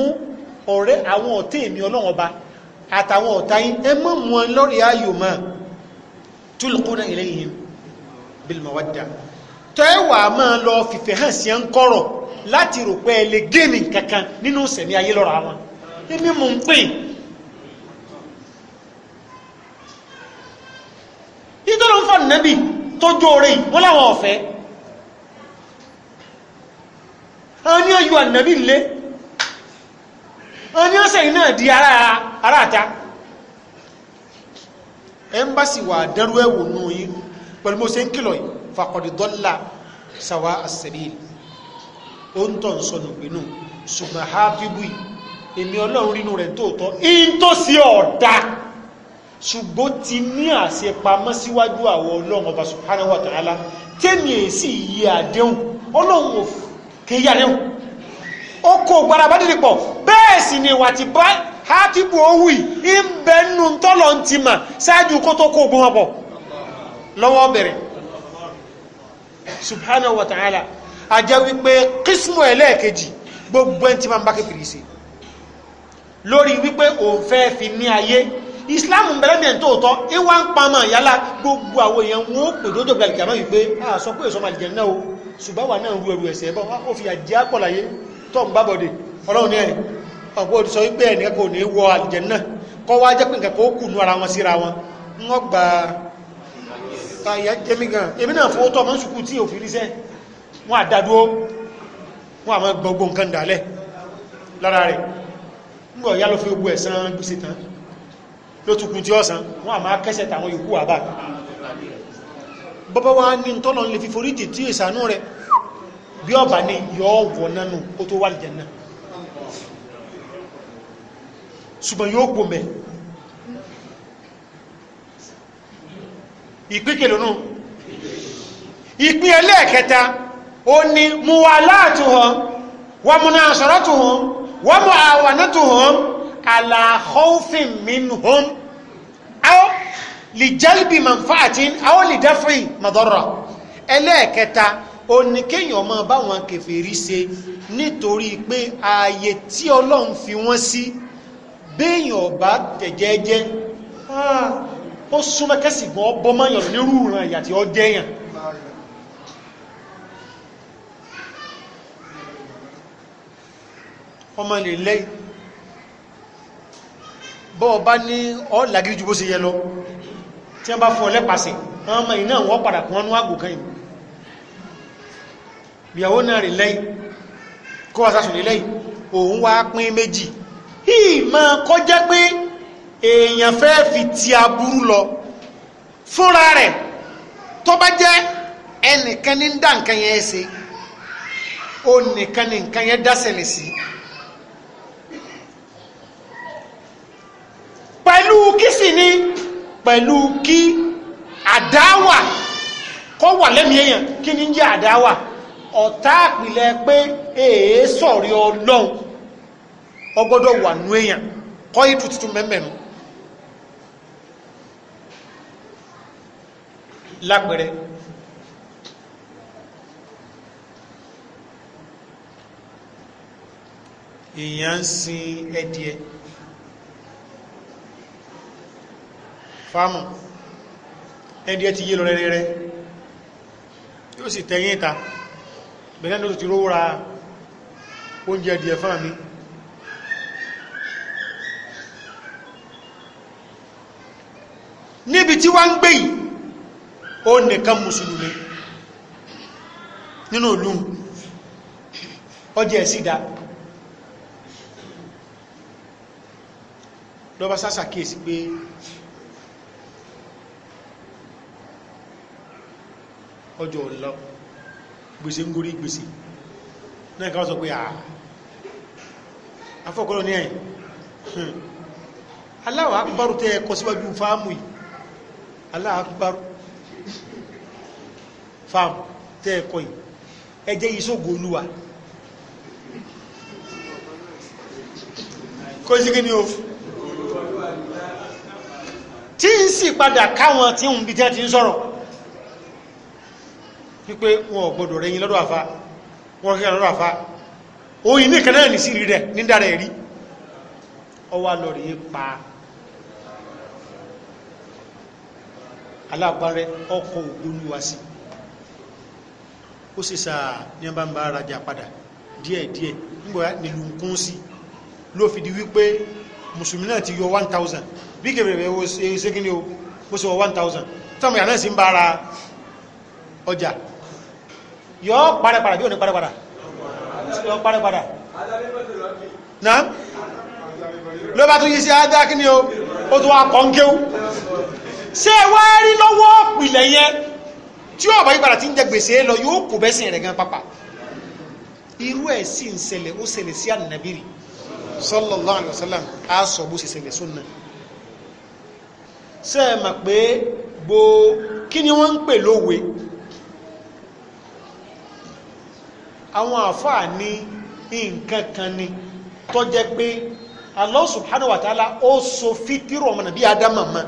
S1: ọ̀rẹ́ àwọn ọ̀tẹ́ èmi ọlọ́wọ́n ba àtàwọn ọ̀tá yín ẹ má mú ọ lọ́rẹ̀ ayò mọ́ tulquna ilayhim bil mawadda tẹ́ wàá máa lọ fìfẹ́ hàn sí ẹ ń kọ́rọ̀ láti rò pé ẹ lè géèmì kankan nínú sẹ̀mí ayé lọ́rọ̀ àwọn èmi mò ń pè nítorí ń fà nẹ́bì tó jó orí wọ́n láwọn ọ̀fẹ́ àwọn ní ọyọ ànẹ́bì lé àwọn ní ọ̀sẹ̀ iná di ara ara àta ẹmbásí wà dẹ́rú ẹ̀wò nù yí pẹ̀lú mo ṣe ń kìlọ̀ yìí fàkọ̀dì dọ́là sàwà àṣẹ̀bí ó ń tọ̀ ń sọnù pínú ṣùgbọ́n hápíbù yìí èmi ọlọ́run rínú rẹ̀ tóòtọ́ in tó sí ọ̀dá ṣùgbọ́n ti ní àṣẹ pamọ́ síwájú àwọn ọlọ́run ọba subhanahu wa ta'ala tẹ́mi èsì yí àdéhùn ọlọ́run ò kéyà rẹ̀hùn ó kó gbára bá dìde pọ̀ bẹ́ẹ̀ sì ni ìwà ti bá hákìbù owó yìí ń bẹ nù tọ́lọ̀ ń ti mà ṣáájú kó tó kó ogun wọn lọ́wọ́ bẹ̀rẹ̀ subhanahu wa ta'ala a jẹ́ wípé kísmù ẹlẹ́ẹ̀kejì gbogbo ẹni tí máa ń bá kékeré lórí wípé òun fẹ́ fi ní ayé islam bẹ̀rẹ̀ mẹ́rin tó tọ́ ìwà ń pamọ́ ìyálà gbogbo àwọn èèyàn wọn ó pè lójó gbàlìkì àmọ́ wípé a sọ pé èso màlìkì náà o ṣùgbọ́n wà náà ru ẹrù ẹ̀sẹ̀ bọ́ ó fi àjẹ́ àpọ̀láyé tó ń bábọ̀dé ọlọ́run ní ẹ̀ ọ̀pọ̀ sọ wípé ẹ̀nìkan kò ní wọ àlìjẹ́ náà kọ́ wá jẹ́ pé nǹkan kó kù nú ara wọn síra wọn wọ́n nígbà ọ̀yá ló fi gbogbo ẹ̀sán gbèsè tán ló tukùn tí ọ̀sán wọ́n a máa kẹ́sẹ̀ tàwọn yòókù àbá bọ́bọ́ wá ní tọ́nà lè fi forí tètí ìsànú rẹ̀ bí ọba ní yọ wọ̀ nánú ó tó wà lìjẹ̀ náà ṣùgbọ́n yóò gbò mẹ́ ìpínkè lónú ìpín ẹlẹ́ẹ̀kẹta ó ní mú wa láàtúhàn wà múná sọ̀rọ̀túhàn wa muawanatuhum ala khawfin minhum aw li jalbi manfaatin aw li daf'i madarra ẹlẹ́ẹ̀kẹta oníkéèyàn máa bá wọn kèfèrí ṣe nítorí pé ààyè tí ọlọ́run fi wọ́n sí béèyàn bá tẹ̀jẹ́jẹ́ ah, ó súnmọ́ kẹ́sìgbọ́n bọ́mọ́yàn nírú ìran ìyà tí ọmọ ní lẹ́yìn bọ́ bá ní ọ́làgírí jù bó ṣe yẹ lọ tí wọ́n bá fún ọlẹ́pàṣẹ àwọn ọmọ iná wọ́n padà kún ọnú àgò kan yìí ìyàwó náà rìn lẹ́yìn kó wá sásùn lẹ́yìn òun wá pín méjì hìí máa kọjá pé èèyàn fẹ́ fi ti aburú lọ fúnra rẹ̀ tó bá jẹ́ ẹnìkan ní dá nǹkan yẹn ṣe ó nìkan ní nǹkan yẹn dá ṣẹlẹ̀ sí i pẹ̀lú kí sì ni pẹ̀lú kí àdáwà kọ́ wà lẹ́mí èèyàn kí ní jẹ́ àdáwà ọ̀tá àpìlẹ̀ pé èé sọ̀rí ọlọ́run ọgbọ́dọ̀ wà nú èèyàn kọ́ ìtù tuntun mẹ́mẹ́rin lápẹẹrẹ èèyàn ń sin ẹdìẹ. fáàmù ẹni ẹ ti yé lọ rẹ́rẹ́rẹ́ yóò sì tẹ̀yìn ìta bẹ̀rẹ̀ ló ti rówó ra oúnjẹ díẹ̀ fún àmì níbi tí wá ń gbé yìí ó nìkan mùsùlùmí nínú ìlú ọjẹ́ ẹ̀sídá lọ́bá sásà kíyèsí pé ọjọ́ ọ̀lọ́ gbèsè ń gorí gbèsè náà ká sọ pé àà afọ́kọ́lọ́ ní ẹ̀yìn Allahu akbar tẹ́ ẹ̀kọ́ síwájú fáàmù yìí Allahu akbar fáàmù tẹ́ ẹ̀kọ́ yìí ẹjẹ́ ìṣògo olúwa kó sí kí ni o tí ń sì padà káwọn tí ń bí tẹ́ ti ń sọ̀rọ̀ wípé wọn ò gbọdọ̀ rẹ̀yìn lọ́dọ̀ àfa wọn kí lọ́dọ̀ àfa oyin ní kanáà ní sí rí rẹ̀ ní dára rí ọwá lọ rí pa aláàgbárẹ ọkọ̀ ògbónúwa sí ó sì sà ní ọba ń bá rajà padà díẹ̀díẹ̀ nígbà nílùú nkún sí ló fi di wípé mùsùlùmí náà ti yọ 1000 bí kẹfẹ̀rẹ̀ ṣe kí ni o bó ṣe wọ 1000 tọ́mù yà náà sì ń bá ara ọjà yọ parẹ́ padà bí ò ní parẹ́ padà yọ parẹ́ padà náà ló bá tún yí sí ádá kí ni o ó tún wá kọ́ńkéw ṣé ẹ wá rí lọ́wọ́ ìpìlẹ̀ yẹn tí ọ̀bá yí padà ti ń jẹ gbèsè lọ yóò kó bẹ́sìn rẹ̀ gan pápá irú ẹ̀ sì ń ṣẹlẹ̀ ó ṣẹlẹ̀ sí ànàbírì sallallahu alaihi wasallam á sọ bó ṣe ṣẹlẹ̀ sóun náà ṣé ẹ mọ̀ pé gbòó kí ni wọ́n ń pè lówe àwọn àfáà ní nǹkan kan ni tó jẹ́ pé Allah subhanahu wa ta'ala ó so fítírọ̀ ọmọ nàbí adama mọ́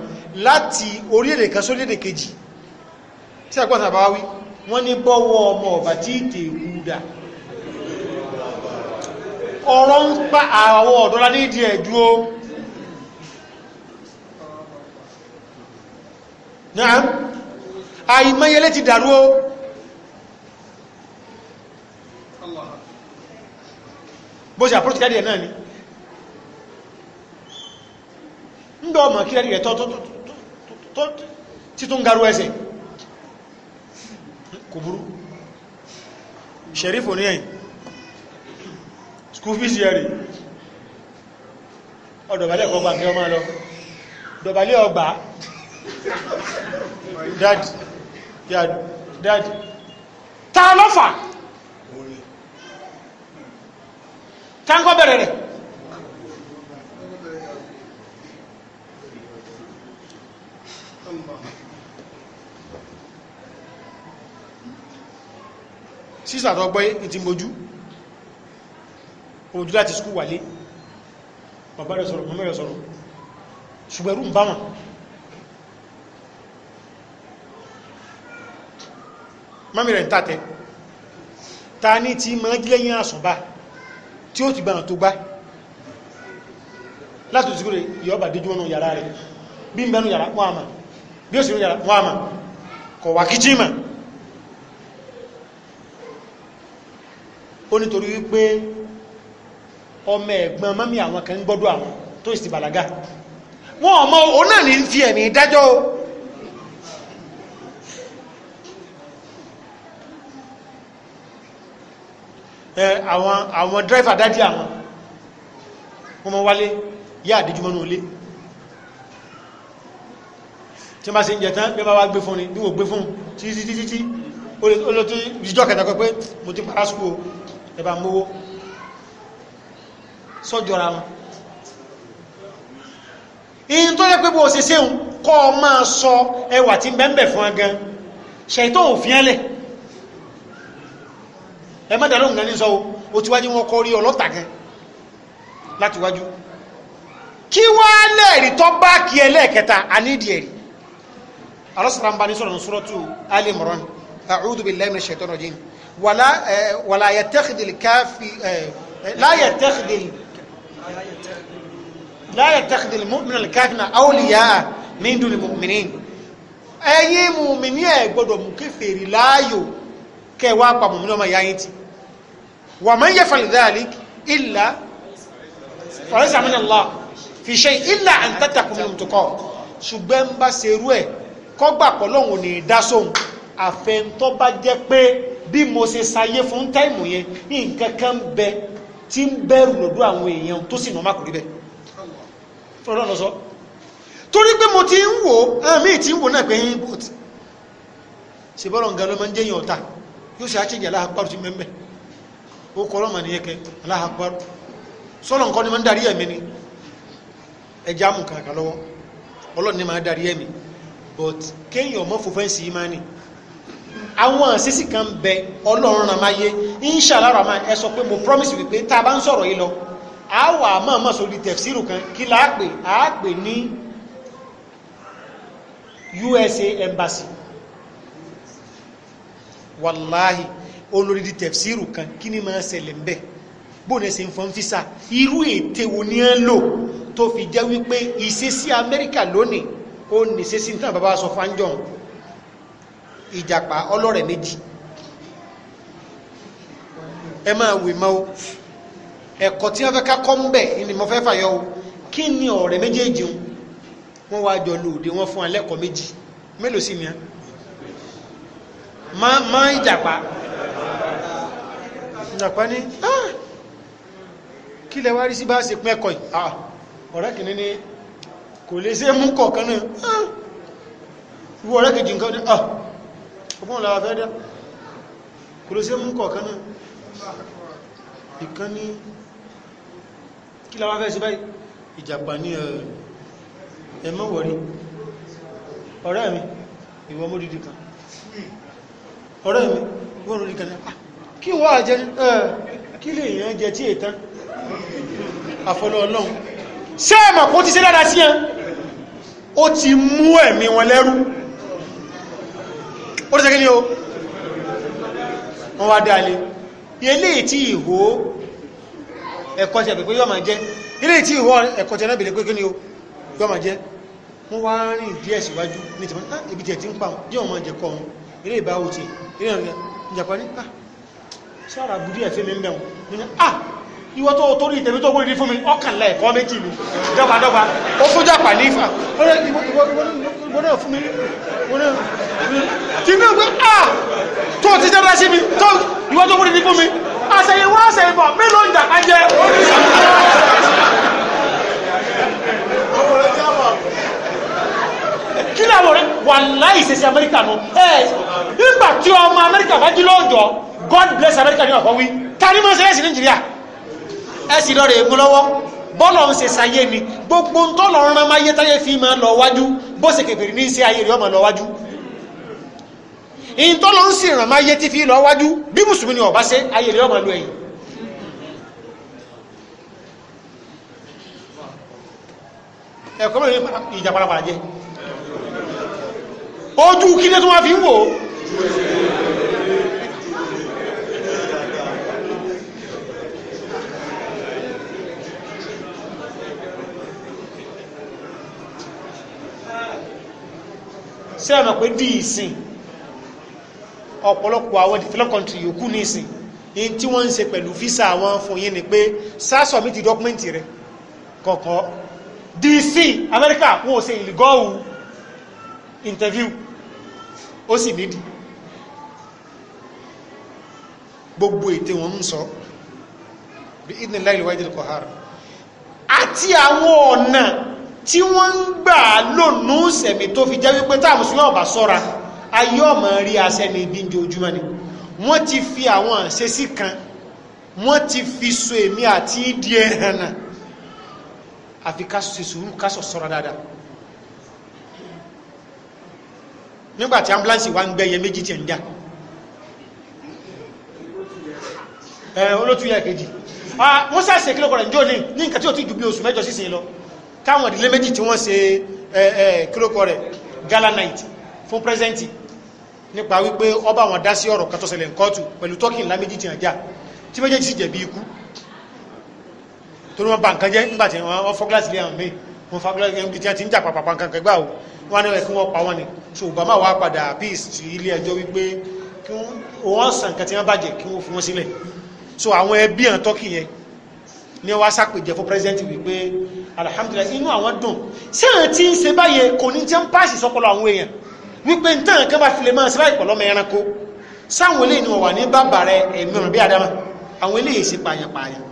S1: láti orílẹ̀-èdè kan sórílẹ̀-èdè kejì tí a gbọ́ta bá wí wọ́n ní bọ́wọ́ ọmọ ọ̀bà tí ìtè ìhúdà ọ̀rọ̀ ń pa àwọ̀ ọ̀dọ́lá ní ìdí ẹ̀dúó náà àìmọ́yẹlé ti dàrú bó ṣe àpótí dáadé ẹ̀ náà ni ń bẹ́ ọmọ kí dáadé rẹ̀ tọ́ títún garú ẹsẹ̀ kò burú ṣẹ̀rífò ní ẹ̀yìn school fees yẹ̀rì ọ̀dọ̀bálẹ̀ ọgbà kí ọmọ lọ dọ̀bálẹ̀ ọgbà dad dad ta lọ́fà táǹkọ́ bẹ̀rẹ̀ rẹ̀ sísà tó gbọ́ ìtì mojú ojú láti skú wà lé bàbá rẹ̀ sọ̀rọ̀ mọ́mọ́ rẹ̀ sọ̀rọ̀ ṣùgbẹ̀rú ń bá wọn mọ́mí rẹ̀ ń tàtẹ́ ta ní ti mọ́ gílẹ̀yìn àsùnbá tí ó ti gbànà tó gbá láti òsìkò rẹ̀ ìyọ́bà díjú ọ̀nà yàrá rẹ̀ bí n bẹnu yàrá wọ́n àmà bí ó sì rí yàrá àmà kọ̀ mà ó nítorí wípé ọmọ ẹ̀gbọ́n mọ́mí àwọn kan gbọ́dọ̀ àwọn tó ìsìbàlágà wọ́n ọmọ ní fi àwọn àwọn dírẹ́fà dádì àwọn wọ́n mọ́ wálé yá àdíjúmọ́ ní olé tí ma ṣe ń jẹta bí ma wá gbé fún ni bí wò gbé fún títí títí tí olótú ìjọ kẹta pẹ́ pé mo ti para sùkú ẹ̀bà mówó sọ́jọ́ra wọn in tó yẹ pé bó ṣe ṣéun kọ́ ọ máa sọ ẹwà tí bẹ́ẹ̀ fún agan ṣètò òfin ẹlẹ̀ ẹ má dàlóhùn gan ní sọ o ti wájú wọn kọ́ rí ọlọ́ta gan láti wájú kí wá lẹ́ẹ̀rí tó bá kí ẹ lẹ́ẹ̀kẹta àníìdìẹ̀rí alọ́sàrán bá ní sọ̀rọ̀ ní sọ́rọ̀tù Ali Imran a'udhu billahi minash shaitani rajim wàlá yẹtẹ́kìdìl káfí láyẹtẹ́kìdìl láyẹtẹ́kìdìl mu'minal káfínà awliya min duni mu'minin ẹ̀yin mu'mini ẹ̀ gbọ́dọ̀ mú kèfèrí láàyò kẹwàá pa mu'mini ọmọ yáyìn tì ومن يفعل ذلك إلا فليس من الله في شيء إلا أن تتقوا منهم تقاة ṣùgbọ́n bá ṣerú ẹ̀ kọ́gbà pọ̀lọ́hùn ní ìdásóhùn àfẹ́ntọ́ bá jẹ́ pé bí mo ṣe ṣayé fún táìmù yẹn nǹkan kan bẹ tí ń bẹ̀rù lọ́dọ̀ àwọn èèyàn tó sì nọ́mà kò rí bẹ́ẹ̀ fọlọ́n lọ sọ torí pé mo ti ń wò àmì tí ń wò náà pé yín bò ṣe bọ́lọ̀ nǹkan ló máa ń jẹ́yìn ọ̀tá yóò ṣe àṣejì aláàpá òtún mẹ́mẹ́ o kɔrɔ ma ni ye kɛ alahabar sɔlɔ nkɔ ni ma dari yɛ mi ni ɛ jaa mu kaka lɔwɔ ni ma dari yɛ mi but kenya ɔmɔ fufu ɛnsi ma ni awon asisi kan bɛ ɔlɔrun na ma ye inshala rama ɛsɔ pe mo promise wi pe taba n sɔrɔ yi lɔ awo ama ma so di tefsiru kan kila akpe akpe ni usa embassy walahi. olórí tẹ̀fsíìrù kan kí ni máa ṣẹlẹ̀ ń bẹ̀ bóun ẹ̀sìn fọ́n físà irú ète wo ni ẹ ń lò tó fi jẹ́ wípé ìṣesí amẹ́ríkà lónìí ó ní ìṣesí nítorí bàbá sọ fáńjọ́n ìjàpá ọlọ́rẹ̀ méjì ẹ máa wè mọ́ o ẹ̀kọ́ tí wọ́n fẹ́ ká kọ́ ń bẹ̀ ni mo fẹ́ fàyọ o kí ni ọ̀rẹ́ méjèèjì o wọ́n wá jọ lòdì wọ́n fún alẹ́kọ̀ọ́ méjì mélòó sí ni á má ìjàpá ìjàpá ní ah, kí lẹ wá rí sí bá ṣe pín ẹ̀kọ́ yìí ah, ọ̀rẹ́ kìíní ni kò lè ṣe mú kọ̀ọ̀kan náà wú ah, ọ̀rẹ́ kejì nǹkan ní ọgbọ́n làwà fẹ́ dá kò lè ṣe mú kọ̀ọ̀kan náà ìkan ní kí làwà fẹ́ sí báyìí ìjàpá ní eh, ẹ̀mọ́ wọ̀rí ọ̀rẹ́ mi ìwọ mọ́ dídì kan ọ̀rẹ́ mi ìwọ mọ́ dídì kan náà kí wọ́n jẹ kí lè yàn jẹ tí ètàn àfọlọ́ ọlọ́run ṣé ẹ̀mọ̀ kó ti ṣe dáadáa sí yẹn ó ti mú ẹ̀mí wọn lẹ́rú ó ti ṣe kí ni o wọ́n wá dáalé ilé tí ìhó ẹ̀kọ́ ti àpẹ̀pẹ̀ yọ́ máa jẹ́ ilé tí ìhó ẹ̀kọ́ ti ẹ̀nàbìlẹ̀ pé kí ni o yọ́ máa jẹ́ wọ́n wá rìn díẹ̀ síwájú ní ìtìmọ́ ah, ibi tí ẹ̀ ń pa jẹ́ ọmọ ìjẹ̀kọ́ ọ̀hún ilé ìbáwò ti ilé ìjàpá ní sára àbúdí ẹ̀fẹ́ mi mẹ́wọ̀n mo ní à ah, ìwọ tó torí ìtẹ̀mí tó gbórí fún mi ọkànlá ẹ̀kọ́ méjì ni dọ́gbadọ́gba ó fún jàpá ní ìfà wọ́n náà fún mi kí ní ọgbẹ́ à tó ti jẹ́ rẹ́sí mi tó ìwọ tó gbórí fún mi àṣẹyìn wọ́n àṣẹyìn bọ̀ mélòó ń jàpá jẹ́ kí ni àwọn rẹ wà láì ṣe sí amẹ́ríkà nù ẹ̀ nígbà tí ọmọ amẹ́ríkà bá jí lọ́jọ́ god bless america ní ọ̀pọ̀ wí tani mọ́ sẹ́yẹ́sì nàìjíríà ẹ̀sìn lọ́rọ̀ ègbó lọ́wọ́ bọ́ọ̀lù ọ̀hún ṣe ṣàyé ni gbogbo ń tọ́lọ̀ ọ̀rán máa yé táyé fi máa lọ wájú bó ṣe kèfèrè ní ṣe ayé rẹ̀ ọmọ lọ wájú ìtọ́lọ̀ ń sì ràn máa yé tí fi lọ wájú bí mùsùlùmí ni ọ̀bá ṣe ayé rẹ̀ ọmọ lọ ẹ̀yìn ẹ̀kọ́ mẹ́rin ìjà parapara jẹ́ ojú kí ni tó wá fi ń wò ó sí àmà pé dì í sìn ọ̀pọ̀lọpọ̀ àwọn developed country yòókù ní ìsìn in tí wọ́n ń ṣe pẹ̀lú visa àwọn fún yín ni pé sásọ̀ mi ti dọ́kúmẹ́ǹtì rẹ̀ kọ̀ọ̀kan dc amẹ́ríkà wọn ò ṣe ìlígọ́ọ̀wù interview ó sì nídìí gbogbo ète wọn ń sọ bí idnillahi al-wahid al-qahhar àti àwọn ọ̀nà tí wọ́n ń gbà lónú sẹ̀mí tó fi jẹ́ wípé táà mùsùlùmí ọ̀bà sọ́ra ayé ọmọ rí asẹ́ni ibi ní ojúmọ́ ni wọ́n ti fi àwọn àṣesí kan wọ́n ti fi so èmi àti ìdí ẹ̀hàn náà àfi ká ṣe sùúrù ká sọ sọ́ra dáadáa nígbàtí ambulance wa ń gbẹ́yẹ méjì tí ń dá ẹ̀ olótú yẹ kejì wọ́n ah, sáà ṣe kílọ̀kọ̀ rẹ̀ ń jò ní ní nǹkan tí ó ti jù bí oṣù mẹ́jọ sísìn lọ táwọn ìdílé méjì tí wọ́n se kílókọ rẹ̀ gala night fún pẹ́sẹ́ntì nípa wípé ọba wọn dá sí ọ̀rọ̀ kan tó ṣẹlẹ̀ ń kọ́ọ̀tù pẹ̀lú tọ́kì ńlá méjì tí wọ́n já tí méjèèjì sì jẹ̀bi ikú torí wọn bà nǹkan jẹ́ nígbà tí wọ́n fọ́ gíláàsì lé àwọn míì wọ́n ní wọ́n ni so obama wà padà peace sí ilé ẹjọ́ wípé kí wọ́n san so àwọn ẹbí hàn tọ́kì ni wọ́n á sàpèjẹ fún pẹ́sẹ́ntì wípé alhamdulilayi inú àwọn dùn sẹ́yìn tí ń ṣe báyẹn kò ní jẹ́ ń páàsì sọ́pọlọ àwọn èèyàn wípé ní tàn kan bá fi lè máa ṣe báyìí pọ̀lọ́ mẹ́ran kó sáwọn eléyìí ni wọ́n wà ní bàbà rẹ ẹ̀mí ọ̀rọ̀ bí adama àwọn eléyìí ṣe pààyàn pààyàn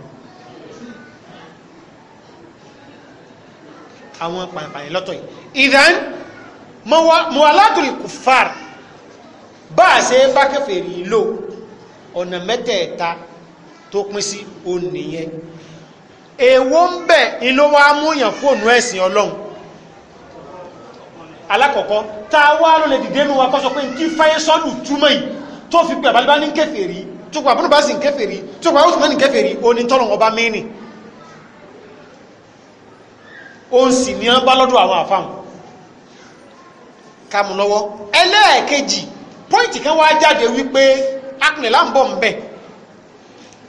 S1: àwọn pààyàn pààyàn lọ́tọ̀ yìí ìdán mọ̀wálátùrì kùfàr bá a ṣe bá kẹfẹ́ rí lò ọ̀nà mẹ́tẹ̀ẹ̀ta tó pín sí òun nìyẹn èwo ń bẹ̀ in ló wá múyàn fóònù ẹ̀sìn ọlọ́run alákọ̀ọ́kọ́ ta wá ló lè dìde nínú wa kọ́ sọ pé kí fáyé sọ́lù túmọ̀ yìí tó fi pé àbálibá ní kèfèrí tó pa àbúrò bá sì ń kèfèrí tó pa àbúrò ní kèfèrí ó ní tọ́lọ̀ ọba mẹ́rin ó ń sì ní án bá lọ́dọ̀ àwọn àfáàmù kàmù lọ́wọ́ ẹlẹ́ẹ̀kejì pọ́ìntì kan wá jáde wípé akùnrin láǹbọ̀ ń bẹ̀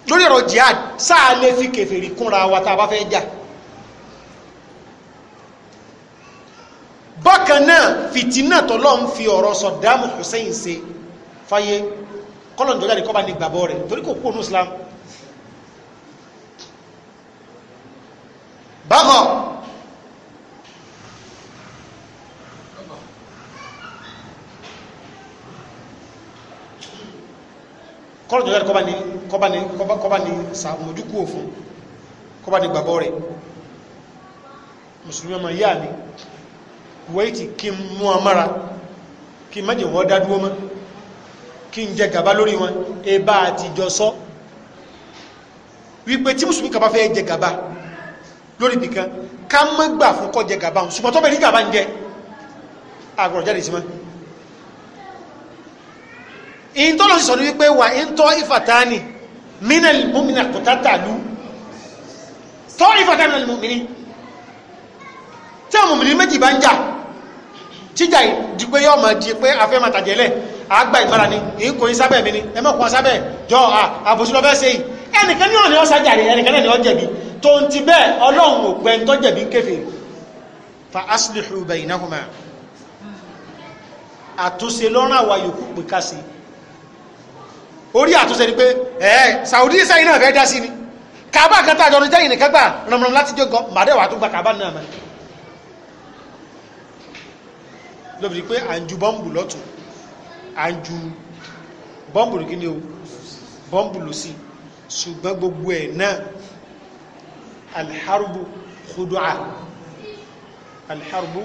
S1: lórí ọ̀rọ̀ jihad sáà lè fi kèfèrí kúnra wa tá a bá fẹ́ jà bákan náà fìtínà tọ́lọ́ ń fi ọ̀rọ̀ Saddam Hussein ṣe fáyé kọ́lọ̀njọ́ jáde kọ́ bá ní gbàgbọ́ rẹ̀ torí kò kúrò ní Islam bákan kọ́lọ̀njọ́ jáde kọ́ bá ní kọba ni kọba ni sàmójúkú òfin kọba ni gbàgbọ́ rẹ̀ mùsùlùmí ọmọ yáà ni wẹ́ẹ̀tì kí n mú amára kí n má jẹ́ wọ́n dádúró mọ́ kí n jẹ gàba lórí wọn ẹbá àtijọ́ sọ wípé tí mùsùlùmí kaba fẹ́ jẹ gàba lórí ibìkan ká mọ́ gbà fún kọ́ jẹ gàba ṣùgbọ́n tó bẹ̀ ní gàba ń jẹ àgọ̀rọ̀ sí mọ́ ìntọ́lọ́sí sọ ní wípé wà ń tọ́ ìfàtánì من المؤمن قتتلوا طائفة من المؤمنين tí àwọn mòmìnir méjì bá ń jà tíjà di pé yọ́ ma di pé afẹ́ ma tàjẹ́lẹ̀ àgbà ìgbára ni èyí kò yí sábẹ̀ mi ni ẹ mọ̀ kún sábẹ̀ jọ àbòsílọ́ bẹ́ẹ̀ sẹ́yìn ẹnìkan ní ọ̀nà ọ̀sá jàre ẹnìkan náà ni ó jẹ̀bi tó orí àtúnṣe ni pé ẹ Saudi sẹ́yìn náà fẹ́ dá sí ni kaba kan tá a jọ ní jẹ́yìn nìkan gbà rànmọ́ràn láti jó gan màdẹ́wà tó gba kaba náà mọ́ lóbi pé à ń ju bọ́ǹbù lọ́tún à ń ju bọ́ǹbù ní kíni o bọ́ǹbù ló sí ṣùgbọ́n gbogbo ẹ̀ náà alḥarbu khudu'a alḥarbu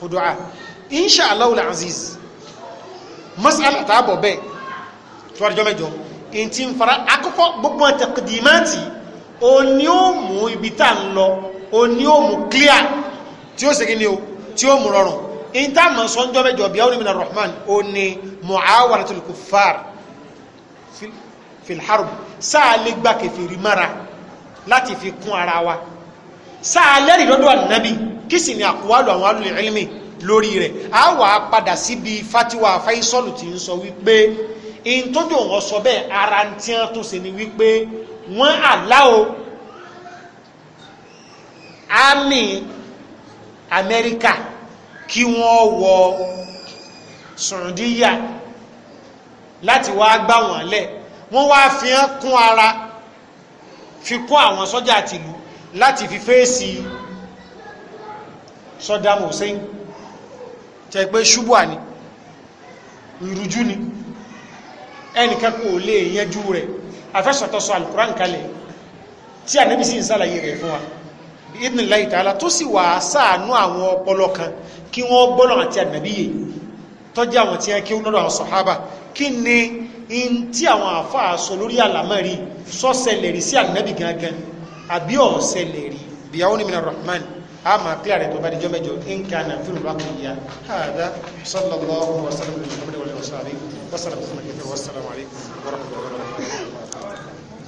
S1: khudu'a inṣàlá ul aziz mas'ala tààbọ̀ bẹ́ẹ̀ tíwájọ́ mẹ́jọ in ti ń fara akọ́kọ́ gbogbo tẹ̀kìdìmáàtì o ní ó mú ibi tá ń lọ o ní ó mú clear tí ó segin ni o tí ó mú rọrùn in tá mọ̀ sọ́njọ́ mẹ́jọ bí àwọn ìmìnira rahman o ní mu'awaratul kuffar fil harb sáà lè gbà kẹfìrí mara láti fi kún ara wa sáà lẹ́rìí lọ́dọ̀ ànábì kí ni àkúwálù àwọn alùlẹ̀ ilmi lórí rẹ̀ a padà síbi fatiwa faisọ́lù ti ń sọ wípé ìtọ́jú wọn sọ bẹ́ẹ̀ ara ń tí wọ́n tó ṣe ni wípé wọ́n àláò àmì Amẹ́ríkà kí wọ́n wọ Sùndíyà láti wá gbà wọ́n lẹ̀ wọ́n wá fi hàn kún ara fi kún àwọn sọ́jà tìlú láti fi fèsì Saddam Hussein tẹ̀ pé ṣubú àní ìrújú ni. So ẹnìkan kò lè yanjú rẹ̀ afẹ́sọ̀tọ̀sọ alukuran kalẹ̀ tí ànábì sì ń sàlàyé rẹ̀ fún wa idnillahi ta'ala tó sì wà sáànú àwọn ọpọlọ kan kí wọ́n gbọ́nà àti ànábì yìí tọ́jú àwọn tí wọ́n kí wọ́n lọ́dọ̀ àwọn sọ̀hábà kí ni in tí àwọn àfáà sọ lórí àlámọ̀rí sọ́sẹ̀lẹ̀ rí sí ànábì gangan àbí ọ̀sẹ̀lẹ̀ rí bíyàwó ni minar rahman ama pia rẹ tó bá di jọ mẹ́jọ in kana fil waqiya hada sallallahu alaihi wa sallam بصرت كثير والسلام عليكم ورحمه الله وبركاته